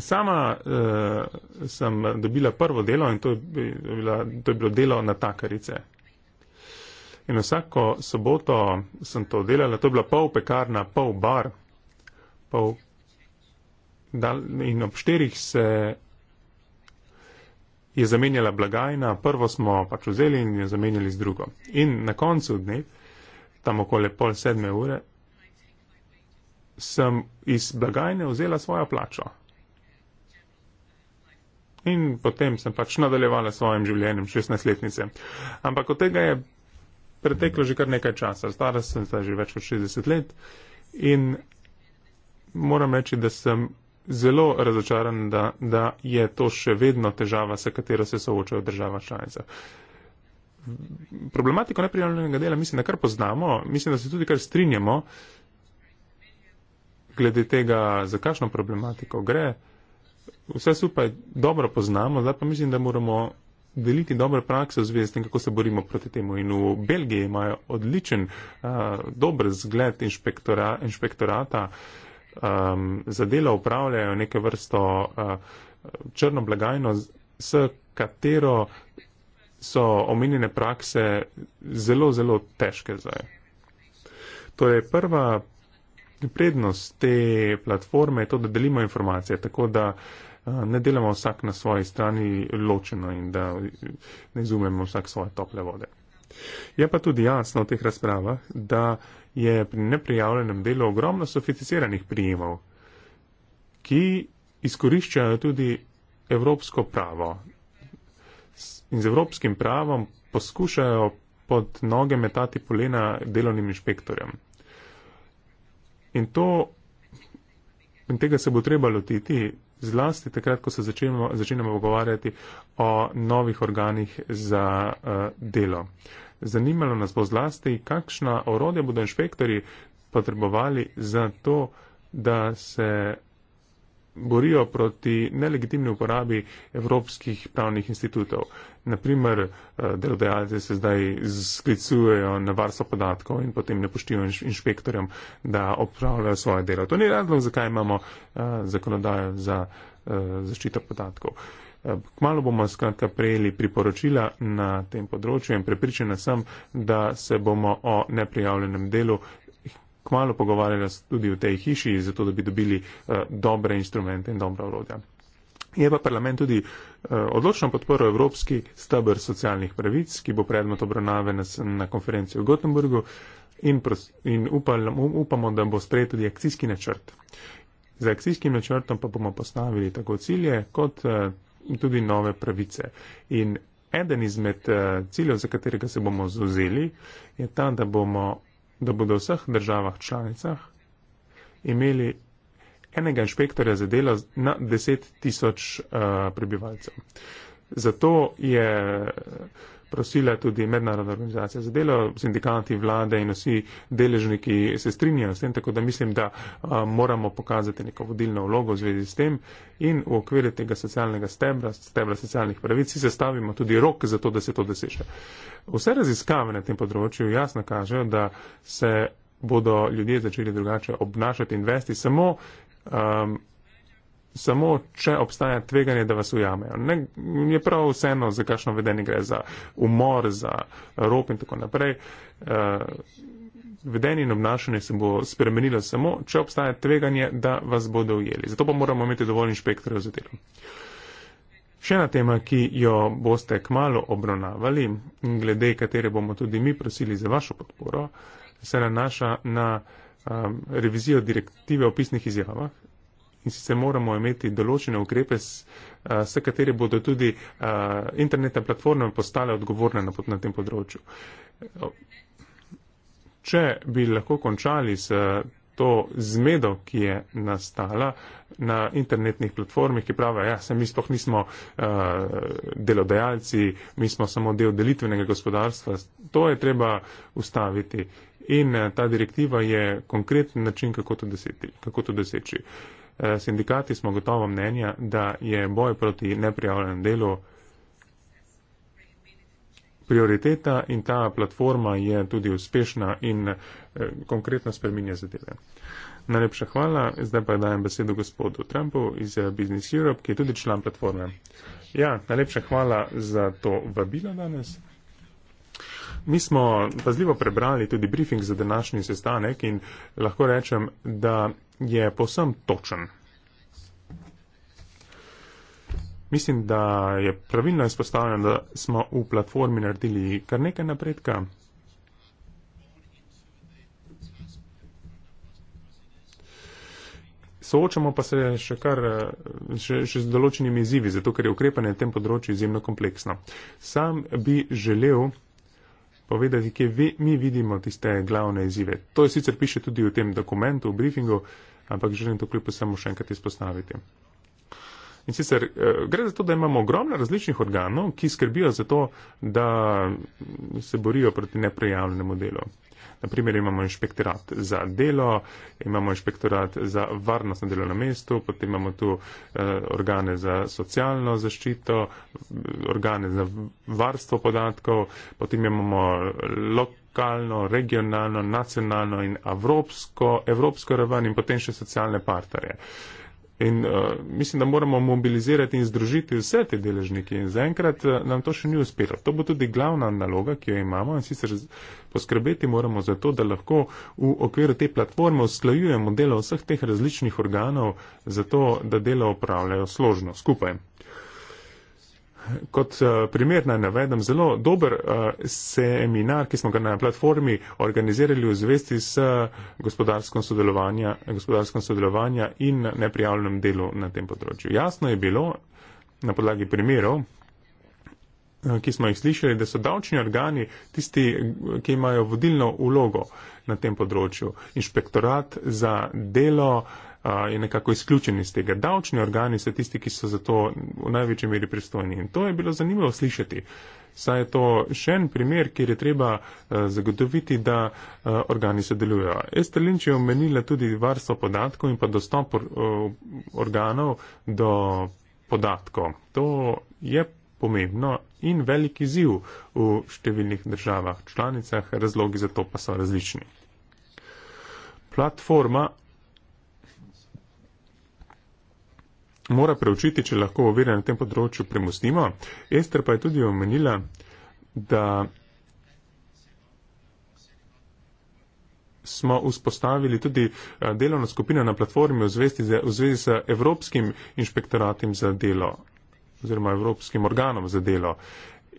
Sama uh, sem dobila prvo delo in to je, bila, to je bilo delo na takarice. In vsako soboto sem to delala, to je bila pol pekarna, pol bar. Pol, dal, in ob štirih se je zamenjala blagajna, prvo smo pač vzeli in jo zamenjali z drugo. In na koncu dne, tam okoli pol sedme ure, sem iz blagajne vzela svojo plačo. In potem sem pač nadaljevala s svojim življenjem, 16-letnice. Ampak od tega je preteklo že kar nekaj časa, stara sem zdaj že več kot 60 let in moram reči, da sem zelo razočaran, da, da je to še vedno težava, s katero se soočajo država članica. Problematiko neprijavljenega dela mislim, da kar poznamo, mislim, da se tudi kar strinjamo glede tega, za kakšno problematiko gre. Vse skupaj dobro poznamo, zdaj pa mislim, da moramo deliti dobre prakse v zvezi s tem, kako se borimo proti temu. In v Belgiji imajo odličen, uh, dober zgled inšpektora, inšpektorata. Uh, um, za delo upravljajo neke vrsto uh, črno blagajno, s katero so omenjene prakse zelo, zelo težke zdaj. Torej, prva prednost te platforme je to, da delimo informacije, tako da uh, ne delamo vsak na svoji strani ločeno in da ne izumemo vsak svoje tople vode. Je pa tudi jasno v teh razpravah, da je pri neprijavljenem delu ogromno sofisticiranih prijemov, ki izkoriščajo tudi evropsko pravo. In z evropskim pravom poskušajo pod noge metati polena delovnim inšpektorjem. In, to, in tega se bo treba lotiti zlasti takrat, ko se začenjamo pogovarjati o novih organih za uh, delo. Uh, Zanimalo nas bo zlasti, kakšna orodja bodo inšpektori potrebovali za to, da se borijo proti nelegitimni uporabi evropskih pravnih institutov. Naprimer, eh, delodajalce se zdaj sklicujejo na varstvo podatkov in potem ne poštijo inšpektorjem, da opravljajo svoje delo. To ni razlog, zakaj imamo uh, zakonodajo za uh, zaščito podatkov. Uh, Kmalo bomo skratka prejeli priporočila na tem področju in prepričana sem, da se bomo o neprijavljenem delu kmalo pogovarjali tudi v tej hiši, zato da bi dobili eh, dobre instrumente in dobra orodja. Je pa parlament tudi eh, odločno podporil Evropski stabr socialnih pravic, ki bo predmet obravnave na, na konferenci v Gotenburgu in, pros, in upal, upamo, da bo sprejet tudi akcijski načrt. Z akcijskim načrtom pa bomo postavili tako cilje kot eh, tudi nove pravice. In eden izmed eh, ciljev, za katerega se bomo zauzeli, je ta, da, bomo, da bodo v vseh državah članicah imeli enega inšpektorja za delo na 10 tisoč uh, prebivalcev. Zato je uh, prosila tudi mednarodna organizacija za delo, sindikati, vlade in vsi deležniki se strinjajo s tem, tako da mislim, da moramo pokazati neko vodilno vlogo v zvezi s tem in v okviru tega socialnega stebra, stebra socialnih pravic, si zastavimo tudi rok za to, da se to doseže. Vse raziskave na tem področju jasno kažejo, da se bodo ljudje začeli drugače obnašati in vesti samo. Um, samo, če obstaja tveganje, da vas ujamejo. Ne, je prav vseeno, za kakšno vedenje gre, za umor, za rop in tako naprej. Uh, vedenje in obnašanje se bo spremenilo samo, če obstaja tveganje, da vas bodo ujeli. Zato pa moramo imeti dovolj inšpektorjev za delo. Še ena tema, ki jo boste kmalo obravnavali in glede katere bomo tudi mi prosili za vašo podporo, se nanaša na um, revizijo direktive o pisnih izjavah in sicer moramo imeti določene ukrepe, s, s kateri bodo tudi internetne platforme postale odgovorne na, na tem področju. Če bi lahko končali s to zmedo, ki je nastala na internetnih platformih, ki pravijo, ja, se mi sploh nismo uh, delodajalci, mi smo samo del delitvenega gospodarstva, to je treba ustaviti. In uh, ta direktiva je konkreten način, kako to doseči. Kako to doseči. Uh, Eh, sindikati smo gotovo mnenja, da je boj proti neprijavljenem delu prioriteta in ta platforma je tudi uspešna in eh, konkretno spreminja zadeve. Najlepša hvala. Zdaj pa dajem besedo gospodu Trumpu iz eh, Business Europe, ki je tudi član platforme. Ja, najlepša hvala za to vabilo danes. Mi smo pazljivo prebrali tudi briefing za današnji sestanek in lahko rečem, da je posem točen. Mislim, da je pravilno izpostavljeno, da smo v platformi naredili kar nekaj napredka. Soočamo pa se še kar še, še z določenimi izzivi, zato ker je ukrepanje na tem področju izjemno kompleksno. Sam bi želel, povedati, kje vi, mi vidimo tiste glavne izzive. To je sicer piše tudi v tem dokumentu, v briefingu, ampak želim to kljub samo še enkrat izpostaviti. In sicer eh, gre za to, da imamo ogromno različnih organov, ki skrbijo za to, da se borijo proti neprejavljenemu delu. Naprimer imamo inšpektorat za delo, imamo inšpektorat za varnost na delovnem mestu, potem imamo tu eh, organe za socialno zaščito, organe za varstvo podatkov, potem imamo lokalno, regionalno, nacionalno in evropsko, evropsko raven in potem še socialne partnerje. Eh, In uh, mislim, da moramo mobilizirati in združiti vse te deležniki. In zaenkrat uh, nam to še ni uspelo. To bo tudi glavna naloga, ki jo imamo in sicer poskrbeti moramo za to, da lahko v okviru te platforme usklajujemo delo vseh teh različnih organov, zato da delo opravljajo složno, skupaj. Kot eh, primer naj navedem zelo dober eh, seminar, ki smo ga na platformi organizirali v zvesti s eh, gospodarskom sodelovanja, gospodarskom sodelovanja in neprijavljenem delu na tem področju. Jasno je bilo na podlagi primerov, ki smo jih slišali, da so davčni organi tisti, ki imajo vodilno ulogo na tem področju. Inšpektorat za delo, a, je nekako izključen iz tega. Davčni organi so tisti, ki so za to v največji meri pristojni. In to je bilo zanimivo slišati. Saj je to še en primer, kjer je treba uh, zagotoviti, da uh, organi sodelujejo. Ester Linč je omenila tudi varstvo podatkov in pa dostop or, uh, organov do podatkov. To je pomembno in veliki ziv v številnih državah članicah, razlogi za to pa so različni. Platforma mora preučiti, če lahko ovire na tem področju premustimo. Ester pa je tudi omenila, da smo vzpostavili tudi eh, delovno skupino na platformi v zvezi, z, v zvezi z Evropskim inšpektoratim za delo oziroma Evropskim organom za delo.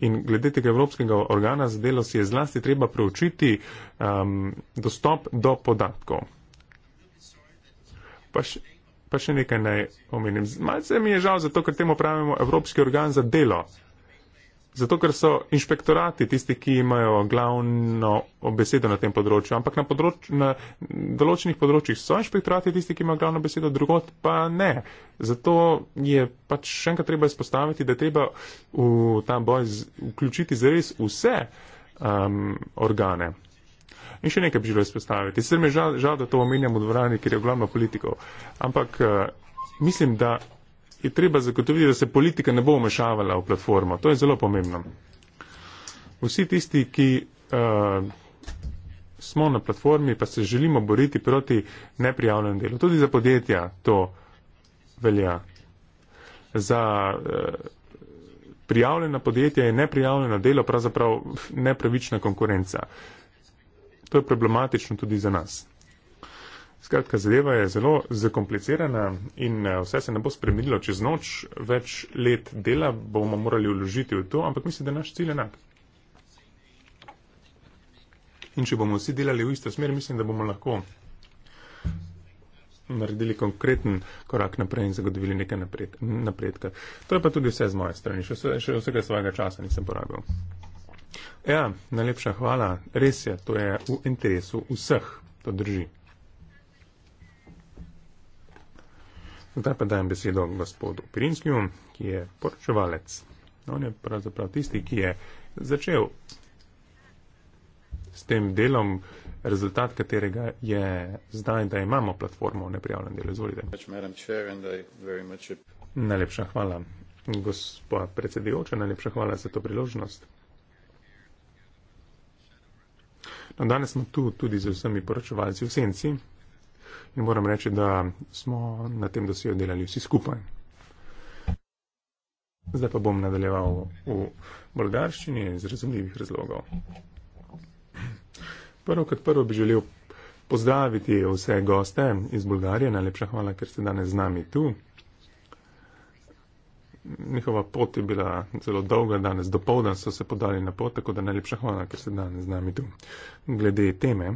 In glede tega Evropskega organa za delo si je zlasti treba preučiti um, dostop do podatkov. Pa še pa še nekaj naj omenim. Malce mi je žal zato, ker temu pravimo Evropski organ za delo. Zato, ker so inšpektorati tisti, ki imajo glavno besedo na tem področju. Ampak na, področ, na določenih področjih so inšpektorati tisti, ki imajo glavno besedo, drugot pa ne. Zato je pač še enkrat treba izpostaviti, da treba v ta boj z, vključiti zares vse um, organe. In še nekaj bi želel izpostaviti. Sedaj mi je žal, žal, da to omenjam v dvorani, ker je glavno politiko. Ampak uh, mislim, da je treba zagotoviti, da se politika ne bo omešavala v platformo. To je zelo pomembno. Vsi tisti, ki uh, smo na platformi, pa se želimo boriti proti neprijavljenemu delu. Tudi za podjetja to velja. Za uh, prijavljena podjetja je neprijavljena delo pravzaprav nepravična konkurenca. Uh, To je problematično tudi za nas. Skratka, zadeva je zelo zakomplicirana in eh, vse se ne bo spremenilo čez noč, več let dela bomo morali vložiti v to, ampak mislim, da naš cilj je enak. In če bomo vsi delali v isto smer, mislim, da bomo lahko naredili konkreten korak naprej in zagotovili nekaj napredka. To je pa tudi vse z moje strani, še, še vsega svojega časa nisem porabil. Ja, najlepša hvala. Res je, to je v interesu vseh. To drži. Zdaj pa dajem besedo gospodu Pirinskiju, ki je poročevalec. On je pravzaprav tisti, ki je začel s tem delom, rezultat katerega je zdaj, da imamo platformo o neprijavljenem delu. Izvolite. Najlepša hvala, gospod predsedujoča, najlepša hvala za to priložnost. No, danes smo tu tudi z vsemi poročevalci v senci in moram reči, da smo na tem dosijo delali vsi skupaj. Zdaj pa bom nadaljeval v bolgarščini iz razumljivih razlogov. Prvo kot prvo bi želel pozdraviti vse goste iz Bolgarije. Najlepša hvala, ker ste danes z nami tu njihova pot je bila zelo dolga, danes do povdan so se podali na pot, tako da najlepša hvala, ker se danes z nami tu glede teme.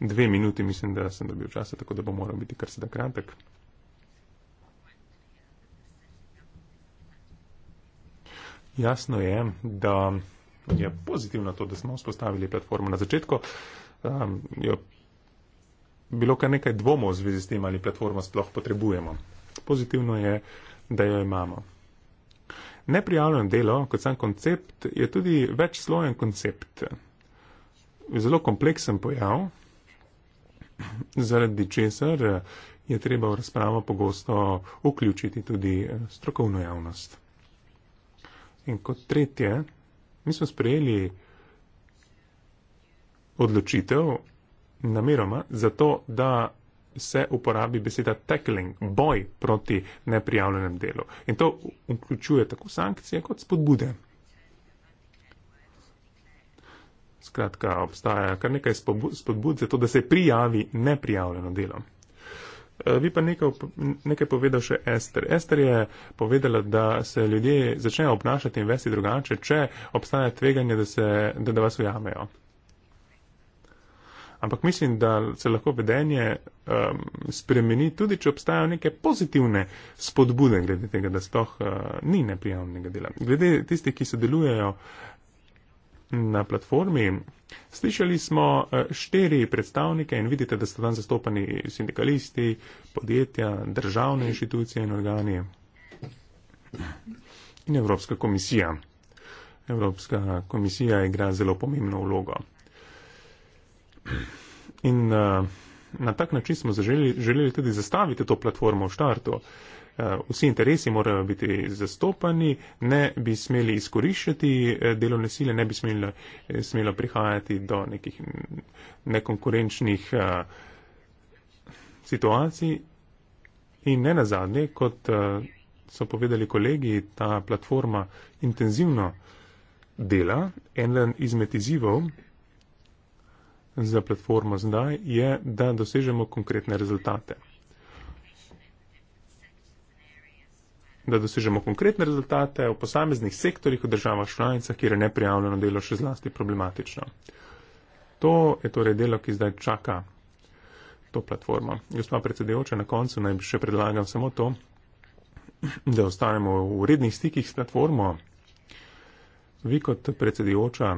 Dve minuti mislim, da sem dobil časa, tako da bo moral biti kar sedaj kratek. Jasno je, da je pozitivno to, da smo vzpostavili platformo na začetku. Um, jo bilo kar nekaj dvomov v zvezi s tem, ali platformo sploh potrebujemo. Pozitivno je, da jo imamo. Neprijavljeno delo, kot sam koncept, je tudi večslojen koncept. Zelo kompleksen pojav, zaradi česar je treba v razpravo pogosto vključiti tudi eh, strokovno javnost. In kot tretje, mi smo sprejeli odločitev namenoma, zato da se uporabi beseda tackling, boj proti neprijavljenem delu. In to vključuje tako sankcije kot spodbude. Skratka, obstaja kar nekaj spodbud za to, da se prijavi neprijavljeno delo. Vi e, pa nekaj, nekaj povedal še Ester. Ester je povedala, da se ljudje začnejo obnašati in vesti drugače, če obstaja tveganje, da, se, da, da vas ujamejo ampak mislim, da se lahko vedenje um, spremeni tudi, če obstajajo neke pozitivne spodbude glede tega, da stoh uh, ni neprijavnega dela. Glede tistih, ki sodelujejo na platformi, slišali smo uh, štiri predstavnike in vidite, da so tam zastopani sindikalisti, podjetja, državne inštitucije in organi in Evropska komisija. Evropska komisija igra zelo pomembno vlogo. In uh, na tak način smo zaželi, želeli tudi zastaviti to platformo v štartu. Uh, vsi interesi morajo biti zastopani, ne bi smeli izkoriščati eh, delovne sile, ne bi smelo, eh, smelo prihajati do nekih nekonkurenčnih eh, situacij. In ne na zadnje, kot so povedali kolegi, ta platforma intenzivno dela. En izmed izzivov za platformo zdaj je, da dosežemo konkretne rezultate. Da dosežemo konkretne rezultate v posameznih sektorjih v državah članicah, kjer je neprijavljeno delo še zlasti problematično. To je torej delo, ki zdaj čaka to platformo. Gospa predsedujoča, na koncu naj bi še predlagam samo to, da ostanemo v rednih stikih s platformo. Vi kot predsedujoča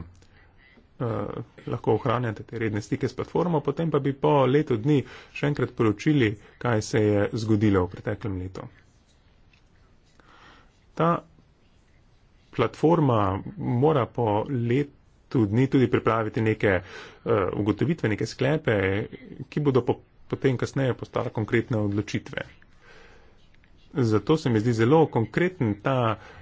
Eh, lahko ohranjate te redne stike s platformo, potem pa bi po letu dni še enkrat poročili, kaj se je zgodilo v preteklem letu. Ta platforma mora po letu dni tudi pripraviti neke eh, ugotovitve, neke sklepe, ki bodo po, potem kasneje postala konkretne odločitve. Zato se mi zdi zelo konkreten ta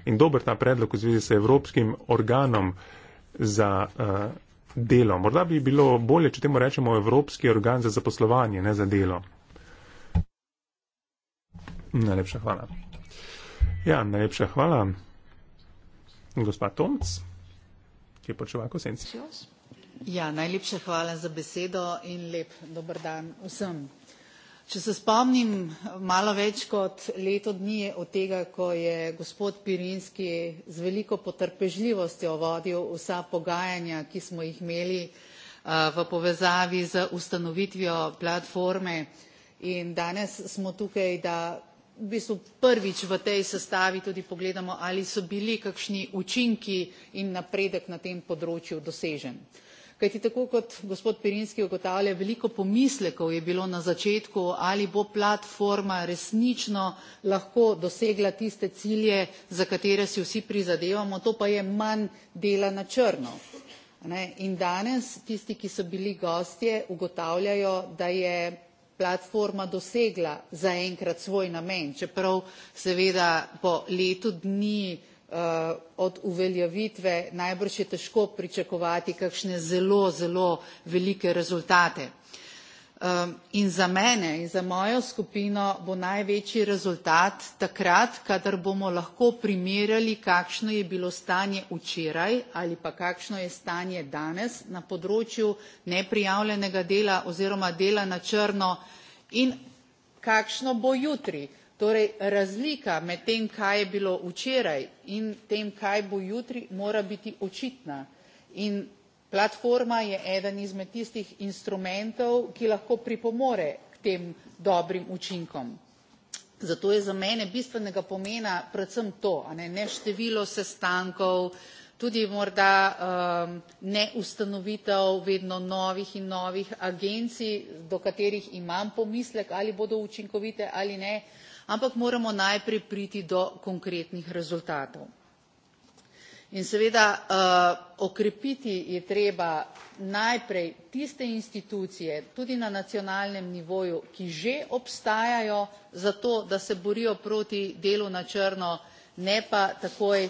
in dober ta predlog v zvezi s Evropskim organom uh, za uh, delo. Morda bi bilo bolje, če temu rečemo Evropski organ za zaposlovanje, ne za delo. Najlepša hvala. Ja, najlepša hvala. Gospa Tomc, ki je počevalko senci. Ja, najlepša hvala za besedo in lep dober dan vsem. Če se spomnim, malo več kot leto dni je od tega, ko je gospod Pirinski z veliko potrpežljivostjo vodil vsa pogajanja, ki smo jih imeli eh, v povezavi z ustanovitvijo platforme in danes smo tukaj, da v bistvu prvič v tej sestavi tudi pogledamo, ali so bili kakšni učinki in napredek na tem področju dosežen kajti tako kot gospod pirinski ugotavlja veliko pomislekov je bilo na začetku ali bo platforma resnično lahko dosegla tiste cilje za katere si vsi prizadevamo to pa je manj dela na črno in danes tisti ki so bili gostje ugotavljajo da je platforma dosegla zaenkrat svoj namen čeprav seveda po letu dni Eh, od uveljavitve najbrž je težko pričakovati kakšne zelo, zelo velike rezultate. Eh, in za mene in za mojo skupino bo največji rezultat takrat, kadar bomo lahko primerjali, kakšno je bilo stanje včeraj ali pa kakšno je stanje danes na področju neprijavljenega dela oziroma dela na črno in kakšno bo jutri torej razlika med tem kaj je bilo včeraj in tem kaj bo jutri mora biti očitna in platforma je eden izmed tistih instrumentov ki lahko pripomore k tem dobrim učinkom zato je za mene bistvenega pomena predvsem to a ne ne število sestankov tudi morda um, ne ustanovitev vedno novih in novih agencij do katerih imam pomislek ali bodo učinkovite ali ne ampak moramo najprej priti do konkretnih rezultatov. In seveda uh, okrepiti je treba najprej tiste institucije, tudi na nacionalnem nivoju, ki že obstajajo za to, da se borijo proti delu na črno, ne pa takoj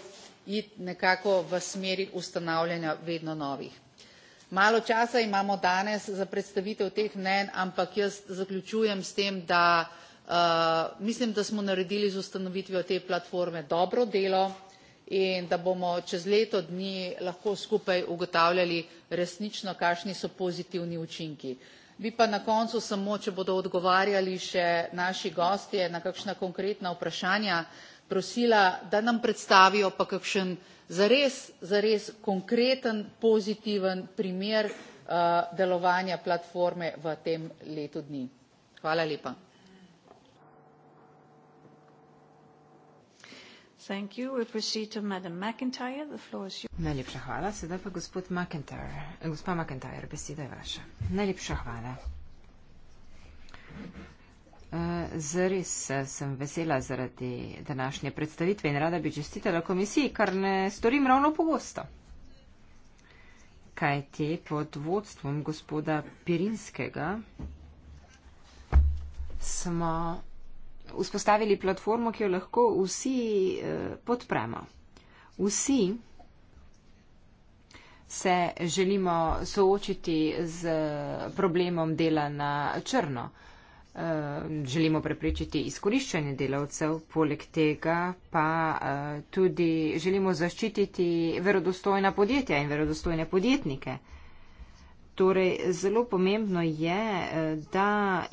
iti nekako v smeri ustanavljanja vedno novih. Malo časa imamo danes za predstavitev teh mnen, ampak jaz zaključujem s tem, da uh, Eh, mislim, da smo naredili z ustanovitvijo te platforme dobro delo in da bomo čez leto dni lahko skupaj ugotavljali resnično, kakšni so pozitivni učinki. Bi pa na koncu samo, če bodo odgovarjali še naši gostje na kakšna konkretna vprašanja, prosila, da nam predstavijo pa kakšen zares, zares konkreten, pozitiven primer uh, delovanja platforme v tem letu dni. Hvala lepa. Thank you. We proceed to Madam McIntyre. The floor is yours. Najlepša hvala. Sedaj pa gospod McIntyre. Eh, gospa McIntyre, beseda je vaša. Najlepša hvala. Eh, zares eh, sem vesela zaradi današnje predstavitve in rada bi čestitela komisiji, kar ne storim ravno pogosto. Kaj te pod vodstvom gospoda Pirinskega smo vzpostavili platformo, ki jo lahko vsi eh, podpremo. Vsi se želimo soočiti z eh, problemom dela na črno. Eh, želimo prepričati izkoriščanje delavcev, poleg tega pa tudi želimo zaščititi verodostojna podjetja in verodostojne podjetnike. Torej, zelo pomembno je, eh, da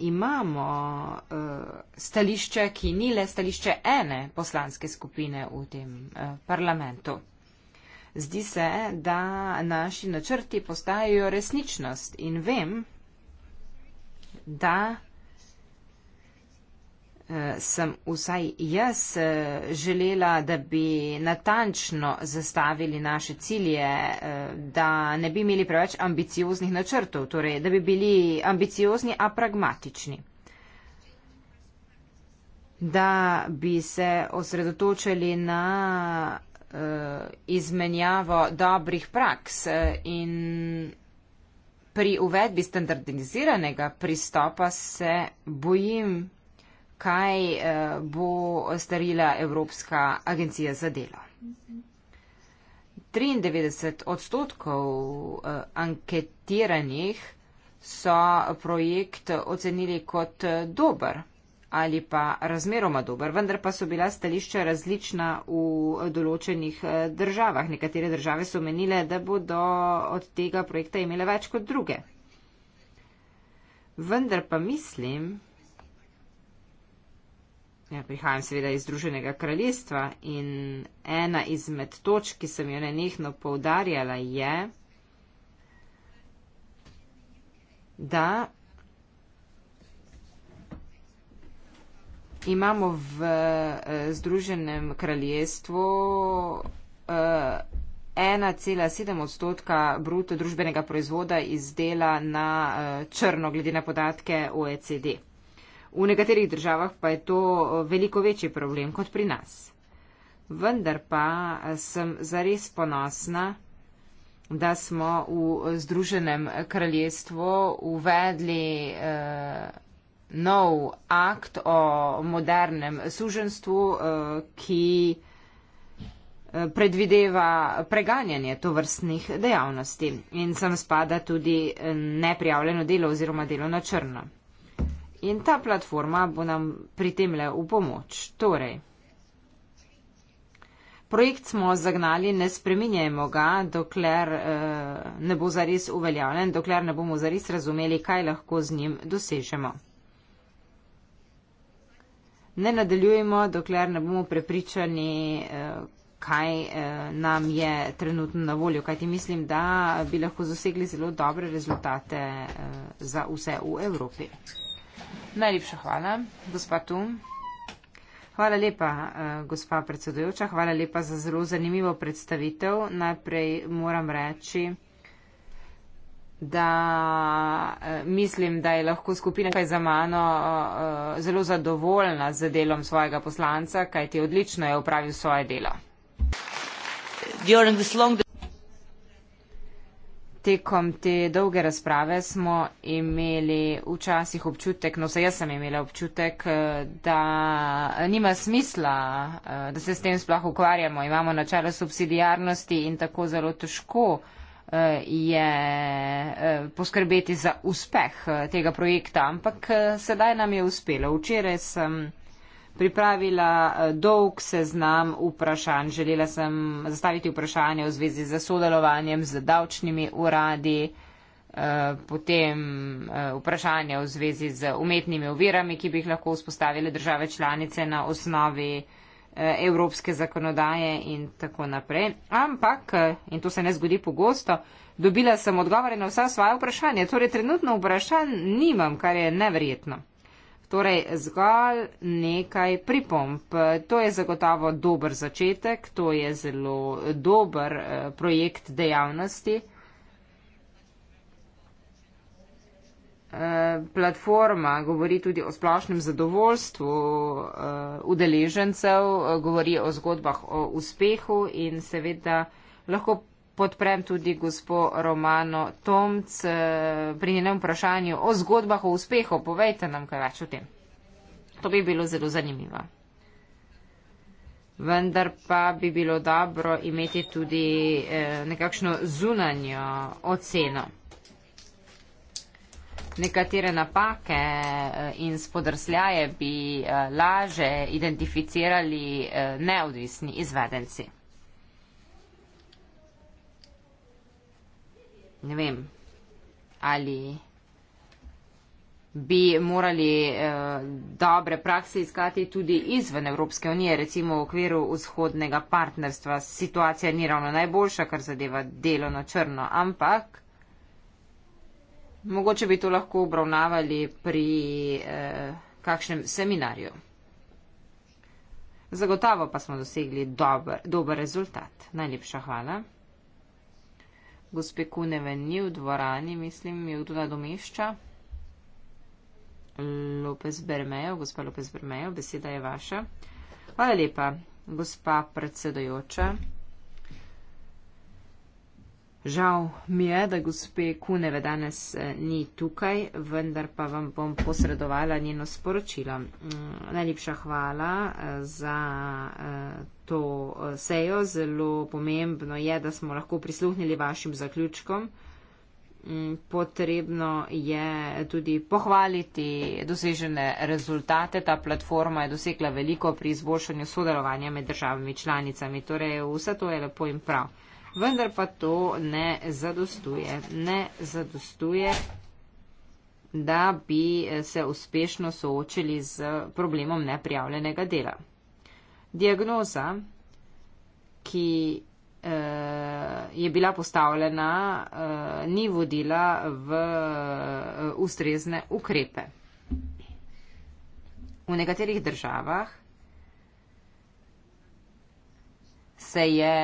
imamo eh, stališče, ki ni le stališče ene poslanske skupine v tem eh, parlamentu. Zdi se, da naši načrti postajajo resničnost in vem, da Eh, sem vsaj jaz eh, želela, da bi natančno zastavili naše cilje, eh, da ne bi imeli preveč ambicioznih načrtov, torej da bi bili ambiciozni, a pragmatični. Da bi se osredotočili na izmenjavo dobrih praks in pri uvedbi standardiziranega pristopa se bojim, kaj eh, bo starila Evropska agencija za delo. 93 odstotkov eh, anketiranih so projekt ocenili kot eh, dober ali pa razmeroma dober, vendar pa so bila stališča različna v določenih državah. Nekatere države so menile, da bodo od tega projekta imele več kot druge. Vendar pa mislim, Ja, prihajam seveda iz Združenega kraljestva in ena izmed točk, ki sem jo nenehno poudarjala, je, da imamo v eh, Združenem kraljestvu 1,7 eh, odstotka bruto družbenega proizvoda izdela na eh, črno, glede na podatke OECD. V nekaterih državah pa je to eh, veliko večji problem kot pri nas. Vendar pa eh, sem zares ponosna, da smo v eh, Združenem kraljestvu uvedli eh, nov akt o modernem suženstvu, eh, ki predvideva preganjanje tovrstnih dejavnosti in sem spada tudi neprijavljeno delo oziroma delo na črno. In ta platforma bo nam pri tem le v pomoč. Torej, projekt smo zagnali, ne spreminjajmo ga, dokler eh, ne bo zares uveljavljen, dokler ne bomo zares razumeli, kaj lahko z njim dosežemo. Ne nadaljujemo, dokler ne bomo prepričani, eh, kaj eh, nam je trenutno na voljo, kajti mislim, da bi lahko zasegli zelo dobre rezultate eh, za vse v Evropi. Najlepša hvala, gospa Tum. Hvala lepa, eh, gospa predsedujoča. Hvala lepa za zelo zanimivo predstavitev. Najprej moram reči, da eh, mislim, da je lahko skupina, ki je za mano, eh, zelo zadovoljna z delom svojega poslanca, kajti odlično je upravil svoje delo. During this long tekom te dolge razprave smo imeli včasih občutek, no vse jaz sem imela občutek, eh, da nima smisla, eh, da se s tem sploh ukvarjamo. Imamo načelo subsidijarnosti in tako zelo težko eh, je poskrbeti za uspeh tega projekta. Ampak sedaj nam je uspelo. Včeraj sem pripravila eh, dolg seznam vprašanj. Želela sem zastaviti vprašanje v zvezi z sodelovanjem z davčnimi uradi, eh, potem eh, vprašanje v zvezi z umetnimi ovirami, ki bi jih lahko vzpostavile države članice na osnovi evropske zakonodaje in tako naprej. Ampak, in to se ne zgodi pogosto, dobila sem odgovore na vsa svoja vprašanja. Torej, trenutno vprašanj nimam, kar je neverjetno. Torej, zgolj nekaj pripomp. To je zagotovo dober začetek, to je zelo dober eh, projekt dejavnosti. Eh, platforma govori tudi o splošnem zadovoljstvu eh, udeležencev, govori o zgodbah o uspehu in seveda lahko podprem tudi gospo Romano Tomc eh, pri njenem vprašanju o zgodbah o uspehu. Povejte nam kaj več o tem. To bi bilo zelo zanimivo. Vendar pa bi bilo dobro imeti tudi eh, nekakšno zunanjo oceno. Nekatere napake eh, in spodrsljaje bi laže identificirali neodvisni izvedenci. ne vem, ali bi morali eh, dobre prakse iskati tudi izven Evropske unije, recimo v okviru vzhodnega partnerstva. Situacija ni ravno najboljša, kar zadeva delo na črno, ampak mogoče bi to lahko obravnavali pri eh, kakšnem seminarju. Zagotavo pa smo dosegli dober, dober rezultat. Najlepša hvala gospe Kuneve ni v dvorani, mislim, jo kdo nadomešča. Lopez Bermejo, gospa Lopez Bermejo, beseda je vaša. Hvala lepa, gospa predsedojoča. Žal mi je, da gospe Kuneve danes eh, ni tukaj, vendar pa vam bom posredovala njeno sporočilo. Mm, najlepša hvala eh, za eh, to eh, sejo. Zelo pomembno je, da smo lahko prisluhnili vašim zaključkom. Mm, potrebno je tudi pohvaliti dosežene rezultate. Ta platforma je dosegla veliko pri izboljšanju sodelovanja med državami članicami. Torej, vse to je lepo in prav. Vendar pa to ne zadostuje. Ne zadostuje, da bi se uspešno soočili z problemom neprijavljenega dela diagnoza, ki eh, je bila postavljena, eh, ni vodila v eh, ustrezne ukrepe. V nekaterih državah se je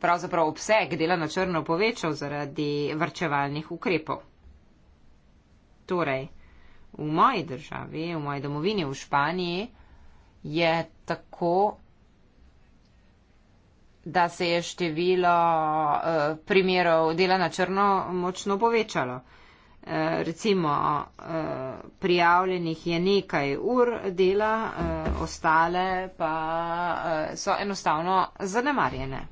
pravzaprav obseg dela na črno povečal zaradi vrčevalnih ukrepov. Torej, v moji državi, v moji domovini, v Španiji, je tako, da se je število eh, primerov dela na črno močno povečalo. Eh, recimo, eh, prijavljenih je nekaj ur dela, ostale pa so enostavno zanemarjene.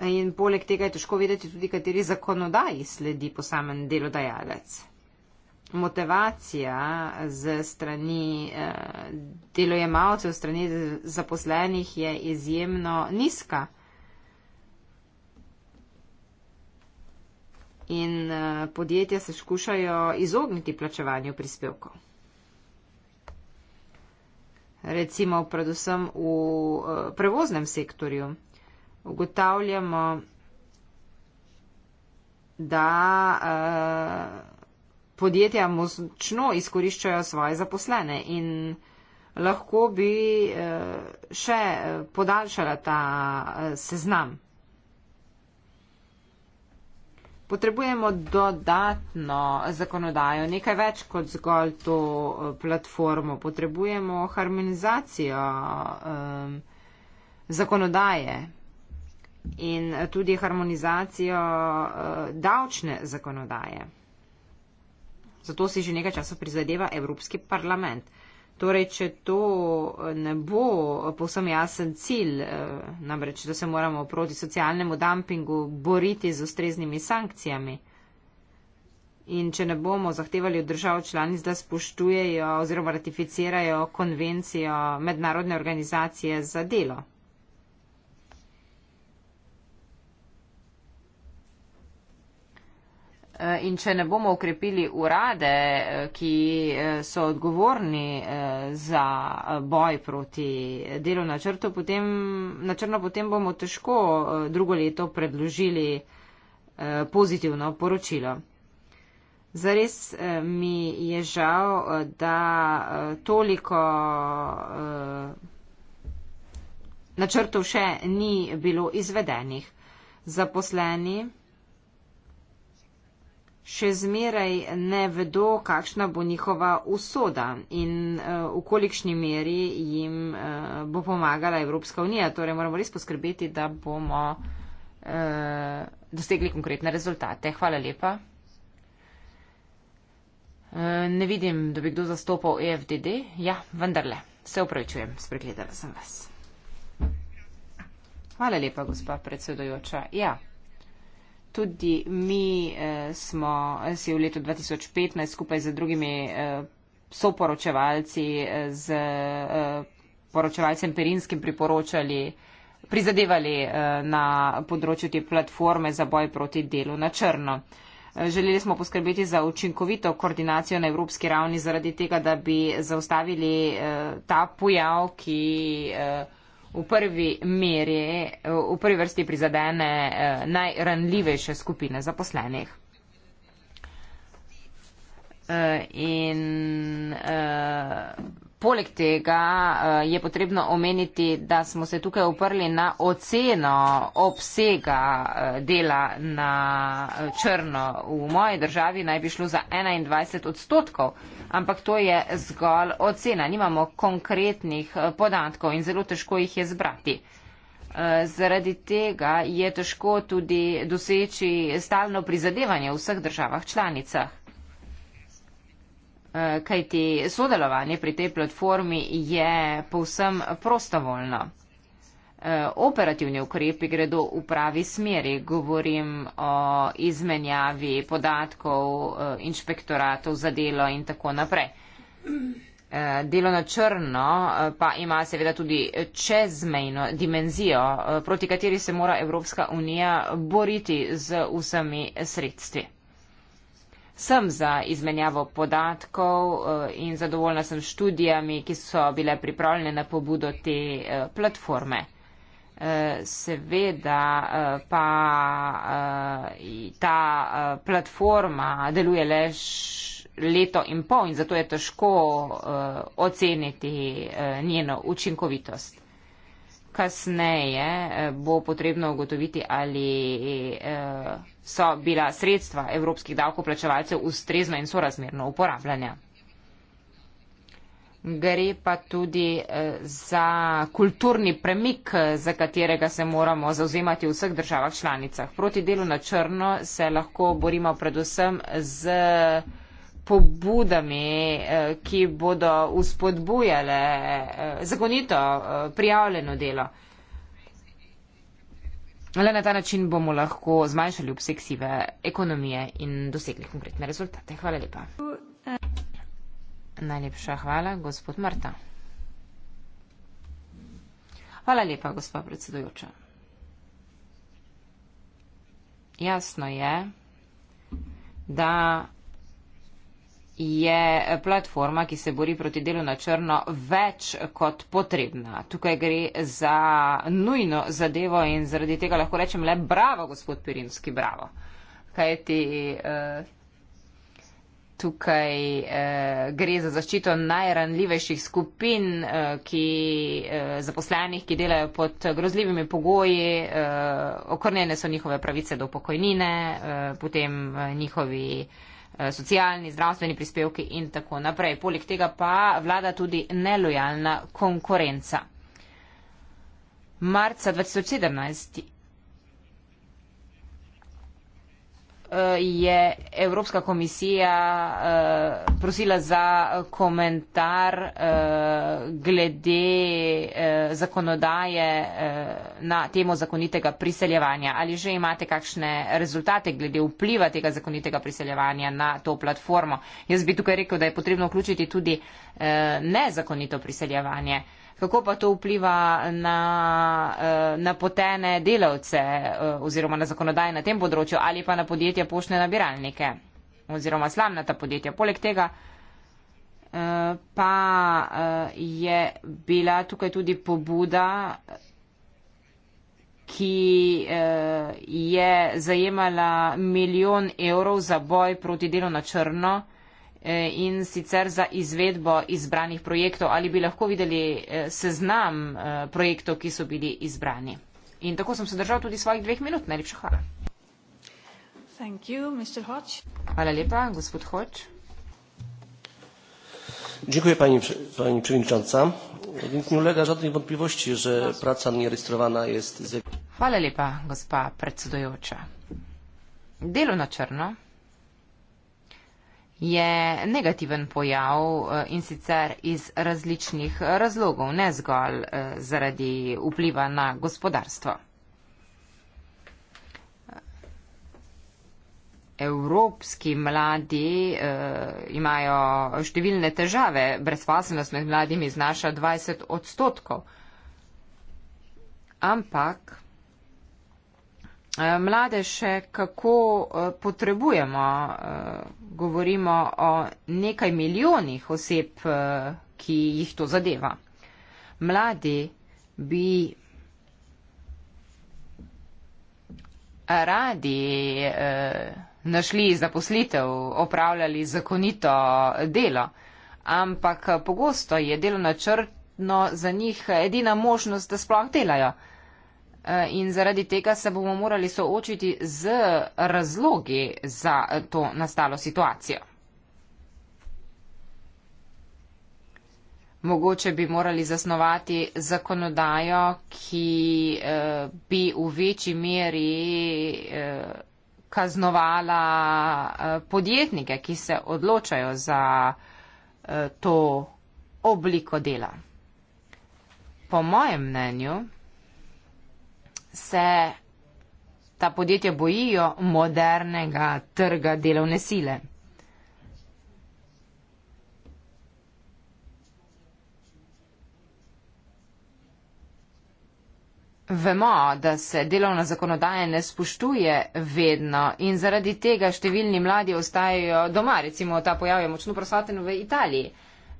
In poleg tega je težko vedeti tudi, kateri zakonodaji sledi posamen delodajalec motivacija z strani eh, delojemalcev, strani zaposlenih je izjemno nizka. In eh, podjetja se skušajo izogniti plačevanju prispevkov. Recimo predvsem v eh, prevoznem sektorju ugotavljamo, da podjetja močno izkoriščajo svoje zaposlene in lahko bi eh, še eh, podaljšala ta eh, seznam. Potrebujemo dodatno zakonodajo, nekaj več kot zgolj to platformo. Potrebujemo harmonizacijo zakonodaje in tudi harmonizacijo davčne zakonodaje. Zato si že nekaj časa prizadeva Evropski parlament. Torej, če to eh, ne bo eh, povsem jasen cilj, eh, namreč, da se moramo proti socialnemu dumpingu boriti z ustreznimi sankcijami. In če ne bomo zahtevali od držav članic, da spoštujejo oziroma ratificirajo konvencijo mednarodne organizacije za delo. Eh, in če ne bomo ukrepili urade, eh, ki eh, so odgovorni za boj proti delu na črto, potem, na črno, potem bomo težko drugo leto predložili pozitivno poročilo. Zares mi je žal, da toliko načrtov še ni bilo izvedenih. Zaposleni še zmeraj ne vedo, kakšna bo njihova usoda in eh, v kolikšni meri jim eh, bo pomagala Evropska unija. Torej moramo res poskrbeti, da bomo eh, dosegli konkretne rezultate. Hvala lepa. Ne vidim, da bi kdo zastopal EFDD. Ja, vendarle. Se upravičujem, spregledala sem vas. Hvala lepa, gospa predsedojoča. Ja tudi mi eh, smo si v letu 2015 skupaj z drugimi eh, soporočevalci, eh, z eh, poročevalcem Perinskim priporočali, prizadevali eh, na področju te platforme za boj proti delu na črno. Eh, želeli smo poskrbeti za učinkovito koordinacijo na evropski ravni zaradi tega, da bi zaustavili eh, ta pojav, ki. Eh, v prvi meri, v prvi vrsti prizadene eh, najranljivejše skupine zaposlenih. Eh, in eh, Poleg tega eh, je potrebno omeniti, da smo se tukaj uprli na oceno obsega eh, dela na eh, črno. V moji državi naj bi šlo za 21 odstotkov, ampak to je zgolj ocena. Nimamo konkretnih podatkov in zelo težko jih je zbrati. Zaradi tega je težko tudi doseči stalno prizadevanje v vseh državah članicah kajti sodelovanje pri tej platformi je povsem prostovoljno. E, operativni ukrepi gredo v pravi smeri. Govorim o izmenjavi podatkov e, inšpektoratov za delo in tako naprej. E, delo na črno pa ima seveda tudi čezmejno dimenzijo, proti kateri se mora Evropska unija boriti z vsemi sredstvi sem za izmenjavo podatkov eh, in zadovoljna sem s študijami, ki so bile pripravljene na pobudo te eh, platforme. Eh, seveda pa ta platforma deluje le leto in pol in zato je težko oceniti njeno učinkovitost kasneje eh, bo potrebno ugotoviti, ali eh, so bila sredstva evropskih davkoplačevalcev ustrezno in sorazmerno uporabljanja. Gre pa tudi eh, za kulturni premik, za katerega se moramo zauzemati v vseh državah članicah. Proti delu na črno se lahko borimo predvsem z pobudami, eh, ki bodo uspodbujale eh, zakonito eh, prijavljeno delo. Le na ta način bomo lahko zmanjšali obseg sive ekonomije in dosegli konkretne rezultate. Hvala lepa. Najlepša hvala, gospod Marta. Hvala lepa, gospod predsedujoča. Jasno je, da je platforma, ki se bori proti delu na črno, več kot potrebna. Tukaj gre za nujno zadevo in zaradi tega lahko rečem le bravo, gospod Pirinski, bravo. Kaj ti uh, eh, tukaj uh, gre za zaščito najranljivejših skupin, uh, ki, uh, zaposlenih, ki delajo pod grozljivimi pogoji, uh, okrnjene so njihove pravice do pokojnine, uh, potem uh, njihovi uh, Eh, socialni, zdravstveni prispevki in tako naprej. Poleg tega pa vlada tudi nelojalna konkurenca. Marca 2017 Eh, je Evropska komisija eh, prosila za komentar eh, glede zakonodaje na temo zakonitega priseljevanja. Ali že imate kakšne rezultate glede vpliva tega zakonitega priseljevanja na to platformo? Jaz bi tukaj rekel, da je potrebno vključiti tudi nezakonito priseljevanje. Kako pa to vpliva na eh, napotene delavce eh, oziroma na zakonodaj na tem področju ali pa na podjetja poštne nabiralnike oziroma slamnata podjetja? Poleg tega eh, pa je bila tukaj tudi pobuda, ki je zajemala milijon evrov za boj proti delu na črno in sicer za izvedbo izbranih projektov. Ali bi lahko videli eh, seznam eh, projektov, ki so bili izbrani? In tako sem se držal tudi svojih dveh minut. Najlepša hvala. Thank you, Mr. Hodge. Hvala lepa, gospod Hoč. Dziękuję pani, pani przewodnicząca. Więc nie ulega żadnej wątpliwości, że praca nierejestrowana jest z... Hvala lepa, gospa predsedujoča. Delo na črno, je negativen pojav eh, in sicer iz različnih razlogov, ne zgolj eh, zaradi vpliva na gospodarstvo. Evropski mladi e, imajo številne težave, brezposelnost med mladimi znaša 20 odstotkov. Ampak Eh, mlade še kako eh, potrebujemo. Eh, govorimo o nekaj milijonih oseb, ki jih to zadeva. Mladi bi radi našli zaposlitev, opravljali zakonito delo, ampak pogosto je delo načrtno za njih edina možnost, da sploh delajo. Eh, in zaradi tega se bomo morali soočiti z razlogi za eh, to nastalo situacijo. Mogoče bi morali zasnovati zakonodajo, ki eh, bi v večji meri kaznovala podjetnike, ki se odločajo za to obliko dela. Po mojem mnenju, se ta podjetja bojijo modernega trga delovne sile. Vemo, da se delovna zakonodaja ne spoštuje vedno in zaradi tega številni mladi ostajajo doma, recimo ta pojav je močno prosaten v Italiji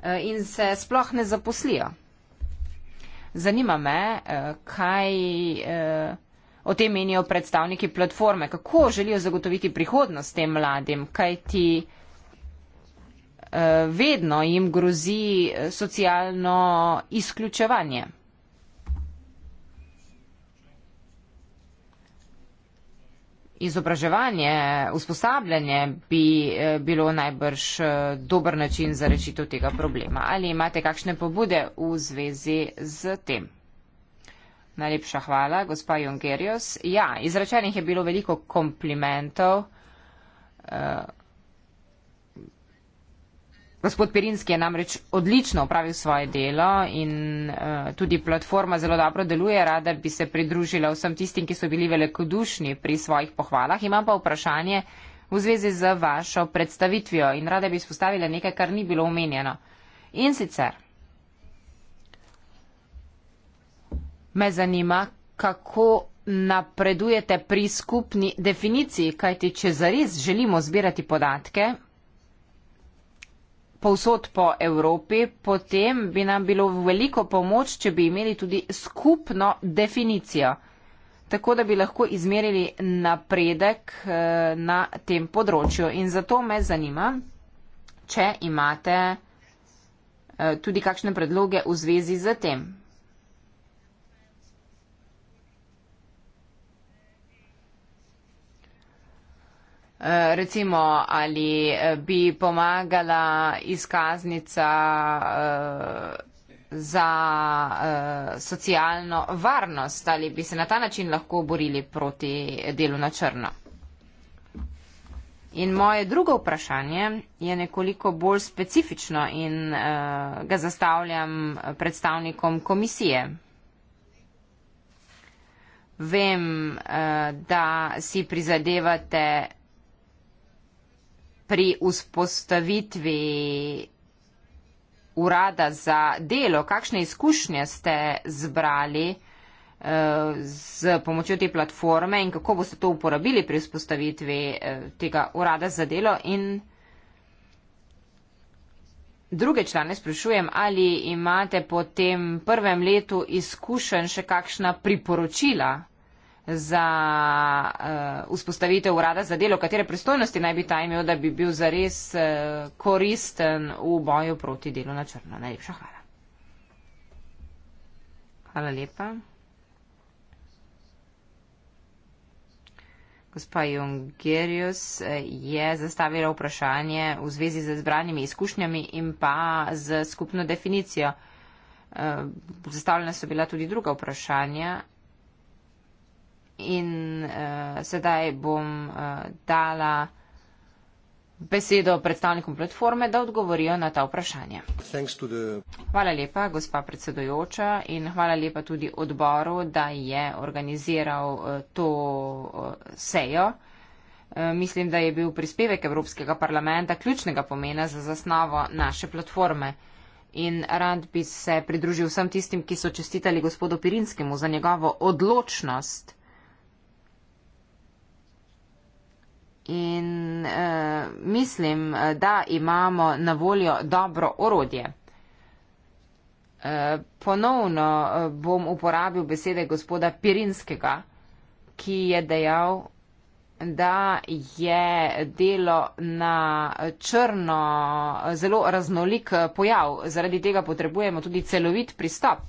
eh, in se sploh ne zaposlijo. Zanima me, eh, kaj eh, o tem menijo predstavniki platforme, kako želijo zagotoviti prihodnost tem mladim, kaj ti eh, vedno jim grozi socialno izključevanje. izobraževanje, usposabljanje bi eh, bilo najbrž eh, dober način za rešitev tega problema. Ali imate kakšne pobude v zvezi z tem? Najlepša hvala, gospa Jongerios. Ja, izrečenih je bilo veliko komplimentov. Uh, Gospod Pirinski je namreč odlično opravil svoje delo in uh, tudi platforma zelo dobro deluje. Rada bi se pridružila vsem tistim, ki so bili velikodušni pri svojih pohvalah. Imam pa vprašanje v zvezi z vašo predstavitvijo in rada bi izpostavila nekaj, kar ni bilo omenjeno. In sicer me zanima, kako napredujete pri skupni definiciji, kajti če zares želimo zbirati podatke, povsod po Evropi, potem bi nam bilo veliko pomoč, če bi imeli tudi skupno definicijo, tako da bi lahko izmerili napredek eh, na tem področju. In zato me zanima, če imate eh, tudi kakšne predloge v zvezi z tem. Eh, recimo, ali eh, bi pomagala izkaznica eh, za socialno varnost ali bi se na ta način lahko borili proti delu na črno. In moje drugo vprašanje je nekoliko bolj specifično in uh, ga zastavljam predstavnikom komisije. Vem, uh, da si prizadevate pri vzpostavitvi urada za delo, kakšne izkušnje ste zbrali eh, z pomočjo te platforme in kako boste to uporabili pri vzpostavitvi eh, tega urada za delo. In druge člane sprašujem, ali imate po tem prvem letu izkušenj še kakšna priporočila za uh, vzpostavitev urada za delo, katere pristojnosti naj bi ta imel, da bi bil zares uh, koristen v boju proti delu na črno. Najlepša hvala. Hvala lepa. Gospa Jungerius eh, je zastavila vprašanje v zvezi z zbranimi izkušnjami in pa z skupno definicijo. Zastavljena so bila tudi druga vprašanja. In uh, sedaj bom uh, dala besedo predstavnikom platforme, da odgovorijo na ta vprašanja. The... Hvala lepa, gospa predsedojoča, in hvala lepa tudi odboru, da je organiziral uh, to uh, sejo. Mislim, da je bil prispevek Evropskega parlamenta ključnega pomena za zasnovo naše platforme. In rad bi se pridružil vsem tistim, ki so čestitali gospodu Pirinskemu za njegovo odločnost uh, In uh, mislim, da imamo na voljo dobro orodje. Uh, ponovno eh, bom uporabil besede gospoda Pirinskega, ki je dejal, da je delo na črno zelo raznolik pojav. Zaradi tega potrebujemo tudi celovit pristop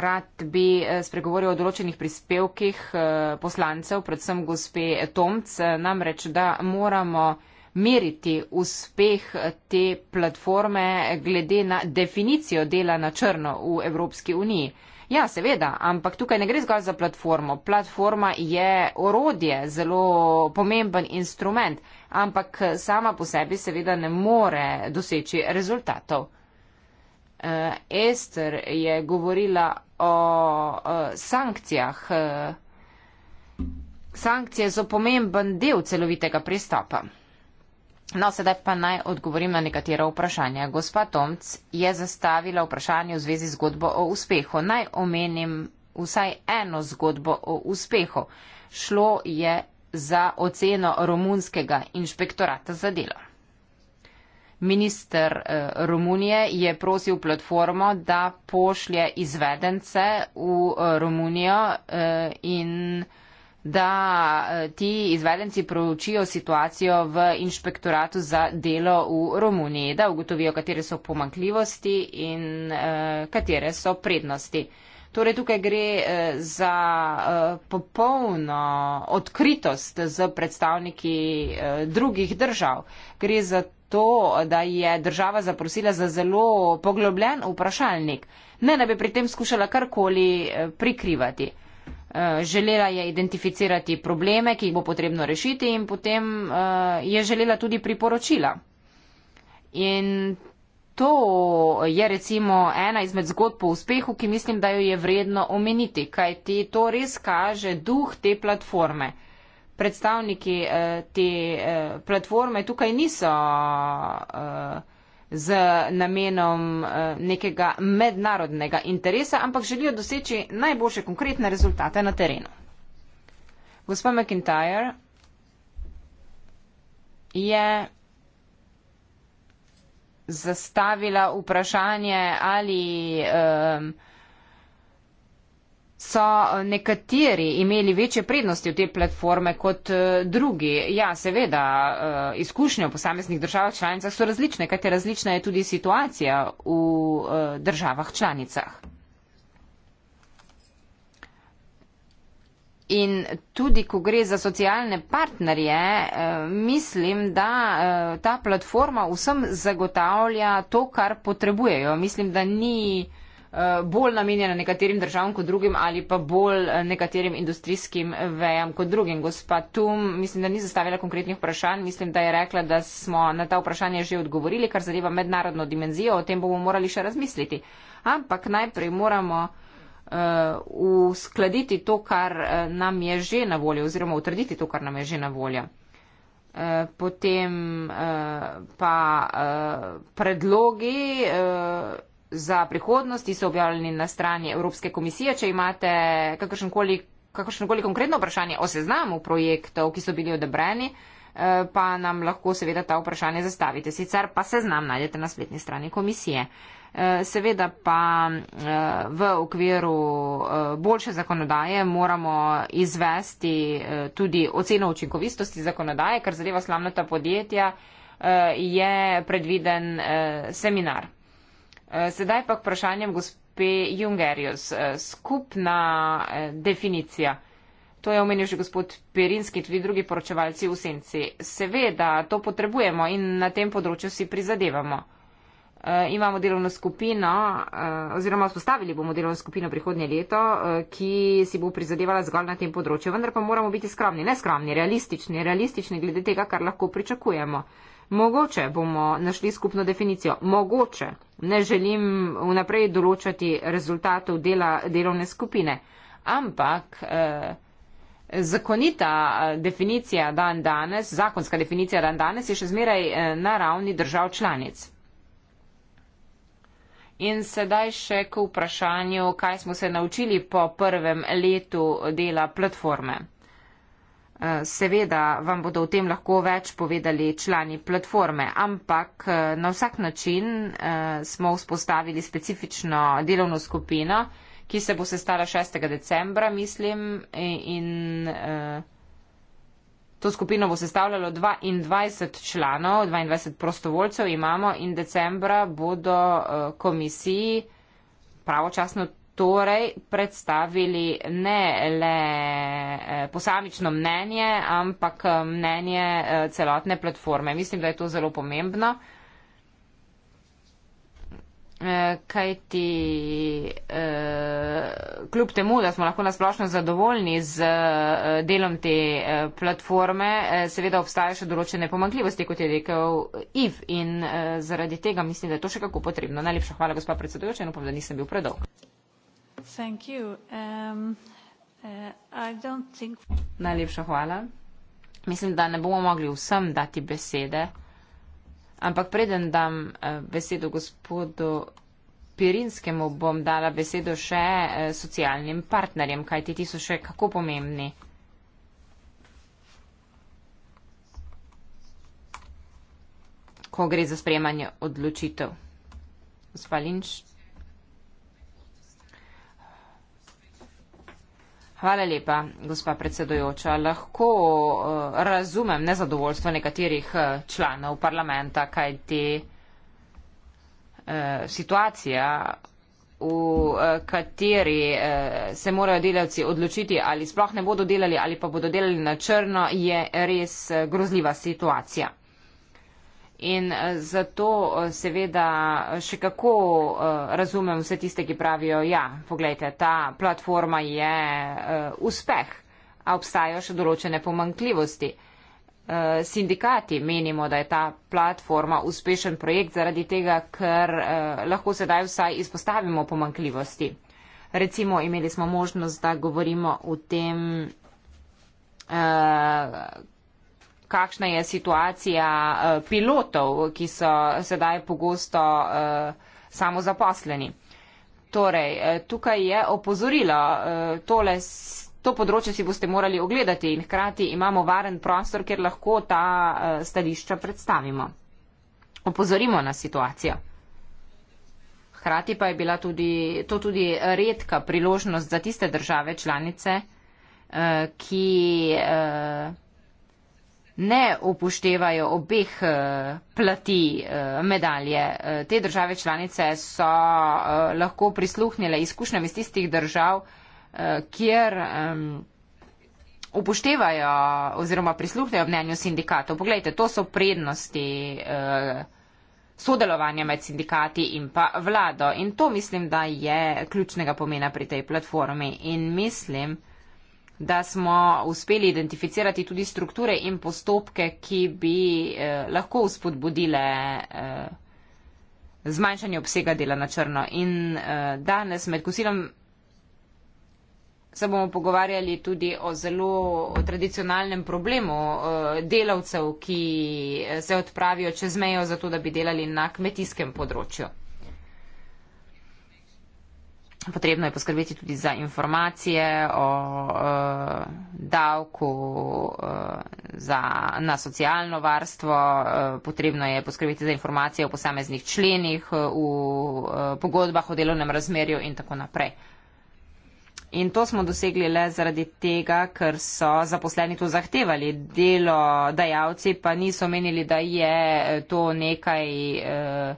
rad bi eh, spregovoril o določenih prispevkih eh, poslancev, predvsem gospe Tomc, eh, namreč, da moramo meriti uspeh te platforme glede na definicijo dela na črno v Evropski uniji. Ja, seveda, ampak tukaj ne gre zgolj za platformo. Platforma je orodje, zelo pomemben instrument, ampak sama po sebi seveda ne more doseči rezultatov uh, Ester je govorila o uh, sankcijah. Uh, sankcije so pomemben del celovitega pristopa. No, sedaj pa naj odgovorim na nekatera vprašanja. Gospa Tomc je zastavila vprašanje v zvezi z zgodbo o uspehu. Naj omenim vsaj eno zgodbo o uspehu. Šlo je za oceno romunskega inšpektorata za delo. Minister eh, Romunije je prosil platformo, da pošlje izvedence v eh, Romunijo eh, in da ti izvedenci proučijo situacijo v inšpektoratu za delo v Romuniji, da ugotovijo, katere so pomankljivosti in katere so prednosti. Torej tukaj gre za popolno odkritost z predstavniki drugih držav. Gre za to, da je država zaprosila za zelo poglobljen vprašalnik. Ne, da bi pri tem skušala karkoli eh, prikrivati. Eh, želela je identificirati probleme, ki jih bo potrebno rešiti in potem eh, je želela tudi priporočila. In to je recimo ena izmed zgodb po uspehu, ki mislim, da jo je vredno omeniti, kajti to res kaže duh te platforme predstavniki eh, te eh, platforme tukaj niso eh, z namenom nekega mednarodnega interesa, ampak želijo doseči najboljše konkretne rezultate na terenu. Gospa McIntyre je zastavila vprašanje, ali um, so eh, nekateri imeli večje prednosti v te platforme kot eh, drugi. Ja, seveda, eh, izkušnje v posameznih državah članicah so različne, kajte različna je tudi situacija v državah članicah. In tudi, ko gre za socialne partnerje, mislim, da ta platforma vsem zagotavlja to, kar potrebujejo. Mislim, da ni. Eh, bolj namenjena nekaterim državam kot drugim ali pa bolj eh, nekaterim industrijskim vejam kot drugim. Gospa Tum, mislim, da ni zastavila konkretnih vprašanj, mislim, da je rekla, da smo na ta vprašanja že odgovorili, kar zadeva mednarodno dimenzijo, o tem bomo morali še razmisliti. Ampak najprej moramo eh, uskladiti to, kar nam je že na voljo oziroma utrditi to, kar nam je že na voljo. Potem pa predlogi za prihodnost, ki so objavljeni na strani Evropske komisije. Če imate kakršenkoli, kakršenkoli konkretno vprašanje o seznamu projektov, ki so bili odebreni, eh, pa nam lahko seveda ta vprašanje zastavite. Sicer pa seznam najdete na spletni strani komisije. Eh, seveda pa eh, v okviru boljše zakonodaje moramo izvesti tudi oceno učinkovistosti zakonodaje, kar zadeva slamnata podjetja, je predviden seminar Eh, sedaj pa k vprašanjem gospe Jungerius. Eh, skupna eh, definicija. To je omenil že gospod Perinski, tudi drugi poročevalci v senci. Seveda, to potrebujemo in na tem področju si prizadevamo. E, imamo delovno skupino, e, oziroma vzpostavili bomo delovno skupino prihodnje leto, e, ki si bo prizadevala zgolj na tem področju. Vendar pa moramo biti skromni, ne skromni, realistični, realistični glede tega, kar lahko pričakujemo. Mogoče bomo našli skupno definicijo. Mogoče. Ne želim vnaprej določati rezultatov dela delovne skupine. Ampak eh, zakonita eh, definicija dan danes, zakonska definicija dan danes je še zmeraj eh, na ravni držav članic. In sedaj še k vprašanju, kaj smo se naučili po prvem letu dela platforme. Eh, seveda vam bodo o tem lahko več povedali člani platforme, ampak eh, na vsak način eh, smo vzpostavili specifično delovno skupino, ki se bo sestala 6. decembra, mislim, e, in to skupino bo sestavljalo 22 članov, 22 prostovoljcev imamo in decembra bodo komisiji pravočasno torej predstavili ne le eh, posamično mnenje, ampak eh, mnenje eh, celotne platforme. Mislim, da je to zelo pomembno. Kaj ti, kljub temu, da smo lahko nasplošno zadovoljni z delom te platforme, seveda obstajajo še določene pomankljivosti, kot je rekel Iv. In zaradi tega mislim, da je to še kako potrebno. Najlepša hvala, gospod predsedujoč, in upam, da nisem bil predolg. Thank you. Um, uh, I don't think... Najlepša hvala. Mislim, da ne bomo mogli vsem dati besede, ampak preden dam eh, besedo gospodu Pirinskemu, bom dala besedo še eh, socialnim partnerjem, kajti ti so še kako pomembni. Ko gre za sprejemanje odločitev. Gospa Linč, Hvala lepa, gospa predsedojoča. Lahko uh, razumem nezadovoljstvo nekaterih uh, članov parlamenta, kaj ti uh, eh, situacija v kateri se morajo delavci odločiti ali sploh ne bodo delali ali pa bodo delali na črno, je res grozljiva situacija. In eh, zato eh, seveda še kako eh, razumem vse tiste, ki pravijo, ja, pogledajte, ta platforma je uspeh, a obstajajo še določene pomankljivosti. Sindikati menimo, da je ta platforma uspešen projekt zaradi tega, ker lahko sedaj vsaj izpostavimo pomankljivosti. Recimo, imeli smo možnost, da govorimo o tem, kakšna je situacija eh, pilotov, ki so sedaj pogosto eh, samozaposleni. Torej, eh, tukaj je opozorilo, tole, to področje si boste morali ogledati in hkrati imamo varen prostor, kjer lahko ta stališča predstavimo. Opozorimo na situacijo. Hkrati pa je bila tudi, to tudi redka priložnost za tiste države članice, ki ne upoštevajo obeh eh, plati eh, medalje. Eh, te države članice so lahko prisluhnile izkušnjam iz tistih držav, kjer upoštevajo oziroma prisluhnejo mnenju sindikatov. Poglejte, to so prednosti sodelovanja med sindikati in pa vlado. In to mislim, da je ključnega pomena pri tej platformi. In mislim, da smo uspeli identificirati tudi strukture in postopke, ki bi eh, lahko uspodbudile eh, zmanjšanje obsega dela na črno. In eh, danes med kosilom se bomo pogovarjali tudi o zelo o tradicionalnem problemu eh, delavcev, ki eh, se odpravijo čez mejo za to, da bi delali na kmetijskem področju. Potrebno je poskrbeti tudi za informacije o uh, davku uh, za, na socialno varstvo, uh, potrebno je poskrbeti za informacije o posameznih členih, uh, v uh, pogodbah o delovnem razmerju in tako naprej. In to smo dosegli le zaradi tega, ker so zaposleni to zahtevali. Delo dajavci pa niso menili, da je to nekaj. Uh,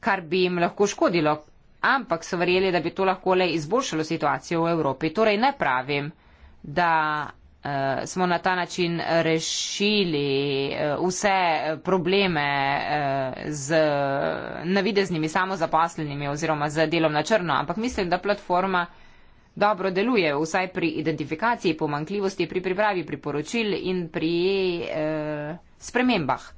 kar bi jim lahko škodilo, ampak so verjeli, da bi to lahko le izboljšalo situacijo v Evropi. Torej ne pravim, da uh, smo na ta način rešili uh, vse probleme uh, z navideznimi samozaposlenimi oziroma z delom na črno, ampak mislim, da platforma dobro deluje, vsaj pri identifikaciji pomankljivosti, pri pripravi priporočil in pri uh, spremembah.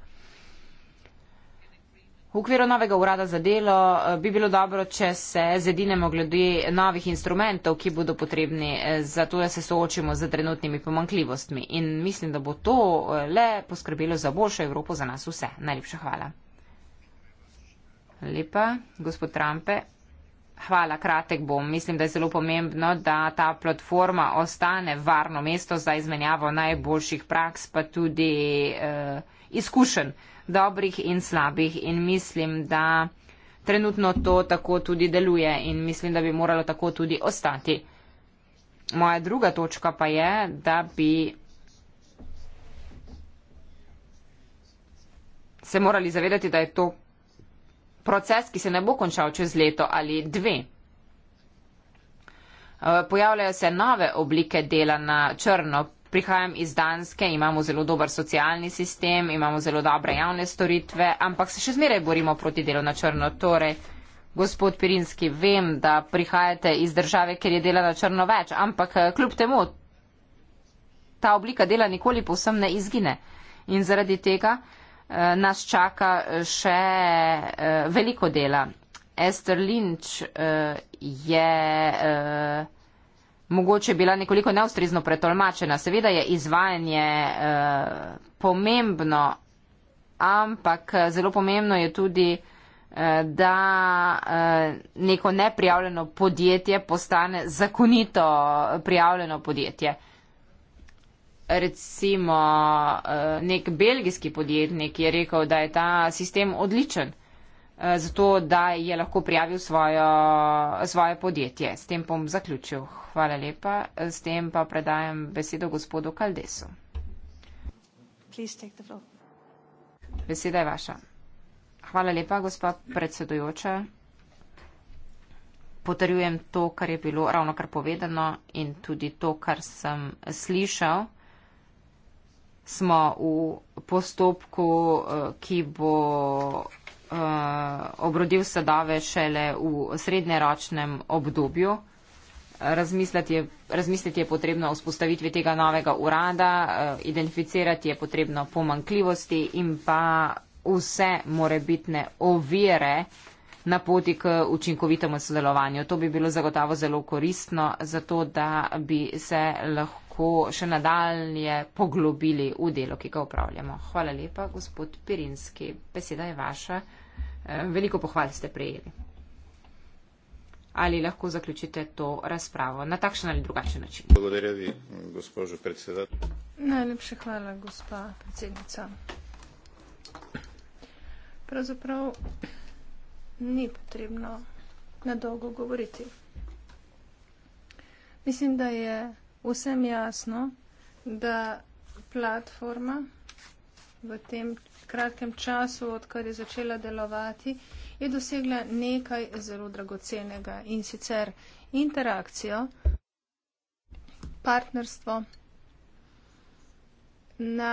V okviru novega urada za delo eh, bi bilo dobro, če se zedinemo glede novih instrumentov, ki bodo potrebni eh, za to, da se soočimo z trenutnimi pomankljivostmi. In mislim, da bo to eh, le poskrbelo za boljšo Evropo za nas vse. Najlepša hvala. Lepa, gospod Trumpe. Hvala, kratek bom. Mislim, da je zelo pomembno, da ta platforma ostane varno mesto za izmenjavo najboljših praks, pa tudi eh, izkušenj dobrih in slabih in mislim, da trenutno to tako tudi deluje in mislim, da bi moralo tako tudi ostati. Moja druga točka pa je, da bi se morali zavedati, da je to proces, ki se ne bo končal čez leto ali dve. Eh, pojavljajo se nove oblike dela na črno, prihajam iz Danske, imamo zelo dober socialni sistem, imamo zelo dobre javne storitve, ampak se še zmeraj borimo proti delu na črno. Torej, gospod Pirinski, vem, da prihajate iz države, ker je dela na črno več, ampak eh, kljub temu ta oblika dela nikoli povsem ne izgine. In zaradi tega eh, nas čaka eh, še eh, veliko dela. Ester Lynch eh, je. Eh, mogoče bila nekoliko neustrezno pretolmačena. Seveda je izvajanje e, pomembno, ampak eh, zelo pomembno je tudi, e, da e, neko neprijavljeno podjetje postane zakonito prijavljeno podjetje. Recimo e, nek belgijski podjetnik je rekel, da je ta sistem odličen. Eh, zato da je lahko prijavil svojo, svoje podjetje. S tem bom zaključil. Hvala lepa. S tem pa predajam besedo gospodu Kaldesu. Beseda je vaša. Hvala lepa, gospa predsedujoča. Potrjujem to, kar je bilo ravno kar povedano in tudi to, kar sem slišal. Smo v postopku, eh, ki bo Eh, obrodil sadove šele v srednjeročnem obdobju. Razmisliti je, razmisliti je potrebno o spostavitvi tega novega urada, eh, identificirati je potrebno pomankljivosti in pa vse morebitne ovire na poti k učinkovitemu sodelovanju. To bi bilo zagotavo zelo koristno, zato da bi se lahko še nadalje poglobili v delo, ki ga upravljamo. Hvala lepa, gospod Pirinski. Beseda je vaša. Eh, veliko pohval ste prejeli. Ali lahko zaključite to razpravo na takšen ali drugačen način? Hvala vi, gospođo predsedatelj. Najlepše hvala, gospa predsednica. Pravzaprav ni potrebno na dolgo govoriti. Mislim, da je vsem jasno, da platforma v tem kratkem času, odkar je začela delovati, je dosegla nekaj zelo dragocenega in sicer interakcijo, partnerstvo na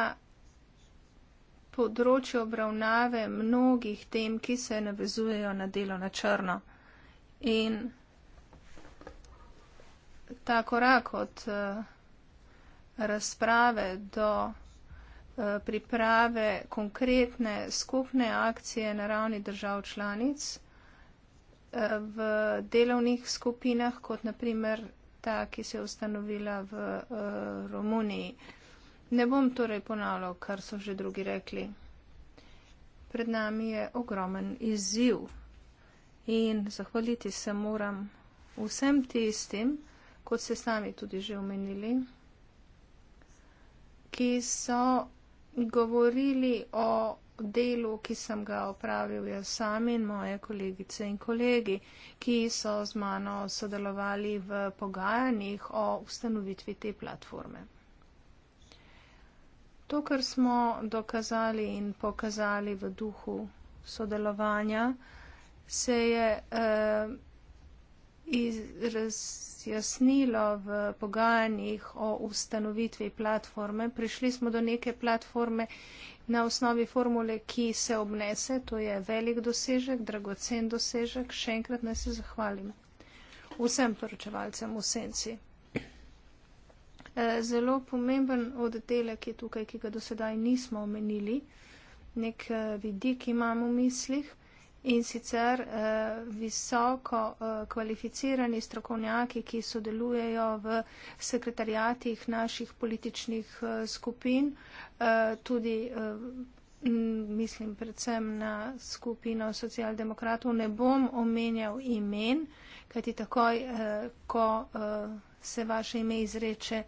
področju obravnave mnogih tem, ki se navezujejo na delo na črno. In ta korak od eh, razprave do Eh, priprave konkretne skupne akcije na ravni držav članic eh, v delovnih skupinah, kot naprimer ta, ki se je ustanovila v eh, Romuniji. Ne bom torej ponavljal, kar so že drugi rekli. Pred nami je ogromen izziv in zahvaliti se moram vsem tistim, kot ste sami tudi že omenili, ki so govorili o delu, ki sem ga opravil jaz sam in moje kolegice in kolegi, ki so z mano sodelovali v pogajanjih o ustanovitvi te platforme. To, kar smo dokazali in pokazali v duhu sodelovanja, se je eh, razjasnilo v pogajanjih o ustanovitvi platforme. Prišli smo do neke platforme na osnovi formule, ki se obnese. To je velik dosežek, dragocen dosežek. Še enkrat naj se zahvalim vsem poročevalcem v senci. Eh, zelo pomemben oddelek je tukaj, ki ga do sedaj nismo omenili. Nek eh, vidik imamo v mislih, in sicer eh, visoko eh, kvalificirani strokovnjaki, ki sodelujejo v sekretarijatih naših političnih eh, skupin, eh, tudi eh, mislim predvsem na skupino socialdemokratov. Ne bom omenjal imen, kajti takoj, eh, ko eh, se vaše ime izreče,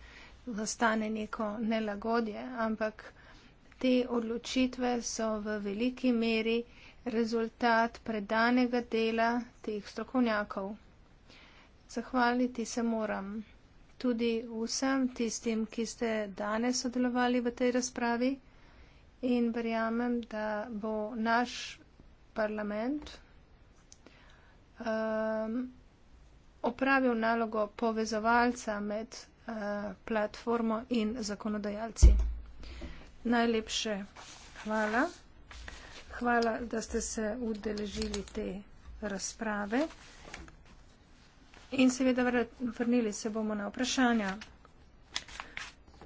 nastane neko nelagodje, ampak te odločitve so v veliki meri eh, rezultat predanega dela teh strokovnjakov. Zahvaliti se moram tudi vsem tistim, ki ste danes sodelovali v tej razpravi in verjamem, da bo naš parlament um, opravil nalogo povezovalca med uh, platformo in zakonodajalci. Najlepše hvala. Hvala, da ste se udeležili te razprave. In seveda vrnili se bomo na vprašanja.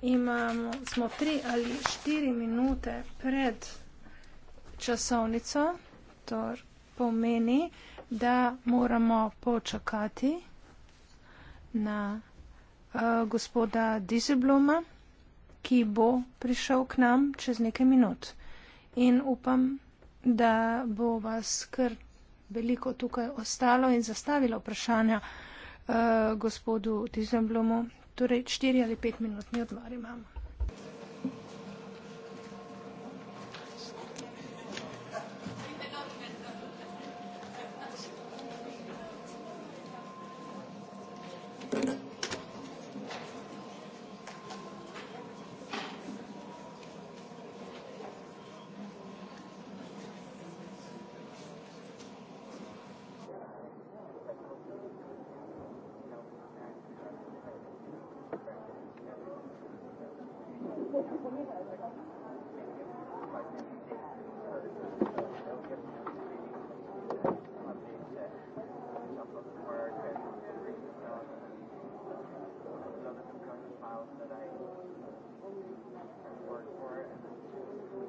Imamo, smo tri ali štiri minute pred časovnico, to pomeni, da moramo počakati na uh, gospoda Dizebloma, ki bo prišel k nam čez nekaj minut. In upam, da bo vas kar veliko tukaj ostalo in zastavilo vprašanja uh, gospodu Tizemblomu. Torej, 4 ali 5 minut ni odmor imamo.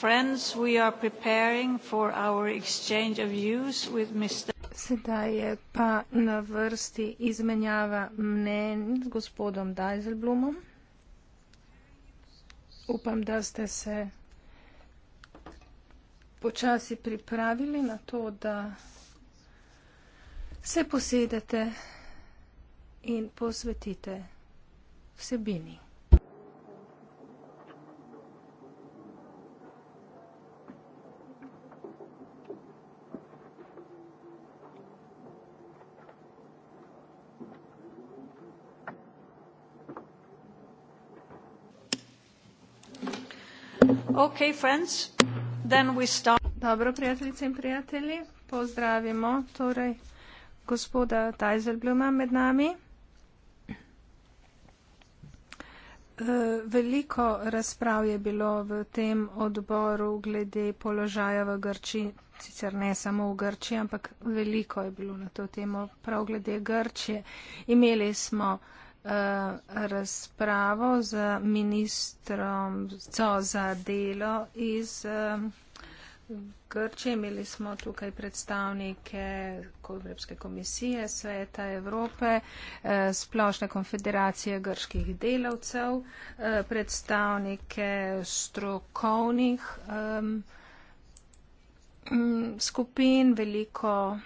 Friends, we are preparing for our exchange of views with Mr. Sedaj je pa na vrsti izmenjava mnen z gospodom Dajzelblumom. Upam, da ste se počasi pripravili na to, da se posedete in posvetite vsebini. Okay, friends, then we start. Dobro, prijateljice in prijatelji, pozdravimo torej gospoda Tajzelbluma med nami. Eh, veliko razprav je bilo v tem odboru glede položaja v Grčiji, sicer ne samo v Grčiji, ampak veliko je bilo na to temo prav glede Grčije. Imeli smo uh, Eh, razpravo z ministrom za delo iz eh, Grče. Imeli smo tukaj predstavnike Evropske komisije, Sveta Evrope, eh, Splošne konfederacije grških delavcev, predstavnike strokovnih mm, skupin, veliko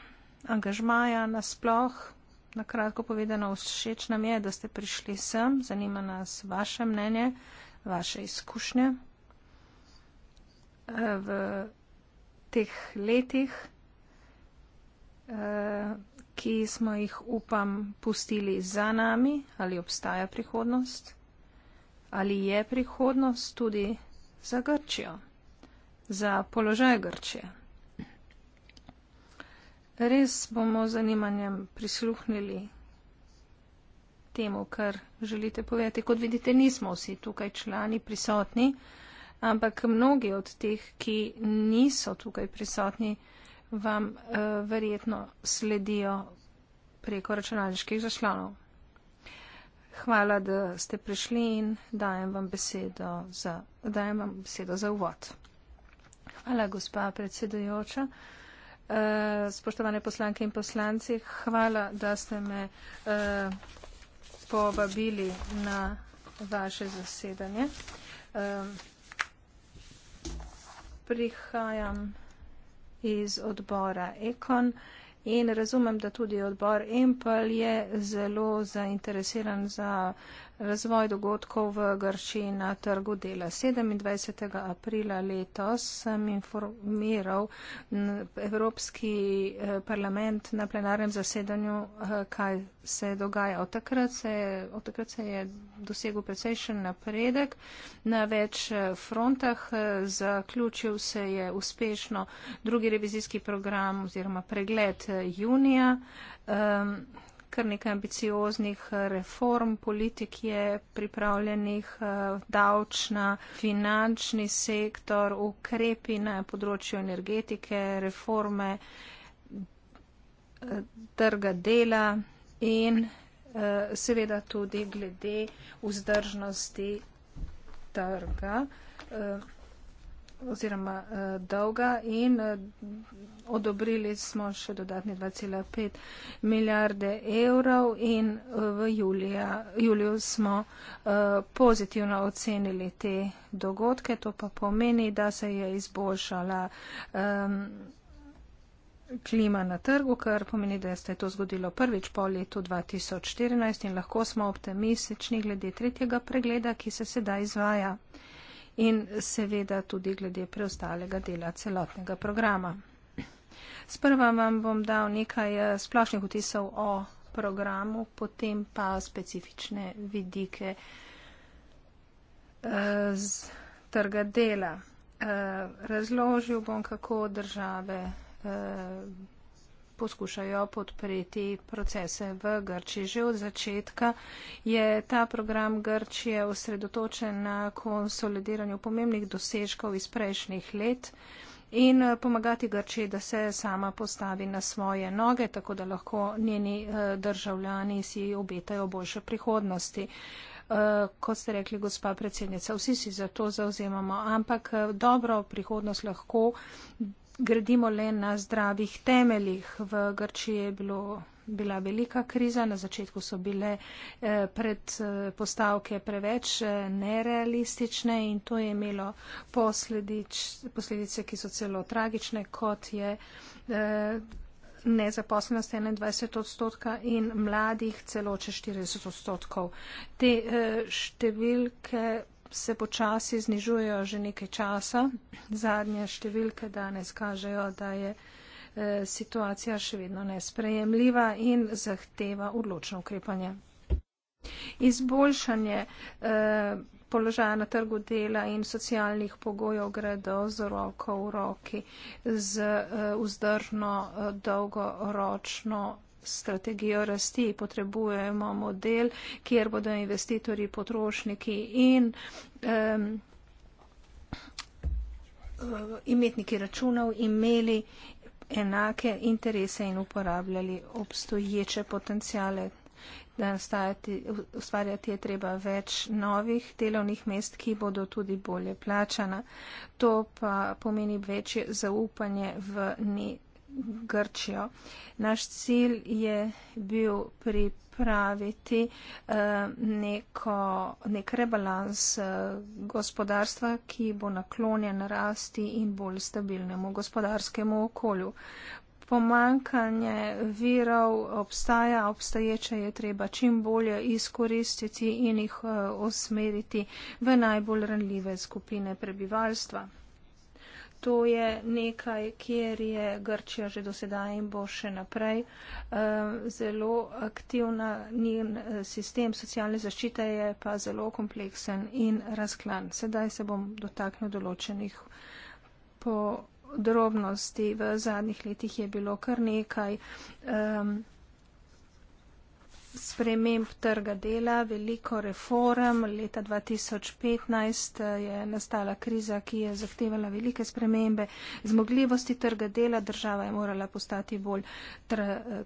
angažmaja nasploh. Na kratko povedano, všeč nam je, da ste prišli sem, zanima nas vaše mnenje, vaše izkušnje. Eh, v teh letih, eh, ki smo jih, upam, pustili za nami, ali obstaja prihodnost, ali je prihodnost tudi za Grčijo, za položaj Grčije. Res bomo z zanimanjem prisluhnili temu, kar želite povedati. Kot vidite, nismo vsi tukaj člani prisotni, ampak mnogi od teh, ki niso tukaj prisotni, vam uh, verjetno sledijo preko računalniških zaslonov. Hvala, da ste prišli in dajem vam besedo za, dajem vam besedo za uvod. Hvala, gospa predsedujoča. Eh, spoštovane poslanke in poslanci, hvala, da ste me eh, povabili na vaše zasedanje. Eh, prihajam iz odbora Ekon in razumem, da tudi odbor Empel je zelo zainteresiran za uh, razvoj dogodkov v Grčiji na trgu dela. 27. aprila letos sem informiral Evropski eh, parlament na plenarnem zasedanju, eh, kaj se dogaja. Od takrat se, od takrat se je dosegel precejšen napredek na več eh, frontah. Zaključil se je uspešno drugi revizijski program oziroma pregled junija. Um, kar nekaj ambicioznih eh, reform politik je pripravljenih, eh, davčna, finančni sektor, ukrepi na področju energetike, reforme eh, trga dela in seveda tudi glede vzdržnosti trga oziroma uh, dolga in uh, odobrili smo še dodatni 2,5 milijarde evrov in uh, v julija, juliju smo uh, pozitivno ocenili te dogodke. To pa pomeni, da se je izboljšala. Um, klima na trgu, kar pomeni, da se je to zgodilo prvič po letu 2014 in lahko smo optimistični glede tretjega pregleda, ki se sedaj izvaja in seveda tudi glede preostalega dela celotnega programa. Sprva vam bom dal nekaj eh, splošnih vtisov o programu, potem pa specifične vidike eh, z trga dela. Eh, razložil bom, kako države poskušajo podpreti procese v Grčiji. Že od začetka je ta program Grčije osredotočen na konsolidiranju pomembnih dosežkov iz prejšnjih let in pomagati Grčiji, da se sama postavi na svoje noge, tako da lahko njeni eh, državljani si obetajo boljše prihodnosti. Eh, kot ste rekli, gospa predsednica, vsi si za to zauzemamo, ampak eh, dobro prihodnost lahko gradimo le na zdravih temeljih. V Grčiji je bilo, bila velika kriza, na začetku so bile eh, predpostavke preveč eh, nerealistične in to je imelo posledič, posledice, ki so celo tragične, kot je. Eh, nezaposlenost 21 odstotka in mladih celo če 40 odstotkov. Te eh, številke se počasi znižujejo že nekaj časa. Zadnje številke danes kažejo, da je eh, situacija še vedno nesprejemljiva in zahteva odločno ukrepanje. Izboljšanje eh, položaja na trgu dela in socialnih pogojev gre do z roko v roki z eh, vzdržno dolgoročno strategijo rasti, potrebujemo model, kjer bodo investitorji, potrošniki in um, imetniki računov imeli enake interese in uporabljali obstoječe potencijale. Da ustvarjati je treba več novih delovnih mest, ki bodo tudi bolje plačana. To pa pomeni večje zaupanje v Grčijo. Naš cilj je bil pripraviti eh, neko, nek rebalans eh, gospodarstva, ki bo naklonjen rasti in bolj stabilnemu gospodarskemu okolju. Pomankanje virov obstaja, obstaječe je treba čim bolje izkoristiti in jih eh, usmeriti v najbolj ranljive skupine prebivalstva to je nekaj, kjer je Grčija že dosedaj in bo še naprej eh, zelo aktivna. Njen eh, sistem socialne zaščite je pa zelo kompleksen in razklan. Sedaj se bom dotaknil določenih podrobnosti. V zadnjih letih je bilo kar nekaj. Um, sprememb trga dela, veliko reform. Leta 2015 eh, je nastala kriza, ki je zahtevala velike spremembe zmogljivosti trga dela. Država je morala postati bolj eh,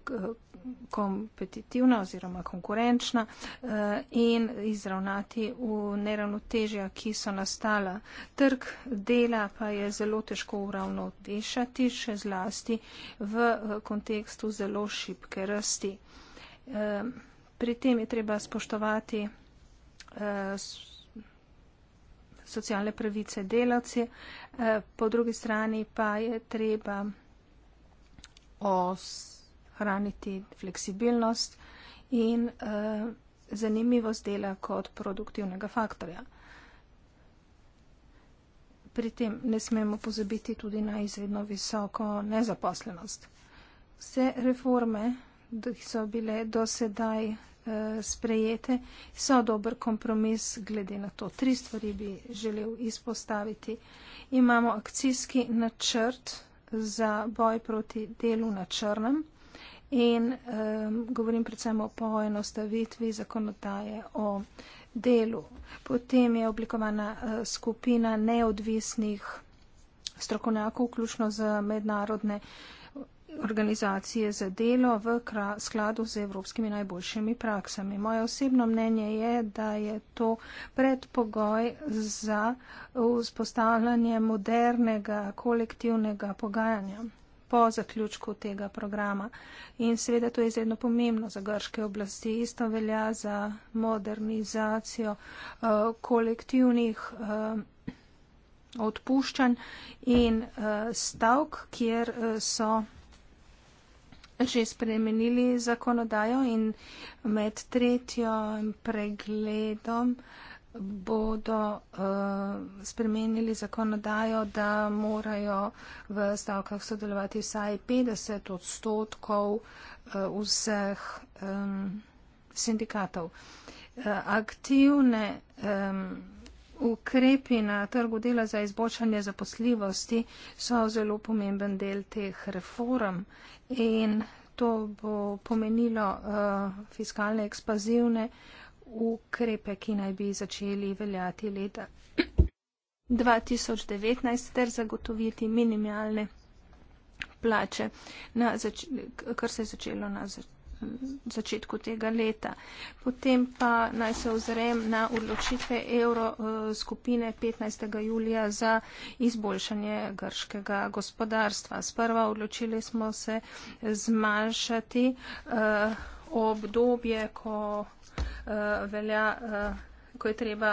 kompetitivna oziroma konkurenčna eh, in izravnati v neravnotežja, ki so nastala. Trg dela pa je zelo težko uravnotešati, še zlasti v kontekstu zelo šibke rasti. Ehm, pri tem je treba spoštovati eh, socialne pravice delavci, eh, po drugi strani pa je treba ohraniti fleksibilnost in eh, zanimivost dela kot produktivnega faktorja. Pri tem ne smemo pozabiti tudi na izredno visoko nezaposlenost. Vse reforme, ki so bile dosedaj eh, sprejete, so dober kompromis glede na to. Tri stvari bi želel izpostaviti. Imamo akcijski načrt za boj proti delu na črnem in um, govorim predvsem o poenostavitvi zakonodaje o delu. Potem je oblikovana uh, skupina neodvisnih strokovnjakov, vključno z mednarodne uh, organizacije za delo v skladu z evropskimi najboljšimi praksami. Moje osebno mnenje je, da je to predpogoj za vzpostavljanje modernega kolektivnega pogajanja po zaključku tega programa. In seveda to je izredno pomembno za grške oblasti. Isto velja za modernizacijo uh, kolektivnih. Uh, odpuščanj in uh, stavk, kjer uh, so že spremenili zakonodajo in med tretjo pregledom bodo uh, spremenili zakonodajo, da morajo v stavkah sodelovati vsaj 50 odstotkov uh, vseh um, sindikatov. Uh, aktivne um, Ukrepi na trgu dela za izboljšanje zaposljivosti so zelo pomemben del teh reform in to bo pomenilo uh, fiskalne ekspazivne ukrepe, ki naj bi začeli veljati leta 2019 ter zagotoviti minimalne plače, na, kar se je začelo na začetku začetku tega leta. Potem pa naj se ozrem na odločitve evro eh, skupine 15. julija za izboljšanje grškega gospodarstva. Sprva odločili smo se zmanjšati uh, obdobje, ko uh, velja. Uh, ko je treba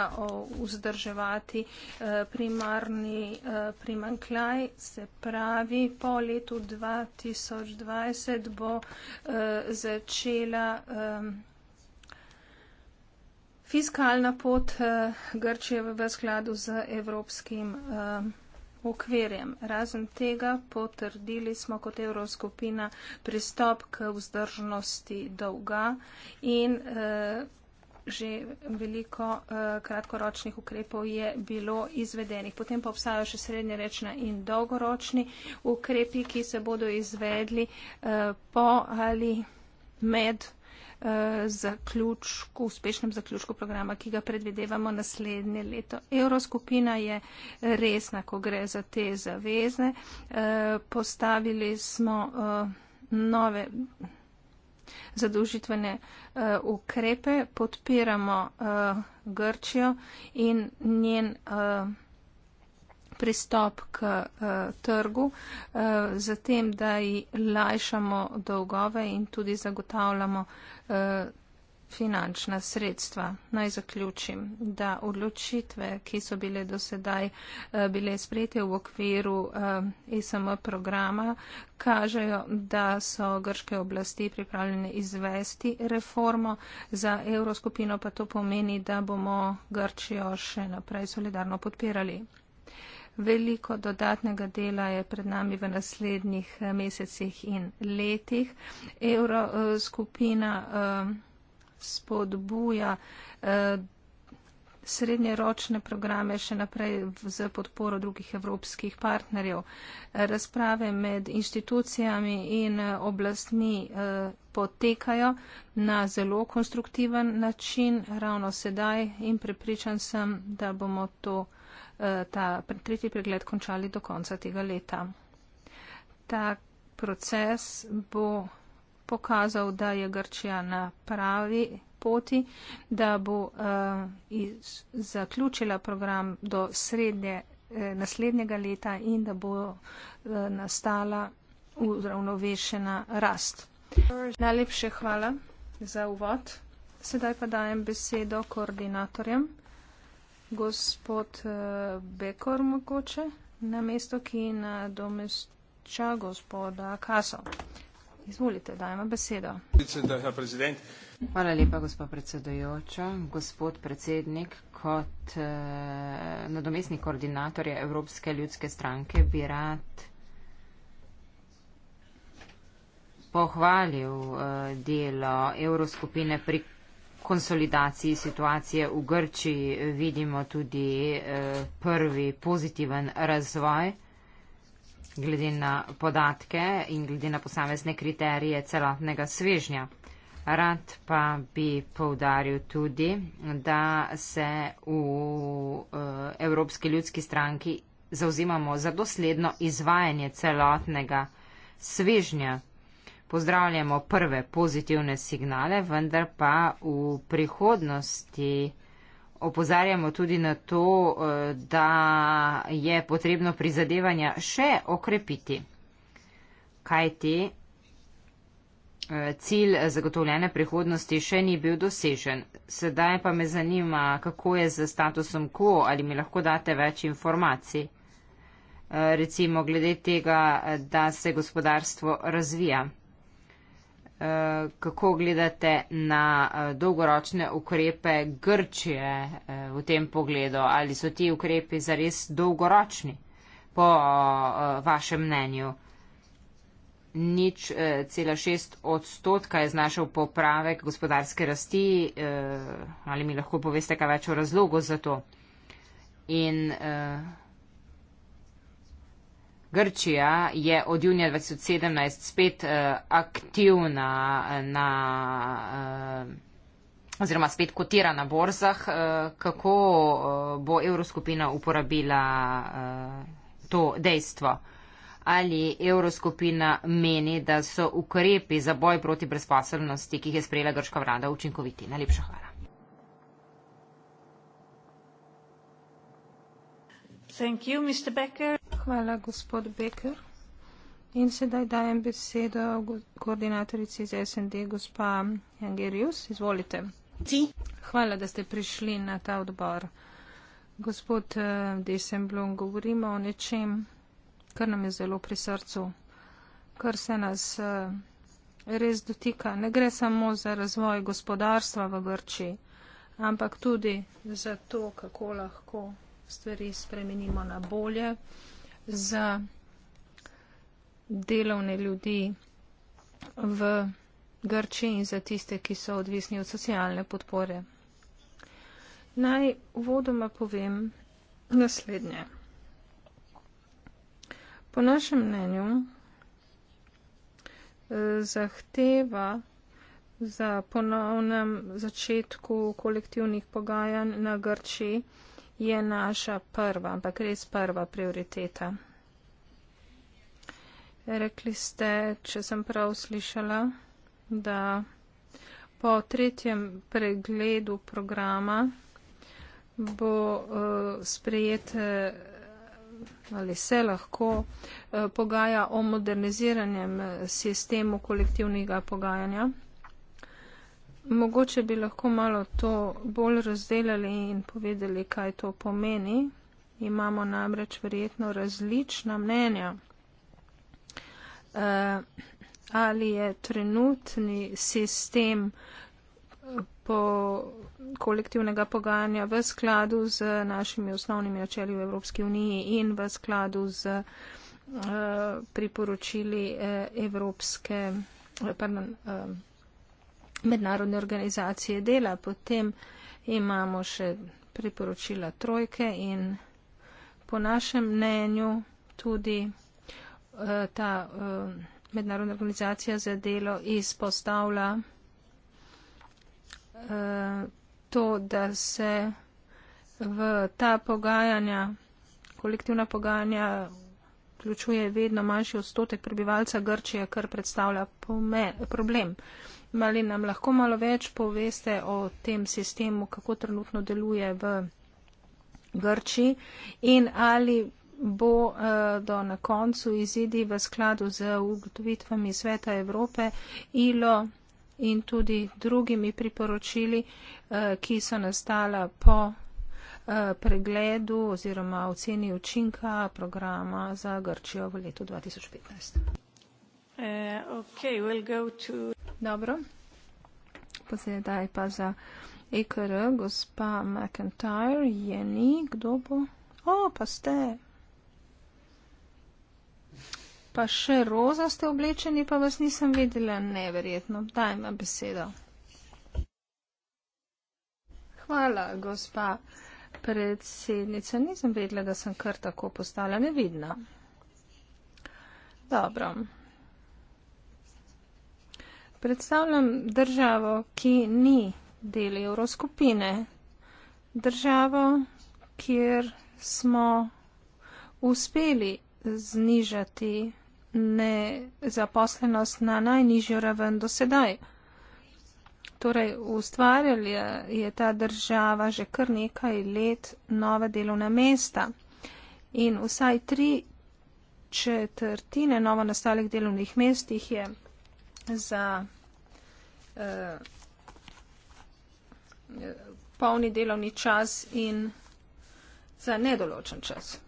vzdrževati e, primarni e, primankljaj, se pravi, po letu 2020 bo e, začela fiskalna pot Grčije v skladu z evropskim. Okvirjem. Razen tega potrdili smo kot Evroskupina pristop k vzdržnosti dolga in eh, že veliko eh, kratkoročnih ukrepov je bilo izvedenih. Potem pa obstajajo še srednjerečna in dolgoročni ukrepi, ki se bodo izvedli eh, po ali med eh, zaključku, uspešnem zaključku programa, ki ga predvidevamo naslednje leto. Evroskupina je resna, ko gre za te zaveze. Eh, postavili smo eh, nove zadolžitvene uh, ukrepe, podpiramo uh, Grčijo in njen uh, pristop k uh, trgu, uh, zatem, da ji lajšamo dolgove in tudi zagotavljamo uh, finančna sredstva. Naj zaključim, da odločitve, ki so bile do sedaj eh, bile sprejete v okviru ESM eh, e programa, kažejo, da so grške oblasti pripravljene izvesti reformo za evroskupino, pa to pomeni, da bomo Grčijo še naprej solidarno podpirali. Veliko dodatnega dela je pred nami v naslednjih eh, mesecih in letih. Evroskupina uh, uh, spodbuja eh, srednjeročne programe še naprej z podporo drugih evropskih partnerjev. Razprave med inštitucijami in eh, oblastmi eh, potekajo na zelo konstruktiven način ravno sedaj in prepričan sem, da bomo to, ta tretji pregled končali do konca tega leta. Ta proces bo pokazal, da je Grčija na pravi poti, da bo uh, iz, zaključila program do srednje, eh, naslednjega leta in da bo eh, nastala uravnovešena rast. Najlepše hvala za uvod. Sedaj pa dajem besedo koordinatorjem. Gospod eh, Bekor mogoče na mesto, ki nadomešča gospoda Kaso. Izvolite, dajmo besedo. Hvala lepa, gospod predsedujoča. Gospod predsednik, kot eh, nadomestni koordinator Evropske ljudske stranke bi rad pohvalil eh, delo Evroskupine pri konsolidaciji situacije v Grčiji. Vidimo tudi eh, prvi pozitiven razvoj glede na podatke in glede na posamezne kriterije celotnega svežnja. Rad pa bi povdaril tudi, da se v eh, Evropski ljudski stranki zauzimamo za dosledno izvajanje celotnega svežnja. Pozdravljamo prve pozitivne signale, vendar pa v prihodnosti Opozarjamo tudi na to, eh, da je potrebno prizadevanja še okrepiti. Kaj ti? Eh, cilj zagotovljene prihodnosti še ni bil dosežen. Sedaj pa me zanima, kako je z statusom quo, ali mi lahko date več informacij, eh, recimo glede tega, da se gospodarstvo razvija. Eh, kako gledate na eh, dolgoročne ukrepe Grčije eh, v tem pogledu? Ali so ti ukrepi zares dolgoročni, po vašem mnenju? Nič cela šest odstotka je znašel popravek gospodarske rasti. Ali mi lahko poveste kaj več o razlogu za to? In, uh, Grčija je od junija 2017 spet uh, aktivna eh, na, uh, oziroma spet kotira na borzah. Uh, kako uh, bo Evroskupina uporabila uh, to dejstvo? Ali Evroskupina meni, da so ukrepi za boj proti brezposobnosti, ki jih je sprejela grška vlada, učinkoviti? Najlepša hvala. Hvala, gospod Becker. In sedaj dajem besedo koordinatorici iz SND, gospa Jangerius. Izvolite. Si. Hvala, da ste prišli na ta odbor. Gospod eh, Desemblom, govorimo o nečem, kar nam je zelo pri srcu, kar se nas eh, res dotika. Ne gre samo za razvoj gospodarstva v Grči, ampak tudi za to, kako lahko stvari spremenimo na bolje. Za delovne ljudi v Grči in za tiste, ki so odvisni od socialne podpore. Naj uvodoma povem naslednje. Po našem mnenju eh, zahteva za ponovnem začetku kolektivnih pogajanj na Grči je naša prva, ampak res prva prioriteta. Rekli ste, če sem prav slišala, da po tretjem pregledu programa bo uh, sprejet eh, ali se lahko uh, pogaja o moderniziranem sistemu kolektivnega pogajanja. Mogoče bi lahko malo to bolj razdelali in povedali, kaj to pomeni. Imamo namreč verjetno različna mnenja. Uh, ali je trenutni sistem eh, po kolektivnega pogajanja v skladu z našimi osnovnimi načeli v Evropski uniji in v skladu z uh, priporočili uh, Evropske, pardon, uh, mednarodne organizacije dela. Potem imamo še priporočila trojke in po našem mnenju tudi eh, ta eh, mednarodna organizacija za delo izpostavlja eh, to, da se v ta pogajanja, kolektivna pogajanja, vključuje vedno manjši odstotek prebivalca Grčije, kar predstavlja pomen, problem. Mali nam lahko malo več poveste o tem sistemu, kako trenutno deluje v Grčiji in ali bo eh, do na koncu izidi v skladu z ugotovitvami Sveta Evrope ILO in tudi drugimi priporočili, eh, ki so nastala po eh, pregledu oziroma oceni učinka programa za Grčijo v letu 2015. Eh, okay, we'll go to... Dobro. Posledaj pa za EKR, gospa McIntyre, je ni, kdo bo? O, oh, pa ste. Pa še roza ste oblečeni, pa vas nisem videla, neverjetno. Daj ima besedo. Hvala, gospa predsednica. Nisem vedela, da sem kar tako postala nevidna. Dobro predstavljam državo, ki ni del evroskupine. Državo, kjer smo uspeli znižati nezaposlenost na najnižjo raven do sedaj. Torej, ustvarjali je ta država že kar nekaj let nove delovne mesta in vsaj tri četrtine novo nastalih delovnih mest jih je za Eh, polni delovni čas in za nedoločen čas.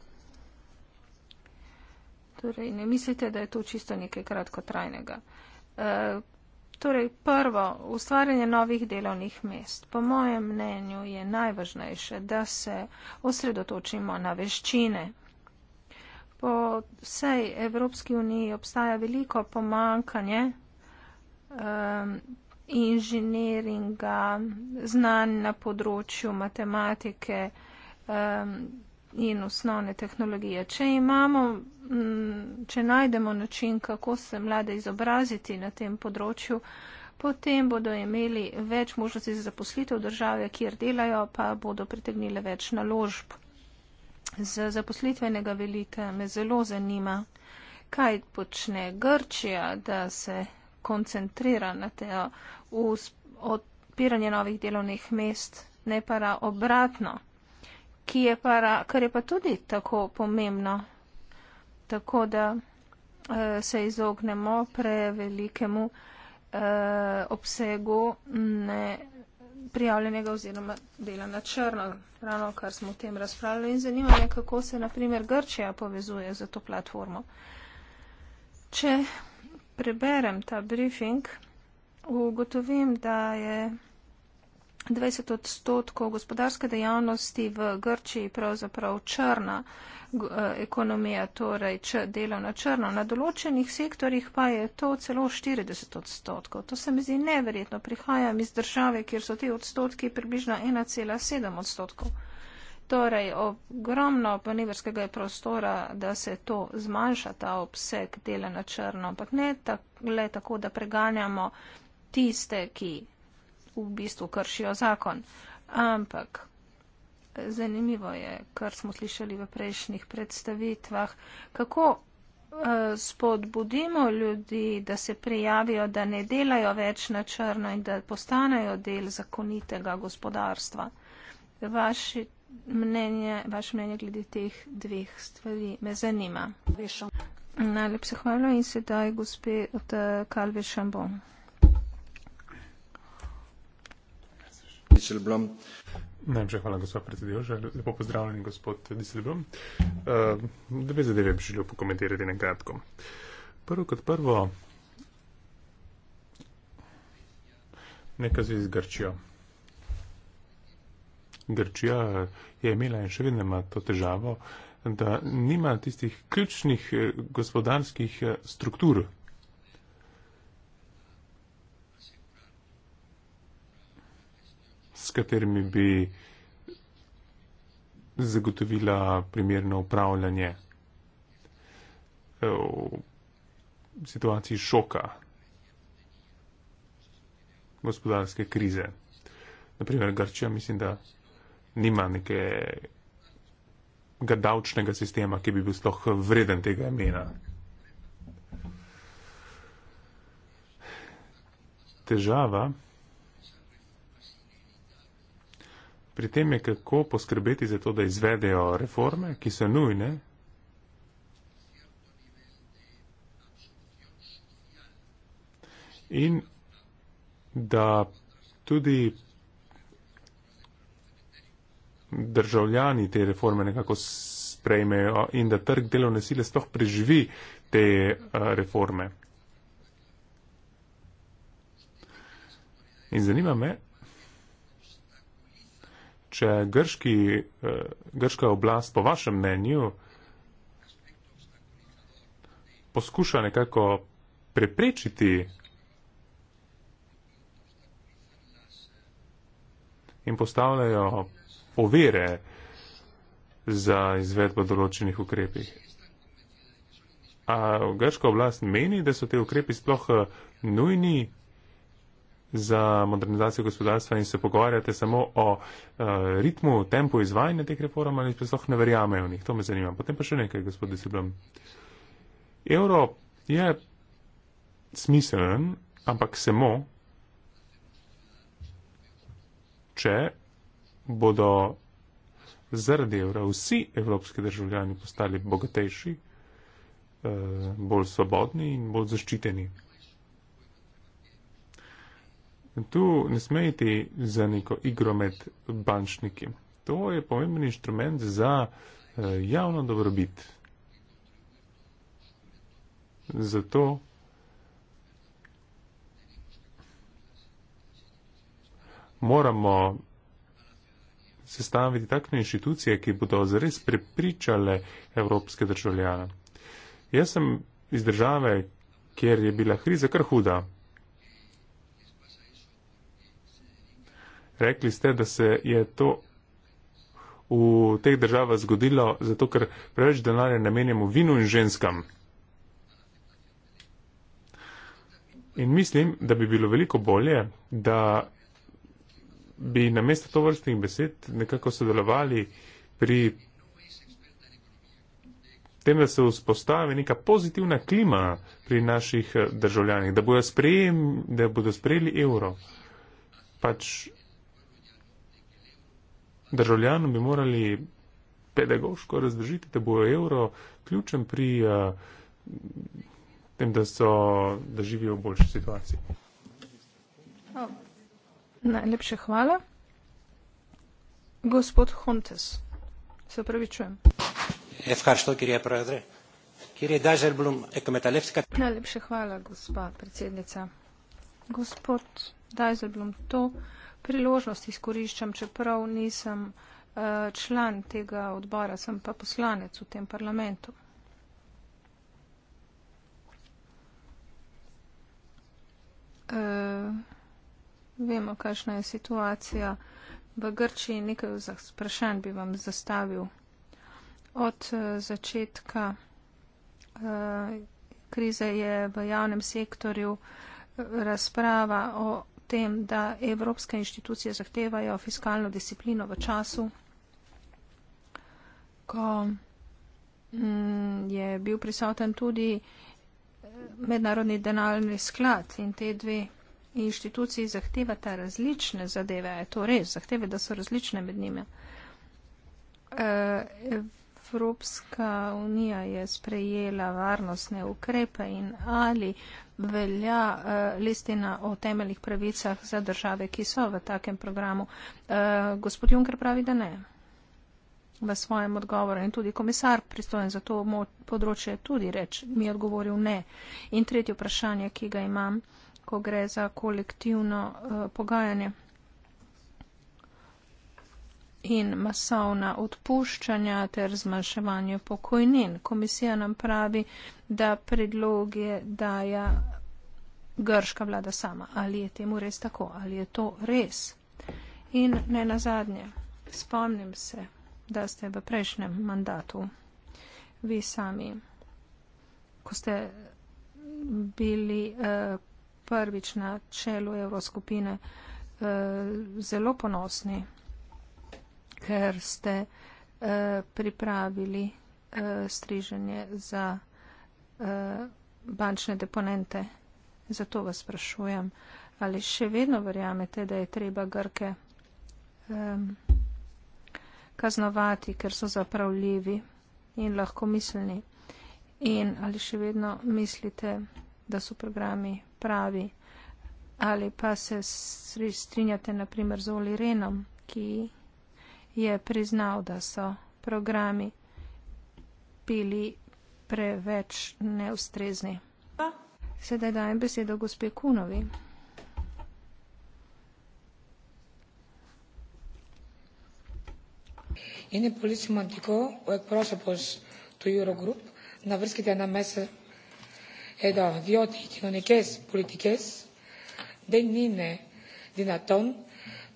Torej, ne mislite, da je to čisto nekaj kratkotrajnega. Eh, torej, prvo, ustvarjanje novih delovnih mest. Po mojem mnenju je najvažnejše, da se osredotočimo na veščine. Po vsej Evropski uniji obstaja veliko pomankanje ehm, inženiringa, znanj na področju matematike um, in osnovne tehnologije. Če imamo, če najdemo način, kako se mlade izobraziti na tem področju, potem bodo imeli več možnosti za zaposlitev države, kjer delajo, pa bodo pritegnile več naložb. Z zaposlitvenega velika me zelo zanima, kaj počne Grčija, da se koncentrira na te eh, odpiranje novih delovnih mest, ne pa obratno, ki je pa, kar je pa tudi tako pomembno, tako da uh, se izognemo prevelikemu uh, obsegu ne, prijavljenega oziroma dela na črno, ravno kar smo o tem razpravljali in zanima me, kako se naprimer Grčija povezuje za to platformo. Če preberem ta briefing, ugotovim, da je 20 odstotkov gospodarske dejavnosti v Grčiji pravzaprav črna e, ekonomija, torej delovna črna. Na določenih sektorjih pa je to celo 40 odstotkov. To se mi zdi neverjetno. Prihajam iz države, kjer so ti odstotki približno 1,7 odstotkov. Torej, ogromno panivarskega je prostora, da se to zmanjša, ta obseg dela na črno, ampak ne tak, le tako, da preganjamo tiste, ki v bistvu kršijo zakon. Ampak zanimivo je, kar smo slišali v prejšnjih predstavitvah, kako eh, spodbudimo ljudi, da se prijavijo, da ne delajo več na črno in da postanejo del zakonitega gospodarstva. Vaši mnenje, vaše mnenje glede teh dveh stvari me zanima. Najlepša hvala in sedaj gospe od Kalve eh, Šambon. Najlepša hvala, gospod predsedujoča. Lepo pozdravljeni, gospod Diselblom. Uh, eh, dve zadeve bi želel pokomentirati na kratko. Prvo kot prvo, nekaj z Grčijo. Grčija je imela in še vedno ima to težavo, da nima tistih ključnih eh, gospodarskih eh, struktur. s katerimi bi zagotovila primerno upravljanje eh, v situaciji šoka, gospodarske krize. Naprimer, Grčija mislim, da nima nekega davčnega sistema, ki bi bil sploh vreden tega imena. Težava pri tem je, kako poskrbeti za to, da izvedejo reforme, ki so nujne. In da tudi državljani te reforme nekako sprejmejo in da trg delovne sile sploh preživi te eh, reforme. In zanima me, če grški, eh, grška oblast po vašem mnenju poskuša nekako preprečiti in postavljajo ovire za izvedbo določenih ukrepih. A grška oblast meni, da so te ukrepi sploh eh, nujni za modernizacijo gospodarstva in se pogovarjate samo o uh, ritmu, tempu izvajanja teh reform ali pa sploh ne verjamejo v njih. To me zanima. Potem pa še nekaj, gospod Desiblom. Euro je smiselen, ampak samo, če bodo zaradi evra vsi evropski državljani postali bogatejši, eh, bolj svobodni in bolj zaščiteni. Tu ne smejiti za neko igro med bančniki. To je pomemben inštrument za eh, javno dobrobit. Zato moramo sestaviti takšne inštitucije, ki bodo zares prepričale evropske državljane. Jaz sem iz države, kjer je bila kriza kar huda. Rekli ste, da se je to v teh državah zgodilo, zato ker preveč denarja namenjamo vinu in ženskam. In mislim, da bi bilo veliko bolje, da bi namesto to vrstnih besed nekako sodelovali pri tem, da se vzpostavi neka pozitivna klima pri naših eh, državljanih, da bodo, sprejem, da bodo sprejeli evro. Pač državljanom bi morali pedagoško razložiti, da bo evro ključen pri eh, tem, da, so, da živijo v boljši situaciji. Oh. Najlepša hvala. Gospod Huntes, se pravi čujem. Najlepša hvala, gospa predsednica. Gospod Dajzelblom, to priložnost izkoriščam, čeprav nisem eh, član tega odbora, sem pa poslanec v tem parlamentu. Uh, Vemo, kakšna je situacija v Grčiji. Nekaj vprašanj bi vam zastavil. Od eh, začetka eh, krize je v javnem sektorju eh, razprava o tem, da evropske inštitucije zahtevajo fiskalno disciplino v času, ko mm, je bil prisoten tudi mednarodni denarni sklad in te dve inštituciji zahtevata različne zadeve, je to res, zahteve, da so različne med njimi. Eh, Evropska unija je sprejela varnostne ukrepe in ali velja eh, listina o temeljih pravicah za države, ki so v takem programu. Eh, gospod Juncker pravi, da ne v svojem odgovoru in tudi komisar pristojen za to področje tudi reč, mi je odgovoril ne. In tretje vprašanje, ki ga imam, ko gre za kolektivno uh, pogajanje. In masovna odpuščanja ter zmanjševanje pokojnin. Komisija nam pravi, da predloge daja grška vlada sama. Ali je temu res tako? Ali je to res? In ne nazadnje, spomnim se, da ste v prejšnjem mandatu vi sami, ko ste bili uh, prvič na čelu Evroskupine eh, zelo ponosni, ker ste eh, pripravili eh, striženje za bančne deponente. Zato vas sprašujem, ali še vedno verjamete, da je treba Grke kaznovati, ker so zapravljivi in lahko miselni. In ali še vedno mislite, da so programi pravi. Ali pa se strinjate naprimer z Oli Renom, ki je priznal, da so programi bili preveč neustrezni. Sedaj dajem besedo gospe Kunovi. Ene policijo Mantiko, ko je prosil po to Eurogroup, na vrsti je na mesec εδώ, διότι οι κοινωνικές πολιτικές δεν είναι δυνατόν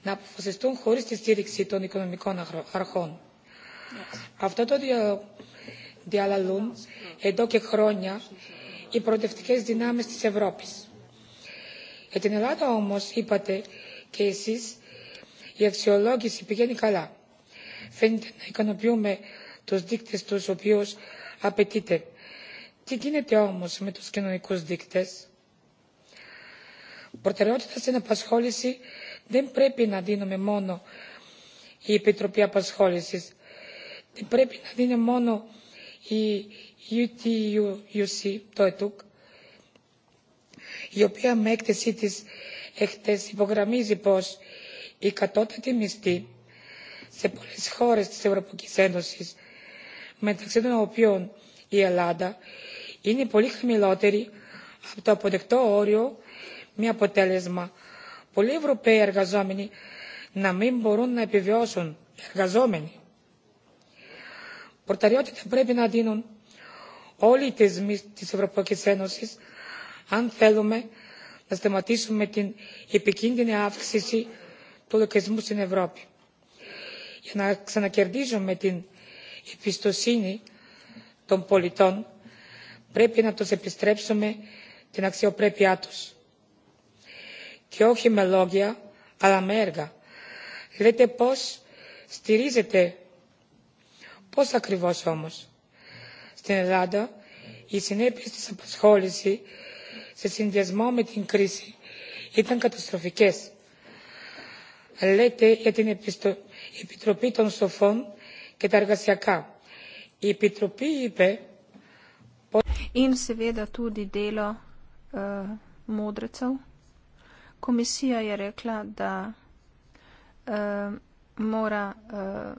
να αποφασιστούν χωρίς τη στήριξη των οικονομικών αρχών. Yes. Αυτό το δια... διαλαλούν εδώ και χρόνια οι προοδευτικές δυνάμεις της Ευρώπης. Για την Ελλάδα όμως, είπατε και εσείς, η αξιολόγηση πηγαίνει καλά. Φαίνεται να ικανοποιούμε τους δείκτες τους οποίους απαιτείται και γίνεται όμως με τους κοινωνικούς δείκτες. Προτεραιότητα στην απασχόληση δεν πρέπει να δίνουμε μόνο η Επιτροπή Απασχόλησης. Δεν πρέπει να δίνει μόνο η UTUC, το ΕΤΟΚ, η οποία με έκθεσή της εχθές υπογραμμίζει πως η κατώτατη μισθή σε πολλές χώρες της Ευρωπαϊκής Ένωσης, μεταξύ των οποίων η Ελλάδα, είναι πολύ χαμηλότερη από το αποδεκτό όριο με αποτέλεσμα πολλοί Ευρωπαίοι εργαζόμενοι να μην μπορούν να επιβιώσουν εργαζόμενοι. Προτεραιότητα πρέπει να δίνουν όλοι οι θεσμοί της Ευρωπαϊκής Ένωσης αν θέλουμε να σταματήσουμε την επικίνδυνη αύξηση του λογισμού στην Ευρώπη για να ξανακερδίζουμε την εμπιστοσύνη των πολιτών πρέπει να το επιστρέψουμε την αξιοπρέπειά τους. Και όχι με λόγια, αλλά με έργα. Λέτε πώς στηρίζετε. Πώς ακριβώς όμως. Στην Ελλάδα, η συνέπεια της απασχόληση σε συνδυασμό με την κρίση ήταν καταστροφικές. Λέτε για την επιστο... Επιτροπή των Σοφών και τα Εργασιακά. Η Επιτροπή είπε in seveda tudi delo uh, modrecev. Komisija je rekla, da uh, mora uh,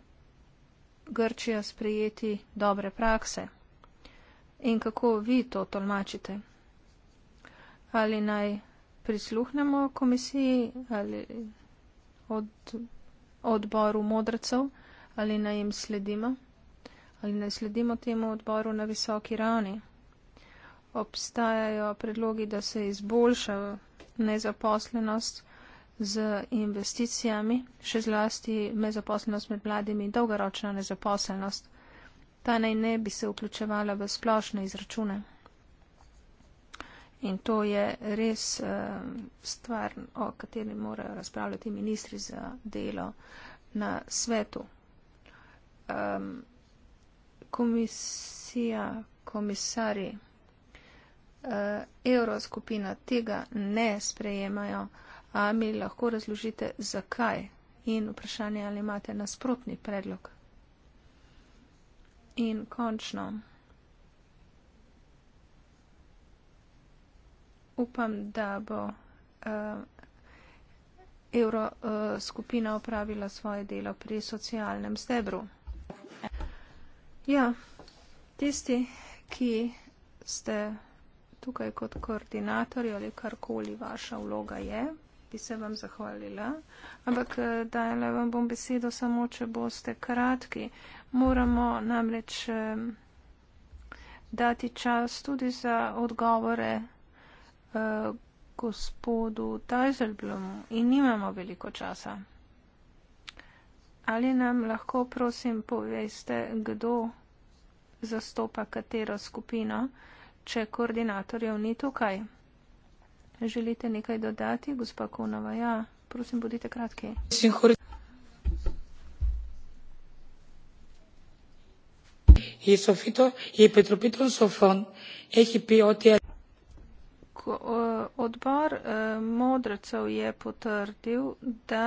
Grčija sprejeti dobre prakse. In kako vi to tolmačite? Ali naj prisluhnemo komisiji ali od, odboru modrecev, ali naj jim sledimo, ali naj sledimo temu odboru na visoki ravni? obstajajo predlogi, da se izboljša nezaposlenost z investicijami, še zlasti nezaposlenost med mladimi in dolgoročna nezaposlenost. Ta naj ne bi se vključevala v splošne izračune. In to je res eh, stvar, o kateri morajo razpravljati ministri za delo na svetu. Ehm, komisija, komisari. Eh, evroskupina tega ne sprejemajo. A mi lahko razložite, zakaj in vprašanje, ali imate nasprotni predlog. In končno. Upam, da bo uh, Evro uh, skupina opravila svoje delo pri socialnem stebru. Ja, tisti, ki ste tukaj kot koordinator ali karkoli vaša vloga je, bi se vam zahvalila. Ampak eh, dajala vam bom besedo samo, če boste kratki. Moramo namreč eh, dati čas tudi za odgovore eh, gospodu Teiselblomu in nimamo veliko časa. Ali nam lahko, prosim, poveste, kdo zastopa katero skupino? če koordinatorjev ni tukaj. Želite nekaj dodati, gospa Konova? Ja, prosim, bodite kratki. Odbor modracev je potrdil, da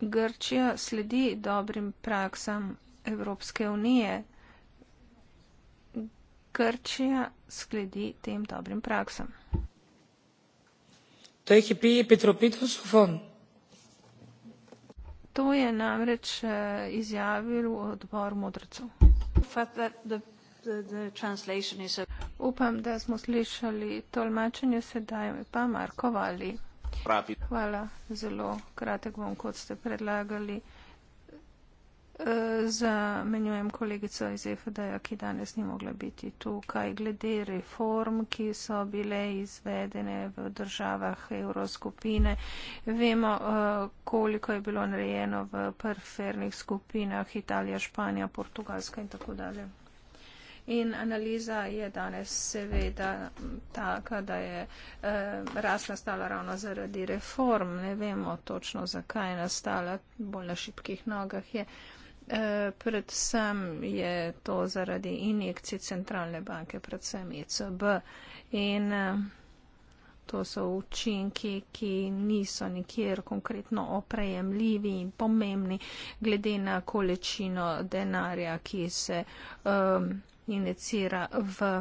Grčija sledi dobrim praksam Evropske unije, Grčija skledi tem dobrim praksam. To je namreč eh, izjavil odbor modrcev. Upam, da smo slišali tolmačenje sedaj, pa Marko Vali. Hvala, zelo kratek bom, kot ste predlagali zamenjujem kolegico iz EFD-ja, ki danes ni mogla biti tukaj. Glede reform, ki so bile izvedene v državah evroskupine, vemo, eh, koliko je bilo narejeno v perfernih skupinah Italija, Španija, Portugalska in tako dalje. In analiza je danes seveda taka, da je eh, rast nastala ravno zaradi reform. Ne vemo točno, zakaj je nastala, bolj na šipkih nogah je. Eh, E, predvsem je to zaradi injekcij centralne banke, predvsem ECB. In e, to so učinki, ki niso nikjer konkretno oprejemljivi in pomembni, glede na količino denarja, ki se um, e, inicira v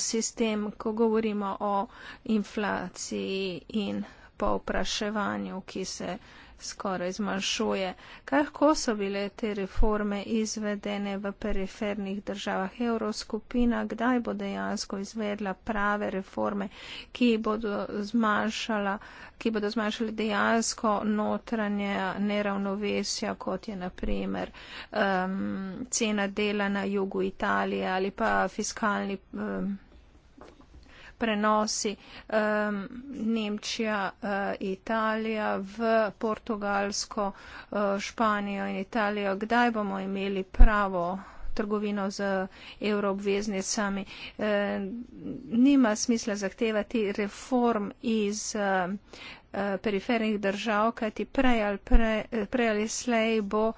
sistem, ko govorimo o inflaciji in povpraševanju, ki se skoraj zmanjšuje. Kako so bile te reforme izvedene v perifernih državah evroskupina, kdaj bo dejansko izvedla prave reforme, ki bodo zmanjšala, ki bodo zmanjšali dejansko notranje neravnovesja, kot je naprimer um, cena dela na jugu Italije ali pa fiskalni. Um, prenosi um, Nemčija, uh, Italija v Portugalsko, uh, Španijo in Italijo, kdaj bomo imeli pravo trgovino z evroobveznicami. E, nima smisla zahtevati reform iz e, perifernih držav, kajti prej ali, prej, prej ali slej bo, uh,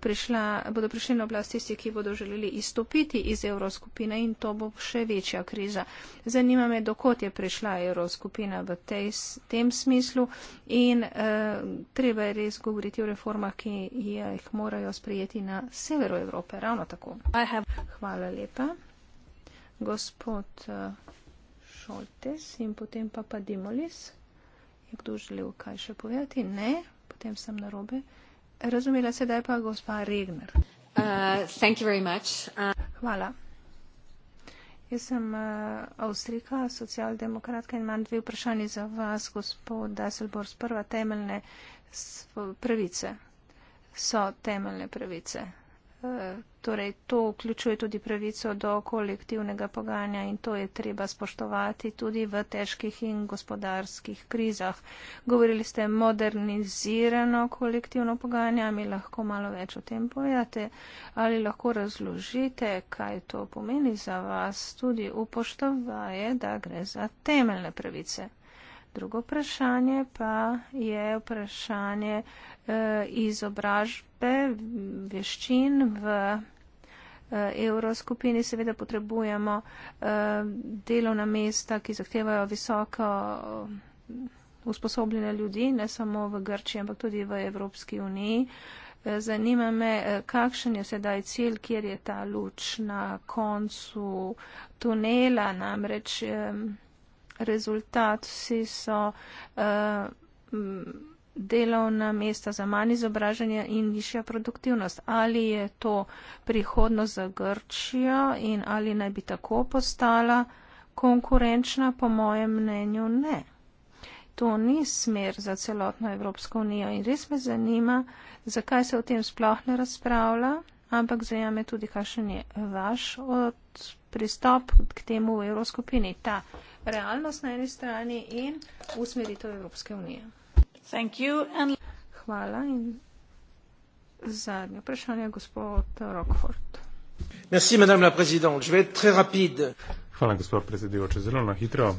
prišla, bodo prišli na oblast tisti, ki bodo želeli izstopiti iz evroskupine in to bo še večja kriza. Zanima me, dokot je prišla evroskupina v tej, tem smislu in uh, treba je res govoriti o reformah, ki jih morajo sprejeti na severu Evrope. Ravno tako. Hvala lepa. Gospod uh, Šoltes in potem pa Padimolis. Je kdo želel kaj še povedati? Ne, potem sem na robe. Razumela se, da je pa gospa Regner. Uh, uh... Hvala. Jaz sem uh, avstrika, socialdemokratka in imam dve vprašanje za vas, gospod Dasselborg. Sprva, temeljne pravice so temeljne pravice torej to vključuje tudi pravico do kolektivnega pogajanja in to je treba spoštovati tudi v težkih in gospodarskih krizah. Govorili ste modernizirano kolektivno pogajanje, mi lahko malo več o tem pojate ali lahko razložite, kaj to pomeni za vas, tudi upoštovaje, da gre za temeljne pravice. Drugo vprašanje pa je vprašanje eh, izobražbe, veščin v eh, Evroskupini seveda potrebujemo uh, delovna mesta, ki zahtevajo visoko eh, usposobljene ljudi, ne samo v Grčiji, ampak tudi v Evropski uniji. Zanima me, kakšen je sedaj cilj, kjer je ta luč na koncu tunela, namreč. Um, rezultat. Vsi so uh, delovna mesta za manj izobraženja in višja produktivnost. Ali je to prihodnost za Grčijo in ali naj bi tako postala konkurenčna, po mojem mnenju ne. To ni smer za celotno Evropsko unijo in res me zanima, zakaj se o tem sploh ne razpravlja, ampak zajame tudi, kakšen je vaš pristop k temu v Evroskopini. Ta realnost na eni strani in usmeritev Evropske unije. Hvala in zadnje vprašanje, gospod Rockford. Merci, madame la présidente. Je vais être très rapide. Hvala, gospod predsedujoči. Zelo na hitro.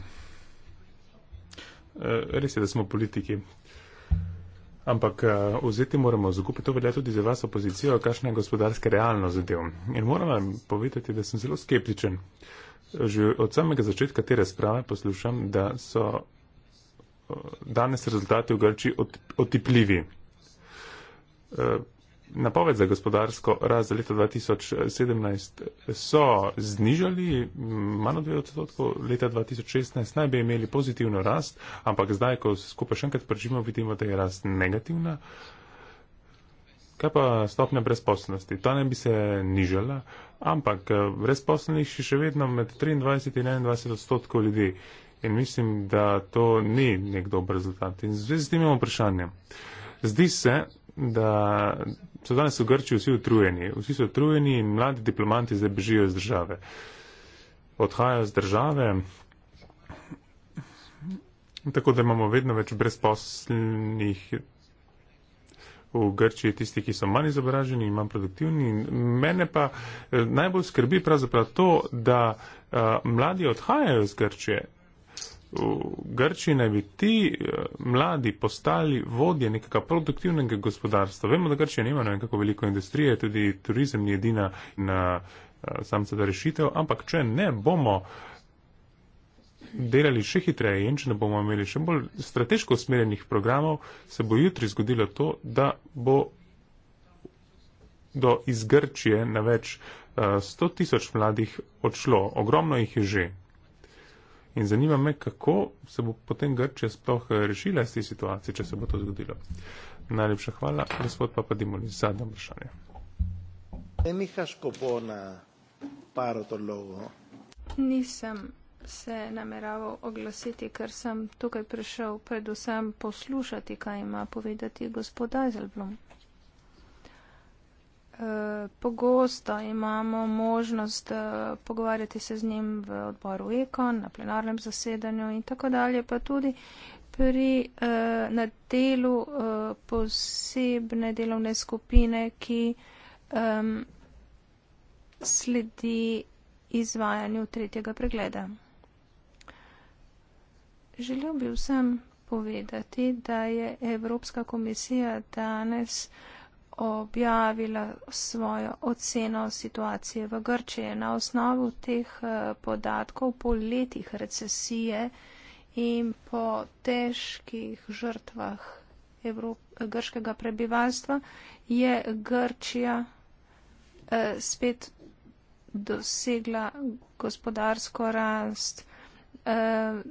Eh, res je, da smo politiki. Ampak eh, vzeti moramo zakupi, to velja tudi za vas opozicijo, kakšna je gospodarska realnost zadev. In moram vam povedati, da sem zelo skeptičen že od samega začetka te razprave poslušam, da so eh, danes rezultati v Grčiji otipljivi. Eh, napoved za gospodarsko rast za leto 2017 so znižali mm, manj od 2 odstotkov, leta 2016 naj bi imeli pozitivno rast, ampak zdaj, ko skupaj še enkrat prečimo, vidimo, da je rast negativna. Uh, Kaj pa stopnja brezposobnosti? Ta ne bi se nižala, ampak eh, brezposobnih je še vedno med 23 in 21 odstotkov ljudi. In mislim, da to ni nek dober rezultat. In zdaj z tem imamo vprašanje. Zdi se, da so danes v Grčiji vsi utrujeni. Vsi so utrujeni in mladi diplomanti zdaj bežijo iz države. Odhajajo iz države. Tako da imamo vedno več brezposobnih v Grčiji tisti, ki so manj izobraženi in manj produktivni. Mene pa eh, najbolj skrbi pravzaprav to, da uh, mladi odhajajo iz Grčije. V Grčiji naj bi ti uh, mladi postali vodje nekega produktivnega gospodarstva. Vemo, da Grčija nima nekako veliko industrije, tudi turizem ni edina na uh, samca da rešitev, ampak če ne bomo uh, delali še hitreje in če ne bomo imeli še bolj strateško usmerjenih programov, se bo jutri zgodilo to, da bo do izgrčije na več 100 eh, tisoč mladih odšlo. Ogromno jih je že. In zanima me, kako se bo potem Grčija sploh eh, rešila iz te situacije, če se bo to zgodilo. Najlepša hvala, gospod Papa Dimoli, zadnje vprašanje. Nisem se nameraval oglasiti, ker sem tukaj prišel predvsem poslušati, kaj ima povedati gospod Eiselblom. Eh, pogosto imamo možnost eh, pogovarjati se z njim v odboru Ekon, na plenarnem zasedanju in tako dalje, pa tudi pri eh, na delu posebne delovne skupine, ki ehm, sledi izvajanju tretjega pregleda. Želel bi vsem povedati, da je Evropska komisija danes objavila svojo oceno situacije v Grčiji. Na osnovu teh eh, podatkov po letih recesije in po težkih žrtvah Evrop grškega prebivalstva je Grčija eh, spet dosegla gospodarsko rast. Eh,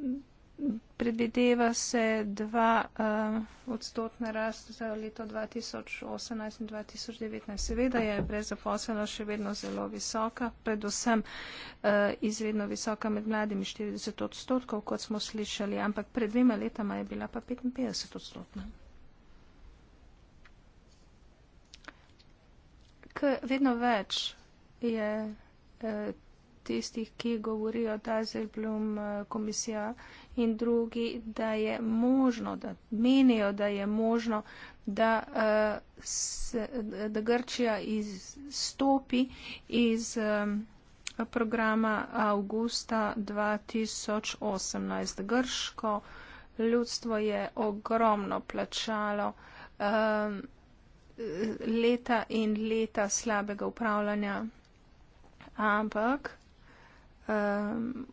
predvideva se 2 uh, eh, odstotna rast za leto 2018 in 2019. Seveda je brezposelnost še vedno zelo visoka, predvsem uh, izredno visoka med mladimi 40 odstotkov, kot smo slišali, ampak pred dvema letama je bila pa 55 odstotna. K vedno več je. Uh, tistih, ki govorijo, da je Zeblum eh, komisija in drugi, da je možno, da menijo, da je možno, da, eh, da Grčija izstopi iz eh, programa avgusta 2018. Grško ljudstvo je ogromno plačalo leta in leta slabega upravljanja. Ampak um,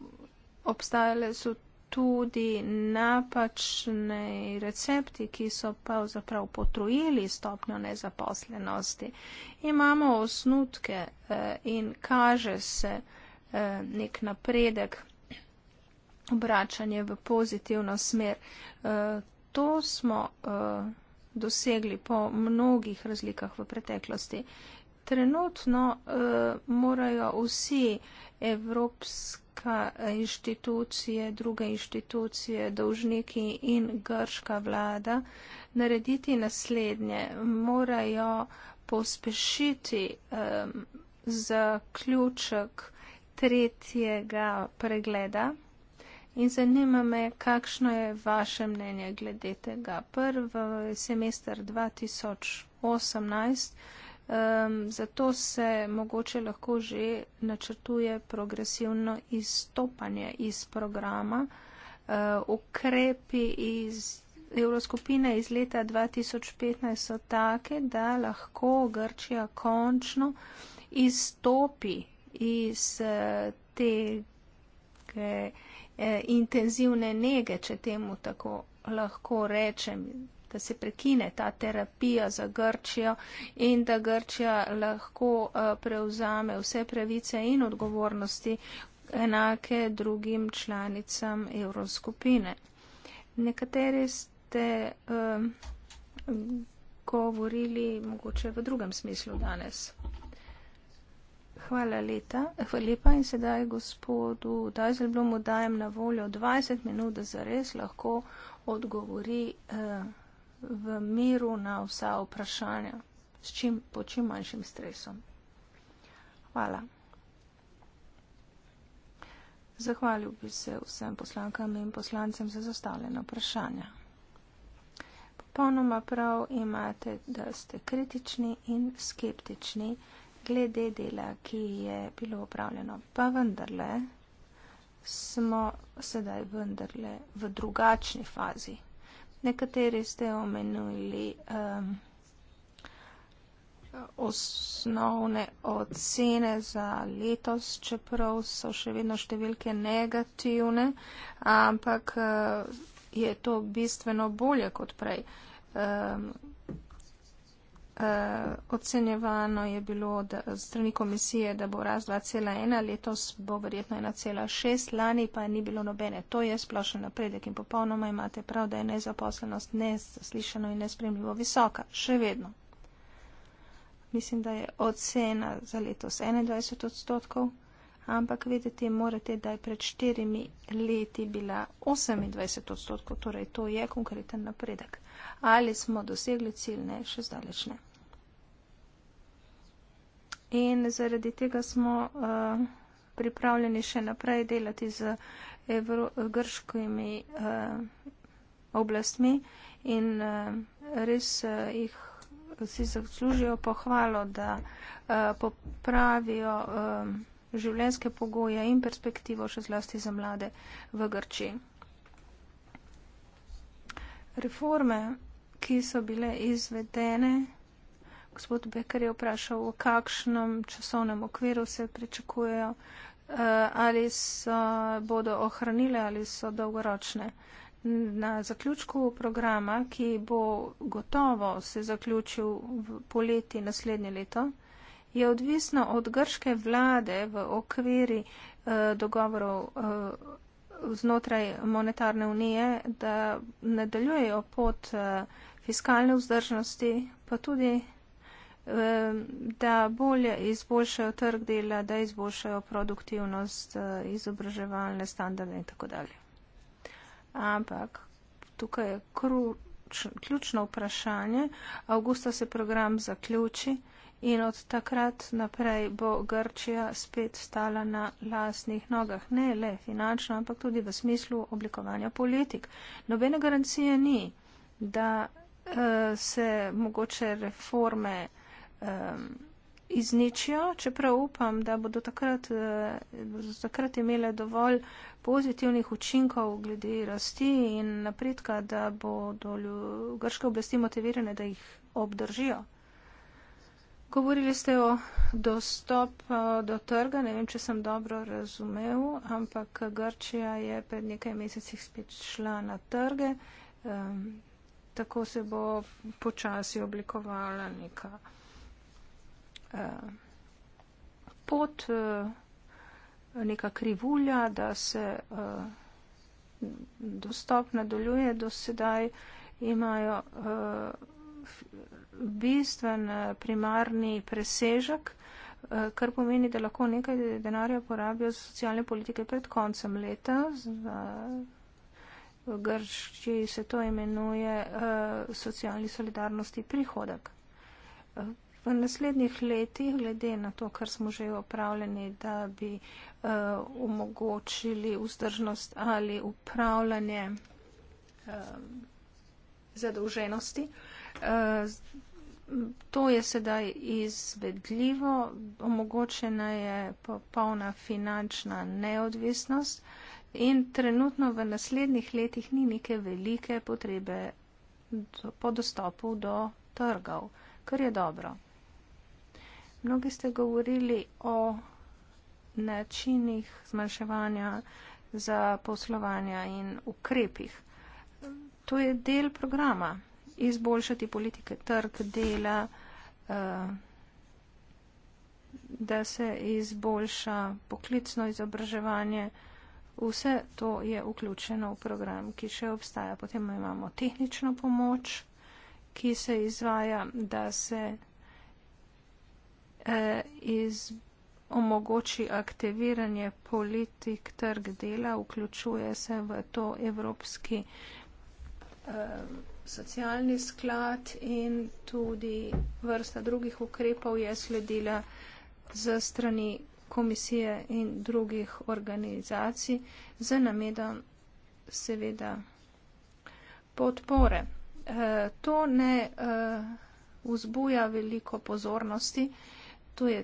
obstajale so tudi napačni recepti, ki so pa vzaprav potrojili stopnjo nezaposlenosti. Imamo osnutke uh, in kaže se uh, nek napredek, obračanje v pozitivno smer. Uh, to smo. Uh, dosegli po mnogih razlikah v preteklosti. Uh, trenutno uh, morajo vsi evropska inštitucije, druge inštitucije, dolžniki in grška vlada narediti naslednje. Morajo pospešiti um, zaključek tretjega pregleda. In zanima me, kakšno je vaše mnenje glede tega. Prvi semester 2018 Um, zato se mogoče lahko že načrtuje progresivno izstopanje iz programa. Uh, ukrepi iz Evroskupine iz leta 2015 so take, da lahko Grčija končno izstopi iz uh, eh, te eh, intenzivne nege, če temu tako lahko rečem, da se prekine ta terapija za Grčijo in da Grčija lahko eh, prevzame vse pravice in odgovornosti enake drugim članicam evroskupine. Nekateri ste um, govorili mogoče v drugem smislu danes. Hvala leta. Hvala lepa in sedaj gospodu Dajzelblomu dajem na voljo 20 minut, da zares lahko odgovori. Uh, v miru na vsa vprašanja, s čim, po čim manjšim stresom. Hvala. Zahvalil bi se vsem poslankam in poslancem za zastavljeno vprašanje. Popolnoma prav imate, da ste kritični in skeptični glede dela, ki je bilo upravljeno. Pa vendarle smo sedaj vendarle v drugačni fazi. Nekateri ste omenili um, osnovne ocene za letos, čeprav so še vedno številke negativne, ampak uh, je to bistveno bolje kot prej. Um, uh, ocenjevano je bilo eh, strani komisije, da bo rast 2,1, letos bo verjetno 1,6, lani pa ni bilo nobene. To je splošen napredek in popolnoma imate prav, da je nezaposlenost neslišano in nespremljivo visoka. Še vedno. Mislim, da je ocena za letos 21 odstotkov, ampak vedeti morate, da je pred štirimi leti bila 28 odstotkov, torej to je konkreten napredek. Ali smo dosegli cilj? Ne, še zdaleč ne in zaradi tega smo uh, pripravljeni še naprej delati z evro, grškimi uh, oblastmi in uh, res jih si zaslužijo pohvalo, da popravijo življenske pogoje in perspektivo še zlasti za mlade v Grčiji. Reforme, ki so bile izvedene gospod Becker je vprašal, v kakšnem časovnem okviru se pričakujejo, eh, ali so, bodo ohranile ali so dolgoročne. Na zaključku programa, ki bo gotovo se zaključil v poleti naslednje leto, je odvisno od grške vlade v okviri eh, dogovorov eh, znotraj monetarne unije, da nadaljujejo pot eh, fiskalne vzdržnosti, pa tudi da bolje izboljšajo trg dela, da izboljšajo produktivnost, eh, izobraževalne standarde in tako dalje. Ampak tukaj je ključno vprašanje. Augusta se program zaključi in od takrat naprej bo Grčija spet stala na lasnih nogah. Ne le finančno, ampak tudi v smislu oblikovanja politik. Nobene garancije ni, da eh, se mogoče reforme um, izničijo, čeprav upam, da bodo takrat, eh, bodo takrat imele dovolj pozitivnih učinkov glede rasti in napredka, da bodo ljub, grške oblasti motivirane, da jih obdržijo. Govorili ste o dostopu eh, do trga, ne vem, če sem dobro razumev, ampak Grčija je pred nekaj mesecih spet šla na trge. Um, tako se bo počasi oblikovala neka eh, pot, eh, neka krivulja, da se eh, dostop nadaljuje do sedaj, imajo eh, bistven eh, primarni presežek, eh, kar pomeni, da lahko nekaj denarja porabijo za socialne politike pred koncem leta. Za, V Grščiji se to imenuje uh, socialni solidarnosti prihodek. Uh, naslednjih letih, glede na to, kar smo že upravljeni, da bi uh, omogočili vzdržnost ali upravljanje um, zadolženosti. Uh, to je sedaj izvedljivo, omogočena je popolna finančna neodvisnost in trenutno v naslednjih letih ni neke velike potrebe po dostopu do trgov, kar je dobro. Mnogi ste govorili o načinih zmanjševanja za poslovanja in ukrepih. To je del programa. Izboljšati politike trg dela, eh, da se izboljša poklicno izobraževanje. Vse to je vključeno v program, ki še obstaja. Potem imamo tehnično pomoč, ki se izvaja, da se Eh, iz, omogoči aktiviranje politik trg dela, vključuje se v to Evropski eh, socialni sklad in tudi vrsta drugih ukrepov je sledila z strani komisije in drugih organizacij z namedom seveda podpore. Eh, to ne vzbuja veliko pozornosti, to je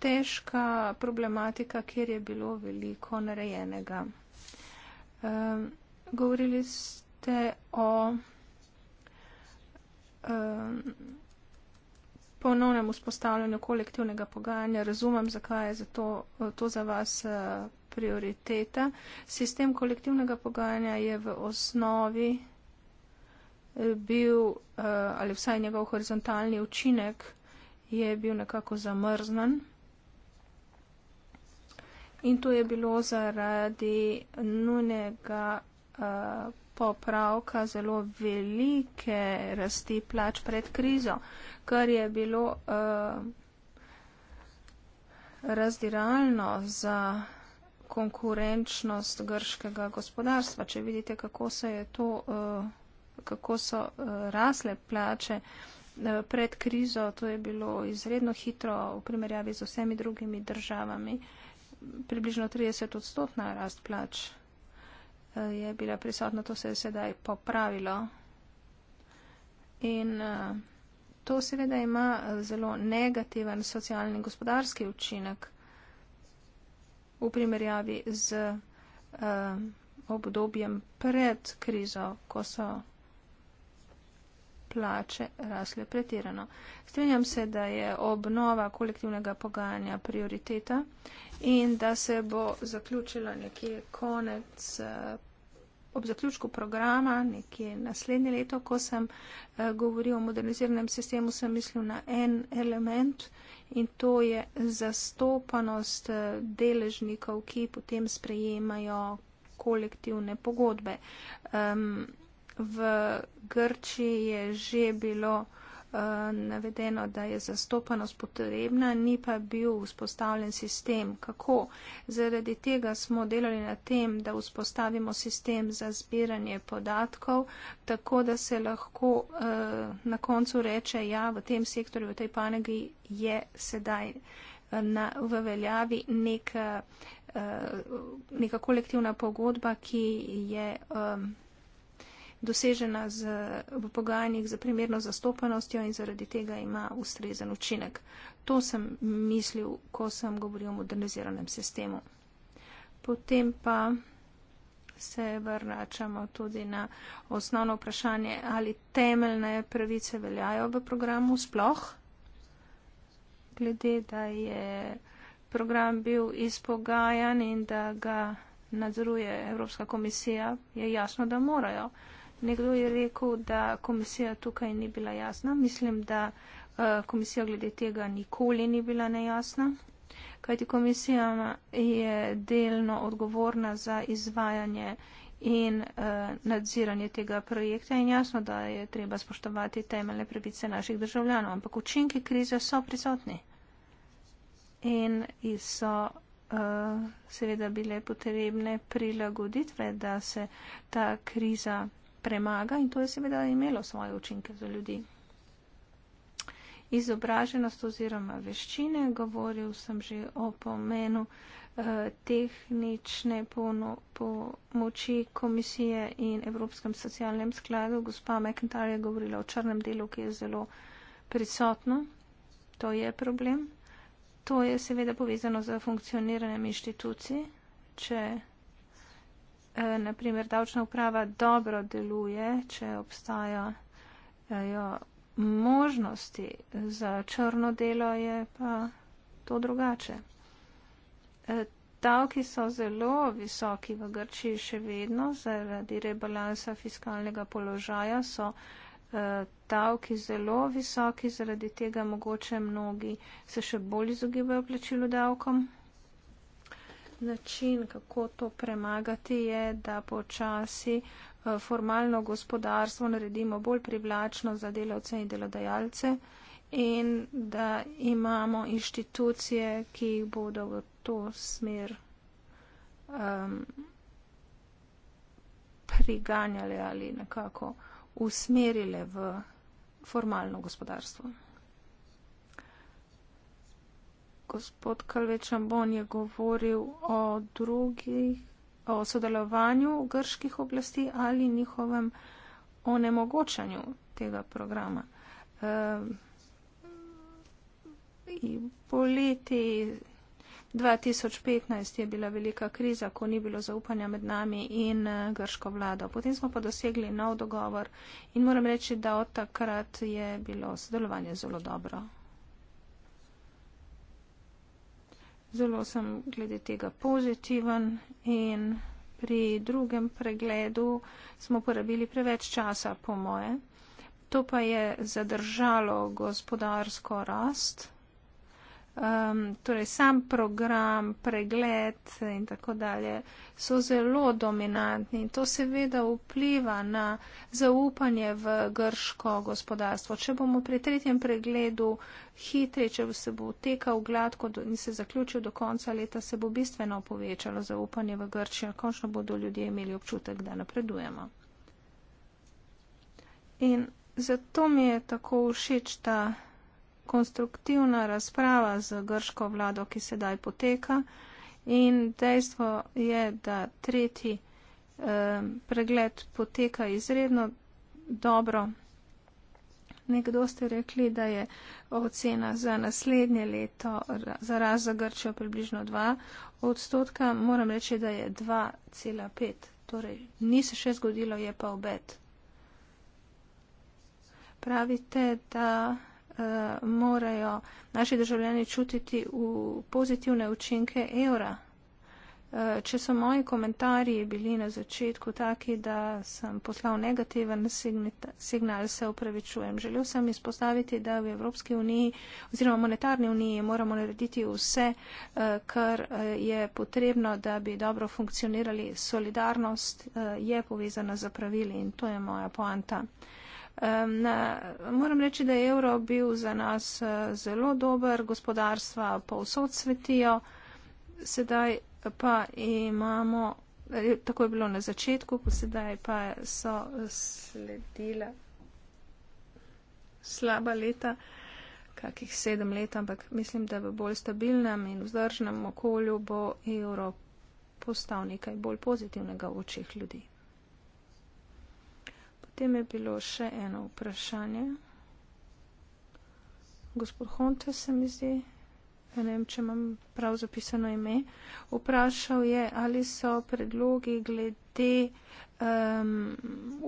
težka problematika, kjer je bilo veliko narejenega. Um, govorili ste o um, ponovnem vzpostavljanju kolektivnega pogajanja. Razumem, zakaj je zato, to za vas uh, prioriteta. Sistem kolektivnega pogajanja je v osnovi eh, bil uh, ali vsaj njegov horizontalni učinek je bil nekako zamrznen. In to je bilo zaradi nujnega uh, popravka zelo velike rasti plač pred krizo, kar je bilo uh, razdiralno za konkurenčnost grškega gospodarstva. Če vidite, kako, to, uh, kako so uh, rasle plače uh, Eh, pred krizo, to je bilo izredno hitro v primerjavi z vsemi drugimi državami, približno 30 odstotna rast plač eh, je bila prisotna, to se je sedaj popravilo. In eh, to seveda ima zelo negativen socialni in gospodarski učinek v primerjavi z obdobjem pred krizo, ko so plače rasle pretirano. Strenjam se, da je obnova kolektivnega pogajanja prioriteta in da se bo zaključila nekje konec, eh, ob zaključku programa, nekje naslednje leto, ko sem eh, govoril o moderniziranem sistemu, sem mislil na en element in to je zastopanost eh, deležnikov, ki potem sprejemajo kolektivne pogodbe. Um, v Grčiji je že bilo uh, navedeno, da je zastopanost potrebna, ni pa bil vzpostavljen sistem. Kako? Zaradi tega smo delali na tem, da vzpostavimo sistem za zbiranje podatkov, tako da se lahko uh, na koncu reče, ja, v tem sektorju, v tej panegi je sedaj eh, na, v veljavi neka, uh, neka kolektivna pogodba, ki je. Um, dosežena z, v pogajanjih za primerno zastopanostjo in zaradi tega ima ustrezen učinek. To sem mislil, ko sem govoril o moderniziranem sistemu. Potem pa se vrnačamo tudi na osnovno vprašanje, ali temeljne pravice veljajo v programu sploh, glede, da je program bil izpogajan in da ga nadzoruje Evropska komisija, je jasno, da morajo. Nekdo je rekel, da komisija tukaj ni bila jasna. Mislim, da uh, komisija glede tega nikoli ni bila nejasna, kajti komisija je delno odgovorna za izvajanje in uh, nadziranje tega projekta in jasno, da je treba spoštovati temeljne pravice naših državljanov. Ampak učinki krize so prisotni in so. Uh, seveda bile potrebne prilagoditve, da se ta kriza premaga in to je seveda imelo svoje učinke za ljudi. Izobraženost oziroma veščine, govoril sem že o pomenu eh, tehnične pomoči komisije in Evropskem socialnem skladu. Gospa McIntyre je govorila o črnem delu, ki je zelo prisotno. To je problem. To je seveda povezano z funkcioniranjem inštitucij. Če Eh, naprimer, davčna uprava dobro deluje, če obstajajo možnosti za črno delo, je pa to drugače. Eh, davki so zelo visoki v Grčiji še vedno, zaradi rebalansa fiskalnega položaja so eh, davki zelo visoki, zaradi tega mogoče mnogi se še bolj izogibajo plačilu davkom način, kako to premagati, je, da počasi eh, formalno gospodarstvo naredimo bolj privlačno za delavce in delodajalce in da imamo inštitucije, ki jih bodo v to smer um, priganjali ali nekako usmerile v formalno gospodarstvo gospod Kalvečambon je govoril o drugih, o sodelovanju grških oblasti ali njihovem onemogočanju tega programa. E, po leti 2015 je bila velika kriza, ko ni bilo zaupanja med nami in eh, grško vlado. Potem smo pa dosegli nov dogovor in moram reči, da od takrat je bilo sodelovanje zelo dobro. zelo sem glede tega pozitiven in pri drugem pregledu smo porabili preveč časa, po moje. To pa je zadržalo gospodarsko rast um, torej sam program, pregled in tako dalje, so zelo dominantni in to seveda vpliva na zaupanje v grško gospodarstvo. Če bomo pri tretjem pregledu hitri, če se bo tekal gladko in se zaključil do konca leta, se bo bistveno povečalo zaupanje v Grčijo, končno bodo ljudje imeli občutek, da napredujemo. In zato mi je tako všeč ta konstruktivna razprava z grško vlado, ki sedaj poteka. In dejstvo je, da tretji eh, pregled poteka izredno dobro. Nekdo ste rekli, da je ocena za naslednje leto za rast za Grčijo približno 2 odstotka. Moram reči, da je 2,5. Torej, ni se še zgodilo, je pa obet. Pravite, da. Eh, morajo naši državljani čutiti v pozitivne učinke evra. Eh, če so moji komentarji bili na začetku taki, da sem poslal negativen signal, se upravičujem. Želel sem izpostaviti, da v Evropski uniji oziroma monetarni uniji moramo narediti vse, eh, kar je potrebno, da bi dobro funkcionirali. Solidarnost je povezana z pravili in to je moja poanta. Na, moram reči, da je evro bil za nas eh, zelo dober, gospodarstva pa vso cvetijo. Sedaj pa imamo, eh, tako je bilo na začetku, pa sedaj pa so sledila slaba leta, kakih sedem let, ampak mislim, da v bolj stabilnem in vzdržnem okolju bo evro postal nekaj bolj pozitivnega v očih ljudi. Potem je bilo še eno vprašanje. Gospod Honte se mi zdi, ja ne vem, če imam prav zapisano ime, vprašal je, ali so predlogi glede um,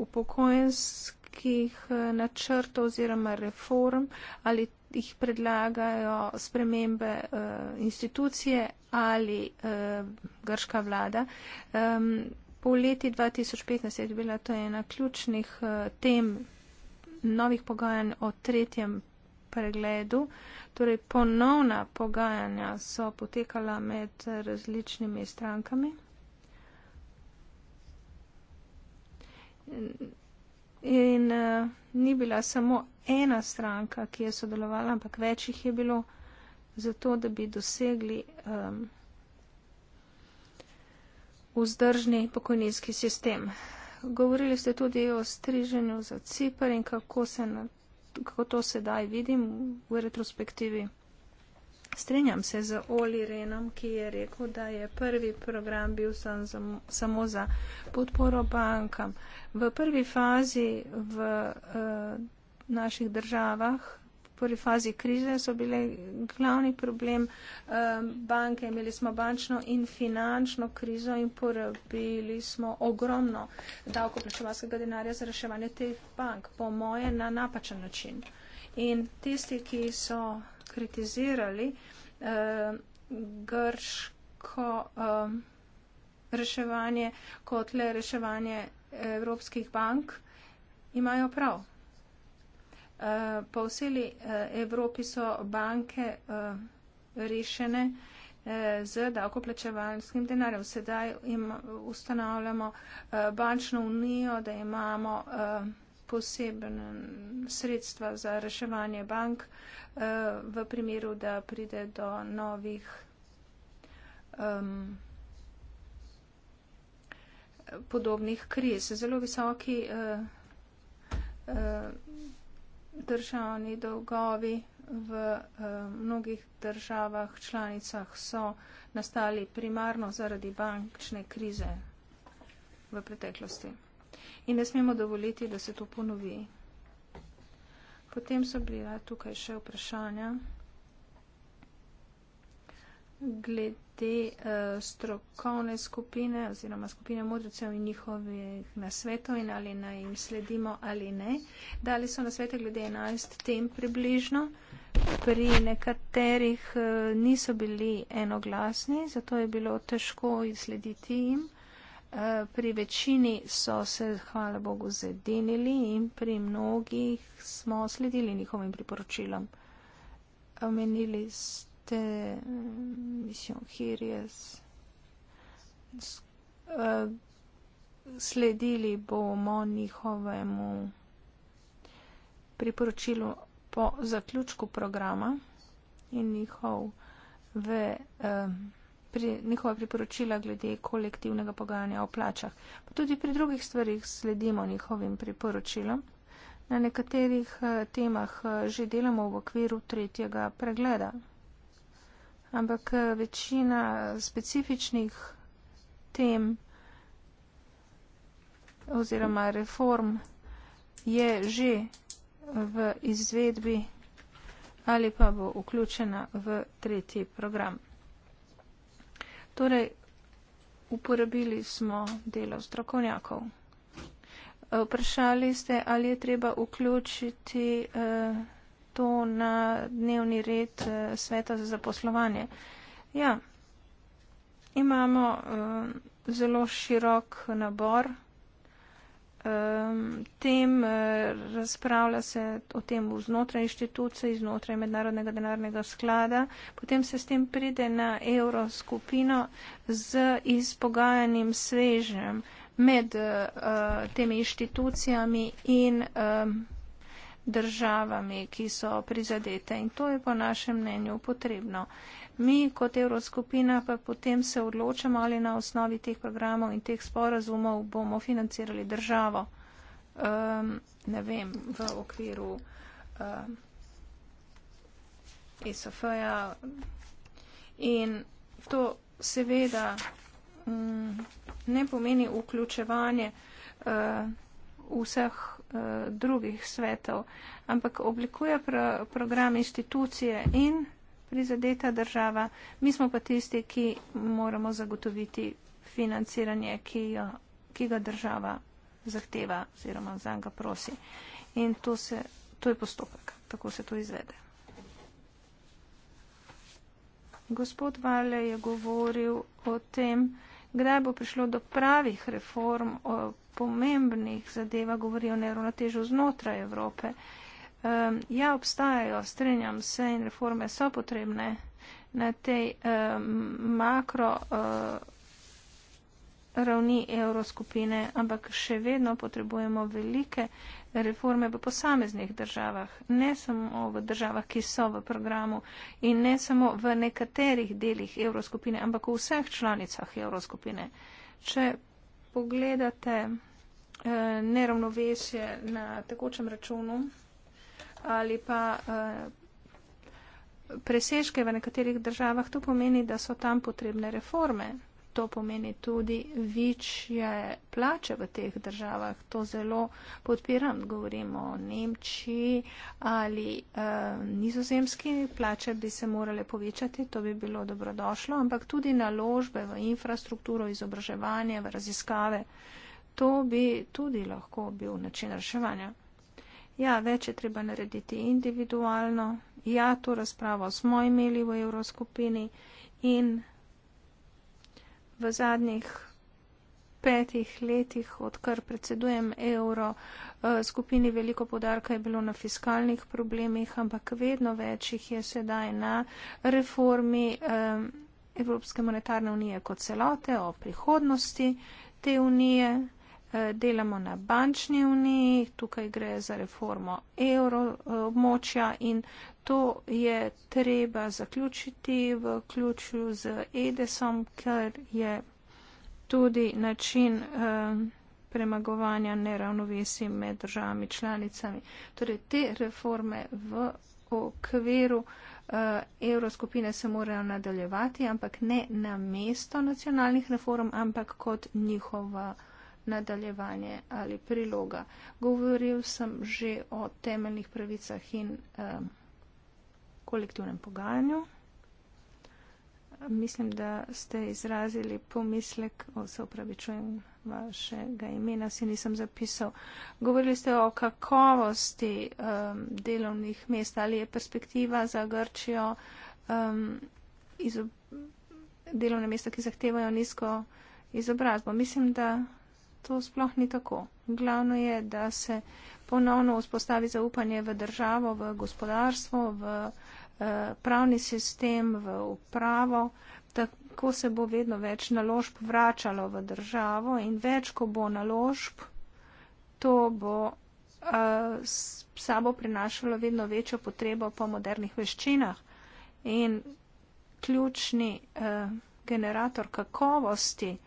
upokojenskih eh, načrtov oziroma reform, ali jih predlagajo spremembe uh, institucije ali uh, grška vlada. Um, Po leti 2015 je bila to ena ključnih eh, tem novih pogajanj o tretjem pregledu. Torej, ponovna pogajanja so potekala med različnimi strankami. In uh, ni bila samo ena stranka, ki je sodelovala, ampak večjih je bilo, zato da bi dosegli. Um, vzdržni pokojninski sistem. Govorili ste tudi o striženju za cipr in kako, se na, kako to sedaj vidim v retrospektivi. Strenjam se z Oli Renom, ki je rekel, da je prvi program bil sam za, samo za podporo bankam. V prvi fazi v uh, naših državah prvi fazi krize so bile glavni problem eh, banke. Imeli smo bančno in finančno krizo in porabili smo ogromno davkoplačevalskega denarja za reševanje teh bank, po moje, na napačen način. In tisti, ki so kritizirali uh, grško uh, reševanje kot le reševanje evropskih bank, imajo prav. Eh, po vseli eh, Evropi so banke eh, rešene z davkoplačevalskim denarjem. Sedaj im ustanavljamo bančno unijo, da imamo posebne sredstva za reševanje bank v primeru, da pride do novih podobnih kriz. Zelo visoki državni dolgovi v eh, mnogih državah članicah so nastali primarno zaradi bančne krize v preteklosti. In ne smemo dovoliti, da se to ponovi. Potem so bila tukaj še vprašanja glede uh, strokovne skupine oziroma skupine modricev in njihovih nasvetov in ali naj jim sledimo ali ne. Dali so nasvete glede 11 tem približno. Pri nekaterih uh, niso bili enoglasni, zato je bilo težko slediti jim. Eh, pri večini so se, hvala Bogu, zedinili in pri mnogih smo sledili njihovim priporočilom. Omenili te mm, mislim, kjer je s, s, uh, eh, sledili bomo njihovemu priporočilu po zaključku programa in njihov v, uh, eh, pri, njihova priporočila glede kolektivnega pogajanja o plačah. Tudi pri drugih stvarih sledimo njihovim priporočilom. Na nekaterih eh, temah že delamo v okviru tretjega pregleda ampak eh, večina specifičnih tem oziroma reform je že v izvedbi ali pa bo vključena v tretji program. Torej, uporabili smo delo strokovnjakov. Eh, vprašali ste, ali je treba vključiti eh, to na dnevni red eh, sveta za zaposlovanje. Ja, imamo uh, zelo širok nabor um, tem, uh, razpravlja se o tem v znotraj inštitucije, znotraj mednarodnega denarnega sklada, potem se s tem pride na evroskupino z izpogajanim svežem med uh, temi inštitucijami in. Um, državami, ki so prizadete in to je po našem mnenju potrebno. Mi kot Evroskupina pa potem se odločamo, ali na osnovi teh programov in teh sporazumov bomo financirali državo, um, ne vem, v okviru um, ehm, ESF-ja. In to seveda um, ne pomeni vključevanje uh, vseh uh, drugih svetov, ampak oblikuje pro, program institucije in prizadeta država. Mi smo pa tisti, ki moramo zagotoviti financiranje, ki, jo, ki ga država zahteva oziroma za njega prosi. In to, se, to je postopek, tako se to izvede. Gospod Vale je govoril o tem, kdaj bo prišlo do pravih reform, pomembnih zadevah govori o neravnotežju znotraj Evrope. Um, ja, obstajajo, strenjam se in reforme so potrebne na tej um, makro uh, ravni evroskupine, ampak še vedno potrebujemo velike reforme v posameznih državah, ne samo v državah, ki so v programu in ne samo v nekaterih delih evroskupine, ampak v vseh članicah evroskupine. Če pogledate eh, neravnovesje na tekočem računu ali pa eh, presežke v nekaterih državah, to pomeni, da so tam potrebne reforme to pomeni tudi večje plače v teh državah. To zelo podpiram, govorimo o Nemčiji ali eh, nizozemski, plače bi se morale povečati, to bi bilo dobrodošlo, ampak tudi naložbe v infrastrukturo, izobraževanje, v raziskave, to bi tudi lahko bil način reševanja. Ja, več je treba narediti individualno. Ja, to razpravo smo imeli v Evroskupini in v zadnjih petih letih, odkar predsedujem evro eh, skupini, veliko podarka je bilo na fiskalnih problemih, ampak vedno več jih je sedaj na reformi eh, Evropske monetarne unije kot celote, o prihodnosti te unije. Eh, delamo na bančni uniji, tukaj gre za reformo evroobmočja in to je treba zaključiti v ključu z Edesom, ker je tudi način eh, premagovanja neravnovesi med državami članicami. Torej te reforme v okviru eh, evroskupine se morajo nadaljevati, ampak ne na mesto nacionalnih reform, ampak kot njihova nadaljevanje ali priloga. Govoril sem že o temeljnih pravicah in um, kolektivnem pogajanju. Mislim, da ste izrazili pomislek, se upravičujem vašega imena, si nisem zapisal. Govorili ste o kakovosti um, delovnih mest, ali je perspektiva za Grčijo um, eh, delovne mesta, ki zahtevajo nizko izobrazbo. Mislim, da to sploh ni tako. Glavno je, da se ponovno vzpostavi zaupanje v državo, v gospodarstvo, v eh, pravni sistem, v upravo. Tako se bo vedno več naložb vračalo v državo in več, ko bo naložb, to bo eh, s sabo prinašalo vedno večjo potrebo po modernih veščinah. In ključni eh, generator kakovosti eh,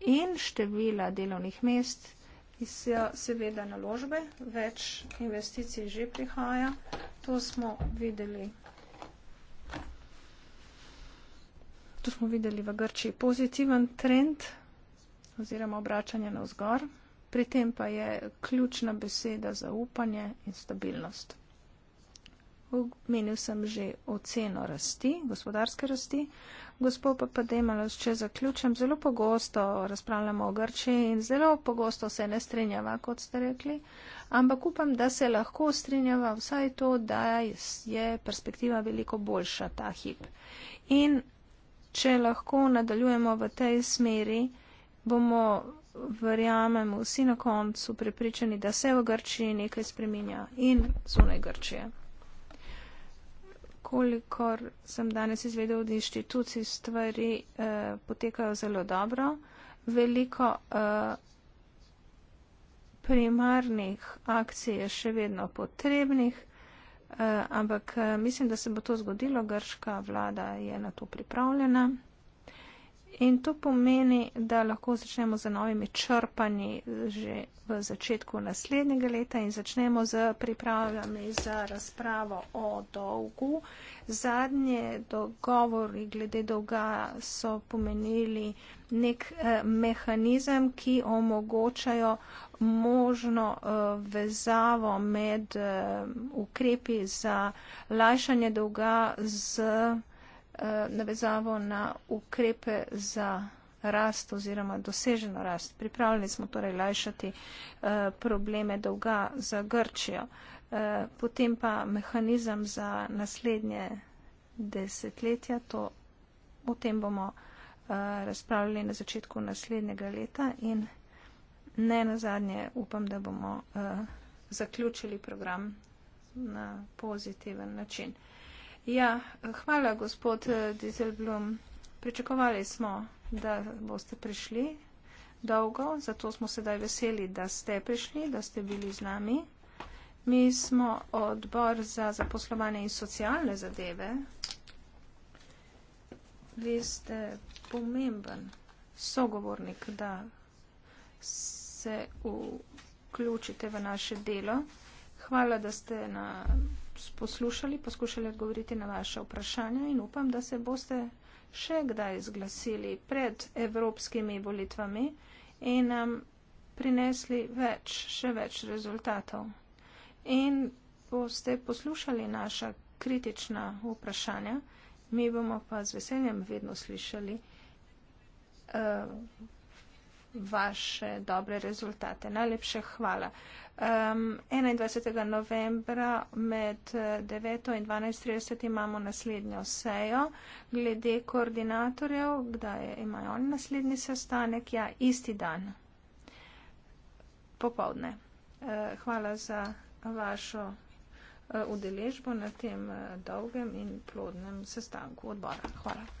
in števila delovnih mest, ki so seveda naložbe, več investicij že prihaja. To smo videli To smo videli v Grčiji pozitiven trend oziroma obračanje na vzgor, pri tem pa je ključna beseda zaupanje in stabilnost. Menil sem že oceno rasti, gospodarske rasti. Gospod Papademalos, če zaključim, zelo pogosto razpravljamo o Grčiji in zelo pogosto se ne strinjava, kot ste rekli, ampak upam, da se lahko strinjava vsaj to, da je perspektiva veliko boljša ta hip. In če lahko nadaljujemo v tej smeri, bomo, verjamem, vsi na koncu prepričani, da se v Grčiji nekaj spreminja in zunaj Grčije kolikor sem danes izvedel od inštitucij, stvari eh, potekajo zelo dobro. Veliko eh, primarnih akcij je še vedno potrebnih, eh, ampak eh, mislim, da se bo to zgodilo. Grška vlada je na to pripravljena. In to pomeni, da lahko začnemo z novimi črpanji že v začetku naslednjega leta in začnemo z pripravami za razpravo o dolgu. Zadnje dogovori glede dolga so pomenili nek eh, mehanizem, ki omogočajo možno eh, vezavo med eh, ukrepi za lajšanje dolga z. Eh, navezavo na ukrepe za rast oziroma doseženo rast. Pripravljeni smo torej lajšati eh, probleme dolga za Grčijo. Eh, potem pa mehanizem za naslednje desetletja, to, o tem bomo razpravljali na začetku naslednjega leta in ne na zadnje upam, da bomo zaključili program na pozitiven način. Ja, hvala, gospod eh, Dizelblom. Pričakovali smo, da boste prišli dolgo, zato smo sedaj veseli, da ste prišli, da ste bili z nami. Mi smo odbor za zaposlovanje in socialne zadeve. Vi ste pomemben sogovornik, da se vključite v naše delo. Hvala, da ste na poslušali, poskušali odgovoriti na vaše vprašanja in upam, da se boste še kdaj zglasili pred evropskimi volitvami in nam prinesli več, še več rezultatov. In boste poslušali naša kritična vprašanja, mi bomo pa z veseljem vedno slišali. Uh, vaše dobre rezultate. Najlepše hvala. Um, 21. novembra med 9. Eh, in 12.30 imamo naslednjo sejo. Glede koordinatorjev, kdaj imajo oni naslednji sestanek? Ja, isti dan. Popovdne. Uh, eh, hvala za vašo eh, udeležbo na tem dolgem in plodnem sestanku odbora. Hvala.